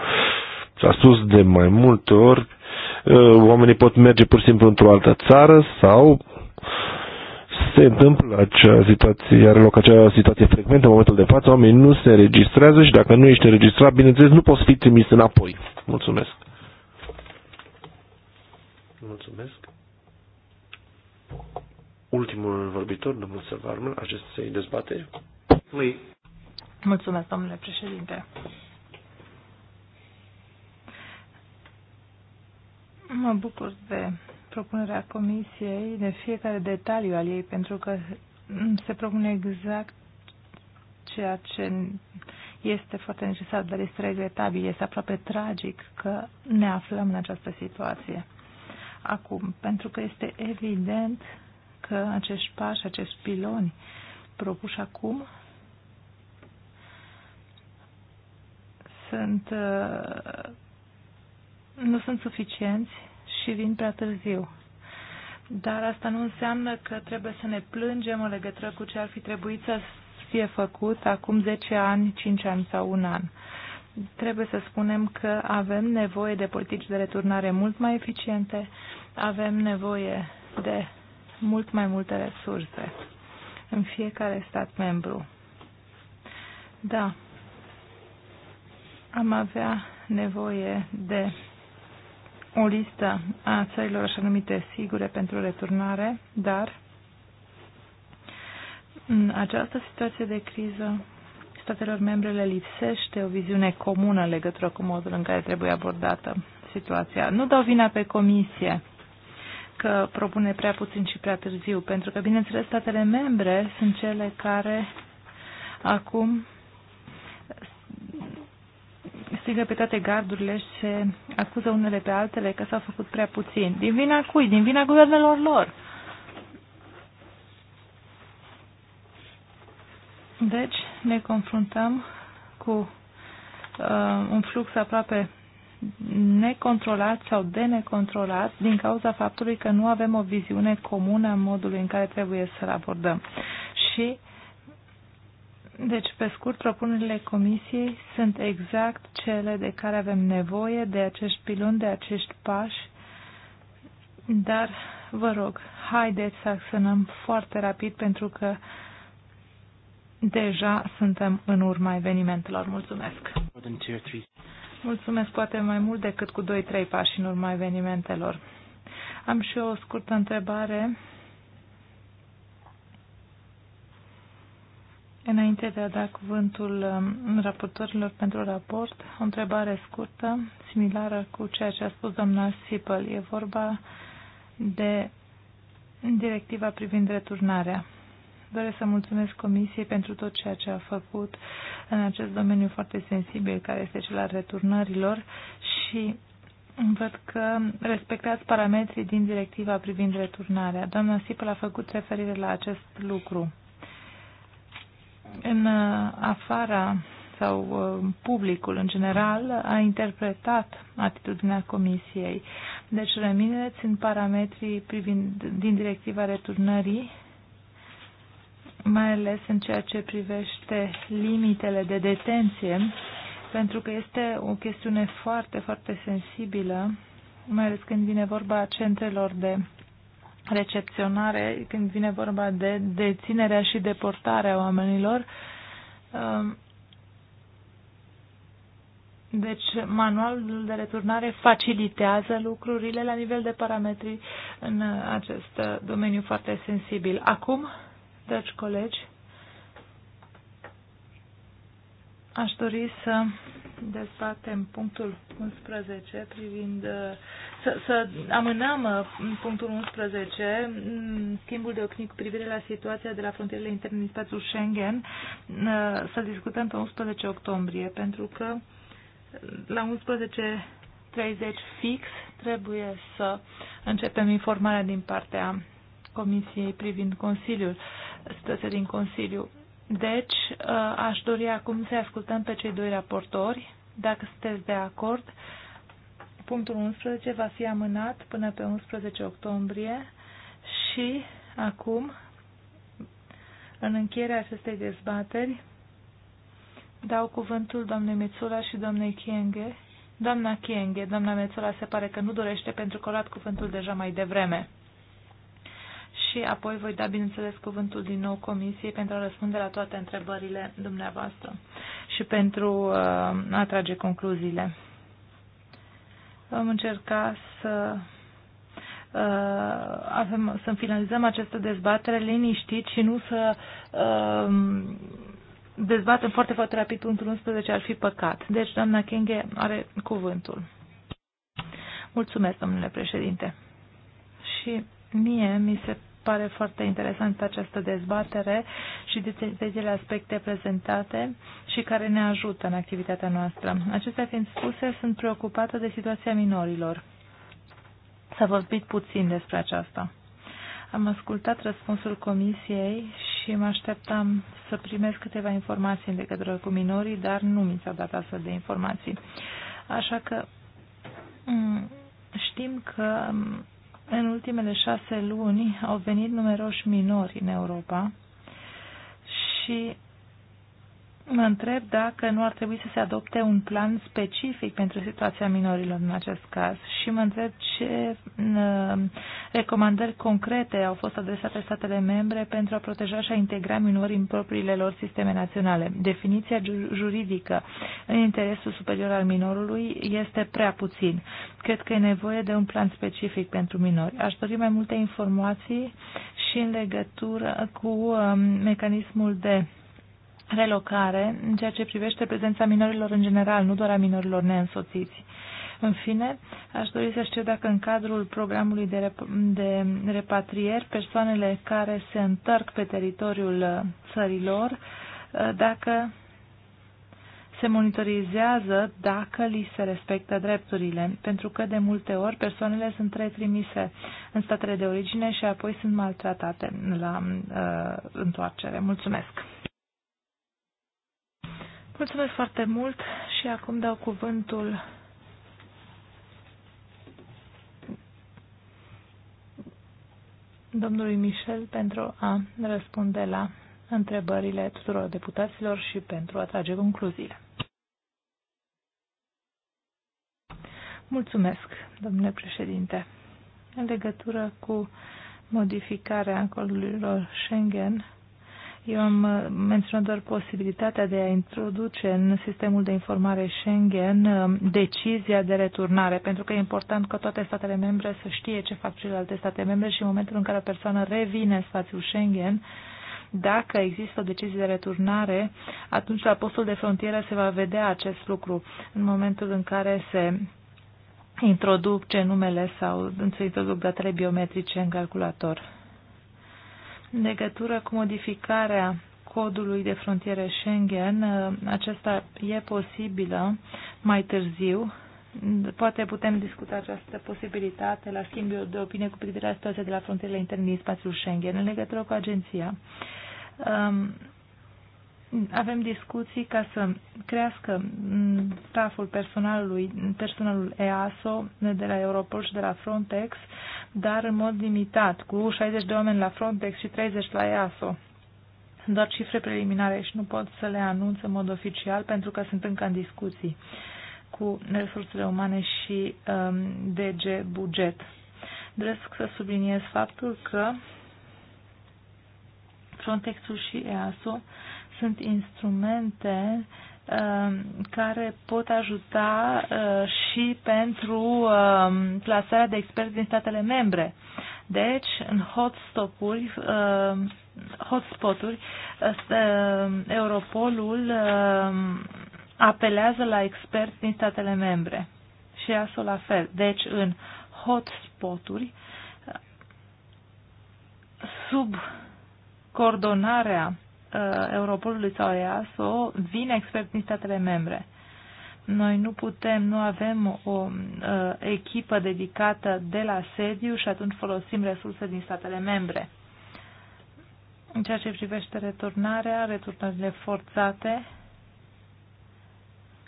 S-a spus de mai multe ori Uh, oamenii pot merge pur și simplu într-o altă țară sau se întâmplă acea situație, are loc acea situație frecventă în momentul de față, oamenii nu se înregistrează și dacă nu ești înregistrat, bineînțeles, nu poți fi trimis înapoi. Mulțumesc. Mulțumesc. Ultimul vorbitor, domnul să acestei dezbateri. Mulțumesc, domnule președinte. Mă bucur de propunerea comisiei, de fiecare detaliu al ei, pentru că se propune exact ceea ce este foarte necesar, dar este regretabil, este aproape tragic că ne aflăm în această situație acum, pentru că este evident că acești pași, acești piloni propuși acum sunt uh, nu sunt suficienți și vin prea târziu. Dar asta nu înseamnă că trebuie să ne plângem în legătură cu ce ar fi trebuit să fie făcut acum 10 ani, 5 ani sau un an. Trebuie să spunem că avem nevoie de politici de returnare mult mai eficiente, avem nevoie de mult mai multe resurse în fiecare stat membru. Da, am avea nevoie de o listă a țărilor așa numite sigure pentru returnare, dar în această situație de criză statelor membre le lipsește o viziune comună în legătură cu modul în care trebuie abordată situația. Nu dau vina pe comisie că propune prea puțin și prea târziu, pentru că, bineînțeles, statele membre sunt cele care acum strigă pe toate gardurile și se acuză unele pe altele că s-au făcut prea puțin. Din vina cui? Din vina guvernelor lor. Deci ne confruntăm cu uh, un flux aproape necontrolat sau de necontrolat din cauza faptului că nu avem o viziune comună a modului în care trebuie să-l abordăm. Și deci, pe scurt, propunerile Comisiei sunt exact cele de care avem nevoie, de acești piloni, de acești pași, dar vă rog, haideți să acționăm foarte rapid pentru că deja suntem în urma evenimentelor. Mulțumesc! Mulțumesc poate mai mult decât cu 2-3 pași în urma evenimentelor. Am și o scurtă întrebare Înainte de a da cuvântul um, raportorilor pentru raport, o întrebare scurtă, similară cu ceea ce a spus doamna Sipel. E vorba de directiva privind returnarea. Doresc să mulțumesc Comisiei pentru tot ceea ce a făcut în acest domeniu foarte sensibil, care este cel al returnărilor și Văd că respectați parametrii din directiva privind returnarea. Doamna Sipel a făcut referire la acest lucru în uh, afara sau uh, publicul în general a interpretat atitudinea Comisiei. Deci rămâneți în parametrii privind, din directiva returnării, mai ales în ceea ce privește limitele de detenție, pentru că este o chestiune foarte, foarte sensibilă, mai ales când vine vorba a centrelor de recepționare când vine vorba de deținerea și deportarea oamenilor. Um, deci, manualul de returnare facilitează lucrurile la nivel de parametri în acest domeniu foarte sensibil. Acum, dragi colegi, aș dori să dezbatem punctul 11 privind uh, să, să amânăm uh, punctul 11, mm, schimbul de opinii cu privire la situația de la frontierele interne din spațiul Schengen, uh, să discutăm pe 11 octombrie, pentru că uh, la 11.30 fix trebuie să începem informarea din partea Comisiei privind Consiliul, stăse din Consiliu. Deci, aș dori acum să ascultăm pe cei doi raportori, dacă sunteți de acord, punctul 11 va fi amânat până pe 11 octombrie și acum, în încheierea acestei dezbateri, dau cuvântul doamnei Mețula și doamnei Chienghe. Doamna Chienghe, doamna Mețula se pare că nu dorește pentru că a luat cuvântul deja mai devreme. Și apoi voi da, bineînțeles, cuvântul din nou Comisiei pentru a răspunde la toate întrebările dumneavoastră și pentru uh, a trage concluziile. Vom încerca să uh, avem, să finalizăm această dezbatere liniștit și nu să uh, dezbatem foarte, foarte rapid punctul 11, ar fi păcat. Deci, doamna Kenge are cuvântul. Mulțumesc, domnule președinte. Și mie mi se pare foarte interesantă această dezbatere și cele aspecte prezentate și care ne ajută în activitatea noastră. Acestea fiind spuse, sunt preocupată de situația minorilor. S-a vorbit puțin despre aceasta. Am ascultat răspunsul comisiei și mă așteptam să primesc câteva informații în legătură cu minorii, dar nu mi s-a dat astfel de informații. Așa că mm, știm că mm, în ultimele șase luni au venit numeroși minori în Europa și mă întreb dacă nu ar trebui să se adopte un plan specific pentru situația minorilor în acest caz și mă întreb ce recomandări concrete au fost adresate statele membre pentru a proteja și a integra minorii în propriile lor sisteme naționale. Definiția juridică în interesul superior al minorului este prea puțin. Cred că e nevoie de un plan specific pentru minori. Aș dori mai multe informații și în legătură cu mecanismul de relocare în ceea ce privește prezența minorilor în general, nu doar a minorilor neînsoțiți. În fine, aș dori să știu dacă în cadrul programului de, rep- de repatrieri, persoanele care se întorc pe teritoriul uh, țărilor, uh, dacă se monitorizează dacă li se respectă drepturile, pentru că de multe ori persoanele sunt retrimise în statele de origine și apoi sunt maltratate la uh, întoarcere. Mulțumesc! Mulțumesc foarte mult și acum dau cuvântul domnului Michel pentru a răspunde la întrebările tuturor deputaților și pentru a trage concluziile. Mulțumesc, domnule președinte. În legătură cu modificarea acolurilor Schengen, eu am uh, menționat doar posibilitatea de a introduce în sistemul de informare Schengen um, decizia de returnare, pentru că e important că toate statele membre să știe ce fac celelalte state membre și în momentul în care o persoană revine în spațiul Schengen, dacă există o decizie de returnare, atunci la postul de frontieră se va vedea acest lucru în momentul în care se introduc numele sau se introduc datele biometrice în calculator în legătură cu modificarea codului de frontiere Schengen, acesta e posibilă mai târziu. Poate putem discuta această posibilitate la schimb de opinie cu privire la situația de la frontierele interne din spațiul Schengen în legătură cu agenția. Um, avem discuții ca să crească mm, staful personalului, personalul EASO de la Europol și de la Frontex, dar în mod limitat, cu 60 de oameni la Frontex și 30 la EASO. Sunt doar cifre preliminare și nu pot să le anunț în mod oficial pentru că sunt încă în discuții cu resursele umane și um, DG Buget. Doresc să subliniez faptul că Frontexul și EASO sunt instrumente um, care pot ajuta uh, și pentru um, plasarea de experți din statele membre. Deci, în um, hotspot-uri, hotspot-uri Europolul apelează la experți din statele membre și ASO la fel. Deci, în hotspot-uri, sub coordonarea uh, Europolului sau EASO vin experți din statele membre. Noi nu putem, nu avem o uh, echipă dedicată de la sediu și atunci folosim resurse din statele membre. În ceea ce privește returnarea, returnările forțate,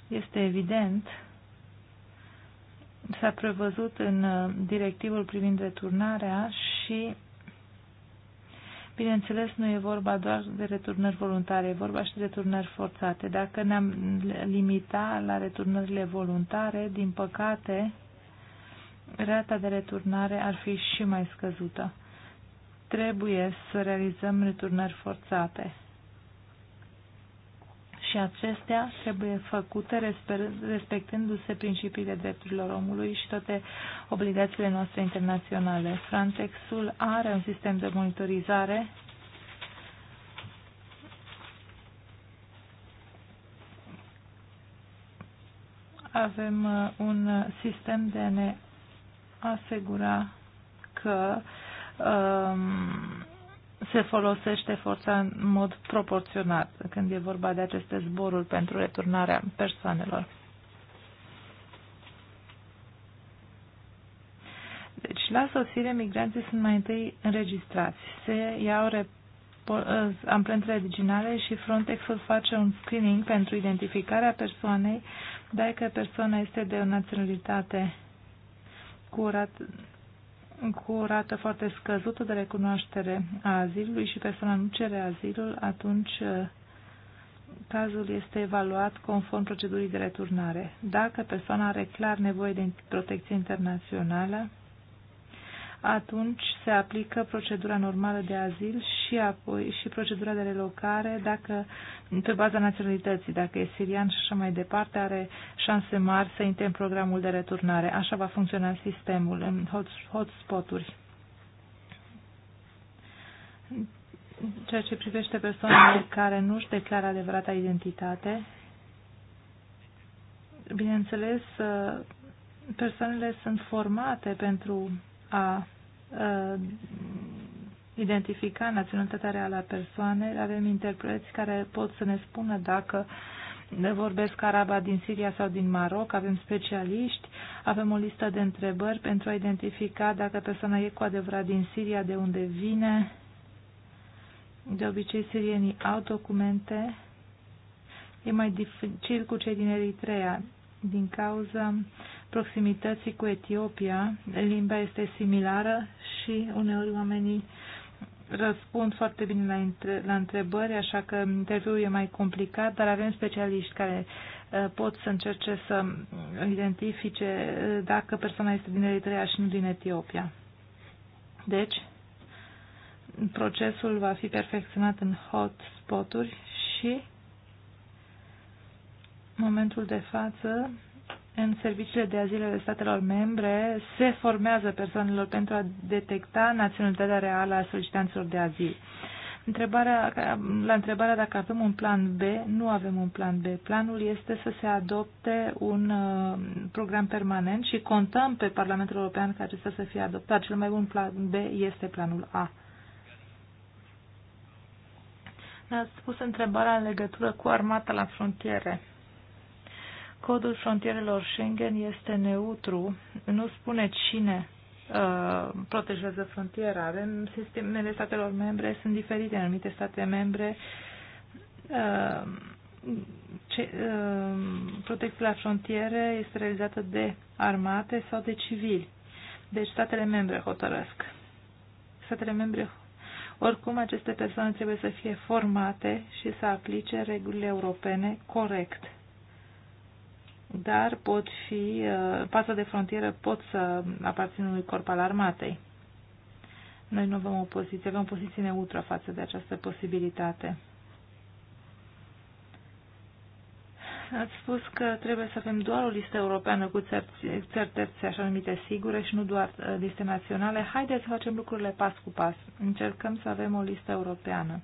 este evident, s-a prevăzut în uh, directivul privind returnarea și Bineînțeles, nu e vorba doar de returnări voluntare, e vorba și de returnări forțate. Dacă ne-am limita la returnările voluntare, din păcate, rata de returnare ar fi și mai scăzută. Trebuie să realizăm returnări forțate și acestea trebuie făcute respectându-se principiile drepturilor omului și toate obligațiile noastre internaționale. Frontexul are un sistem de monitorizare avem uh, un uh, sistem de a ne asigura că um, se folosește forța în mod proporționat când e vorba de aceste zboruri pentru returnarea persoanelor. Deci, la sosire, migranții sunt mai întâi înregistrați. Se iau uh, amprentele originale și Frontexul face un screening pentru identificarea persoanei, dacă persoana este de o naționalitate curată cu o rată foarte scăzută de recunoaștere a azilului și persoana nu cere azilul, atunci uh, cazul este evaluat conform procedurii de returnare. Dacă persoana are clar nevoie de protecție internațională, atunci se aplică procedura normală de azil și apoi și procedura de relocare dacă, pe baza naționalității, dacă e sirian și așa mai departe, are șanse mari să intre în programul de returnare. Așa va funcționa sistemul în hotspot-uri. ceea ce privește persoanele care nu își declară adevărata identitate, bineînțeles, uh, persoanele sunt formate pentru a identifica naționalitatea reală a persoanei, avem interpreți care pot să ne spună dacă vorbesc araba din Siria sau din Maroc, avem specialiști, avem o listă de întrebări pentru a identifica dacă persoana e cu adevărat din Siria, de unde vine. De obicei, sirienii au documente. E mai dificil cu cei din Eritrea din cauza proximității cu Etiopia, limba este similară și uneori oamenii răspund foarte bine la, între, la întrebări, așa că interviul e mai complicat, dar avem specialiști care uh, pot să încerce să identifice uh, dacă persoana este din Eritrea și nu din Etiopia. Deci, procesul va fi perfecționat în hotspot-uri și momentul de față, în serviciile de azil ale statelor membre, se formează persoanelor pentru a detecta naționalitatea reală a solicitanților de azil. Întrebarea, la întrebarea dacă avem un plan B, nu avem un plan B. Planul este să se adopte un uh, program permanent și contăm pe Parlamentul European ca acesta să fie adoptat. Cel mai bun plan B este planul A. ne ați pus întrebarea în legătură cu armata la frontiere. Codul frontierelor Schengen este neutru, nu spune cine uh, protejează frontiera. Avem, Sistemele statelor membre sunt diferite. În anumite state membre uh, ce, uh, protecția la frontiere este realizată de armate sau de civili. Deci statele membre hotărăsc. Statele membre oricum, aceste persoane trebuie să fie formate și să aplice regulile europene corect dar pot fi, față uh, de frontieră pot să aparțină unui corp al armatei. Noi nu avem o poziție, avem o poziție neutră față de această posibilitate. Ați spus că trebuie să avem doar o listă europeană cu țări terțe, așa numite sigure, și nu doar uh, liste naționale. Haideți să facem lucrurile pas cu pas. Încercăm să avem o listă europeană.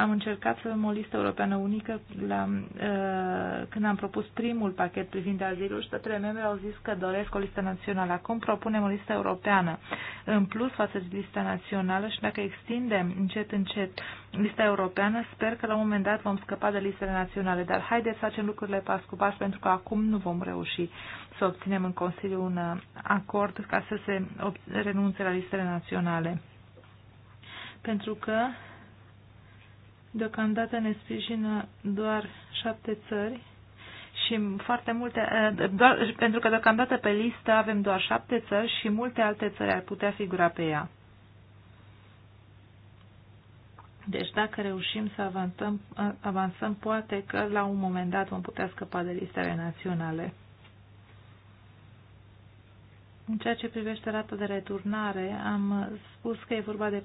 Am încercat să avem o listă europeană unică la, uh, când am propus primul pachet privind azilul. Statele membre au zis că doresc o listă națională. Acum propunem o listă europeană în plus față de lista națională și dacă extindem încet, încet lista europeană, sper că la un moment dat vom scăpa de listele naționale. Dar haideți să facem lucrurile pas cu pas pentru că acum nu vom reuși să obținem în Consiliu un uh, acord ca să se renunțe la listele naționale. Pentru că Deocamdată ne sprijină doar șapte țări și foarte multe, eh, doar, pentru că deocamdată pe listă avem doar șapte țări și multe alte țări ar putea figura pe ea. Deci dacă reușim să avansăm, eh, avansăm, poate că la un moment dat vom putea scăpa de listele naționale. În ceea ce privește rata de returnare, am spus că e vorba de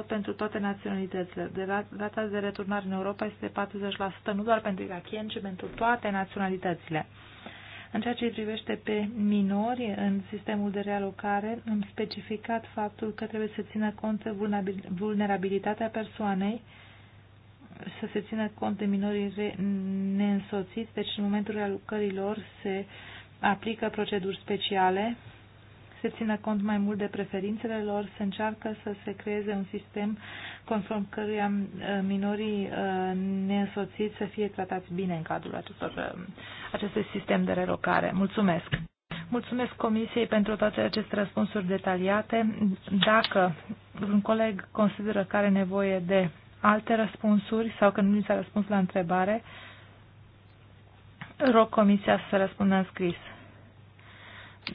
40% pentru toate naționalitățile. De rata de returnare în Europa este 40% nu doar pentru irachieni, ci pentru toate naționalitățile. În ceea ce privește pe minori în sistemul de realocare, am specificat faptul că trebuie să țină cont de vulnerabilitatea persoanei, să se țină cont de minorii neînsoțiți, deci în momentul realocării lor se uh, aplică proceduri speciale, se țină cont mai mult de preferințele lor, se încearcă să se creeze un sistem conform căruia uh, minorii uh, neînsoțiți să fie tratați bine în cadrul acestor, uh, acestui sistem de relocare. Mulțumesc! Mulțumesc Comisiei pentru toate aceste răspunsuri detaliate. Dacă un coleg consideră că are nevoie de alte răspunsuri sau că nu mi s-a răspuns la întrebare, Rog Comisia să răspundă în scris.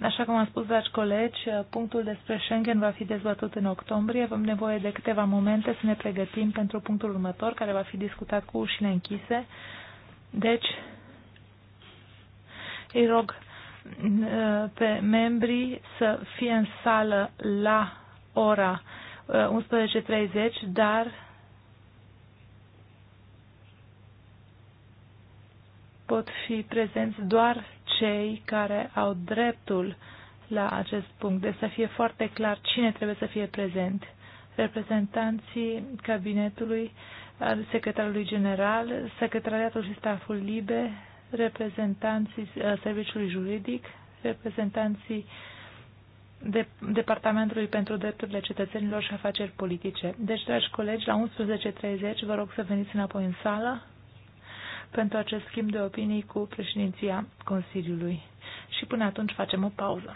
Așa cum am spus, dragi colegi, punctul despre Schengen va fi dezbătut în octombrie. Avem nevoie de câteva momente să ne pregătim pentru punctul următor, care va fi discutat cu ușile închise. Deci, îi rog uh, pe membrii să fie în sală la ora 11.30, uh, dar pot fi prezenți doar cei care au dreptul la acest punct. Deci să fie foarte clar cine trebuie să fie prezent. Reprezentanții cabinetului, secretarului general, secretariatul și staful libe, reprezentanții uh, serviciului juridic, reprezentanții de, Departamentului pentru Drepturile Cetățenilor și Afaceri Politice. Deci, dragi colegi, la 11.30 vă rog să veniți înapoi în sală pentru acest schimb de opinii cu președinția Consiliului. Și până atunci facem o pauză.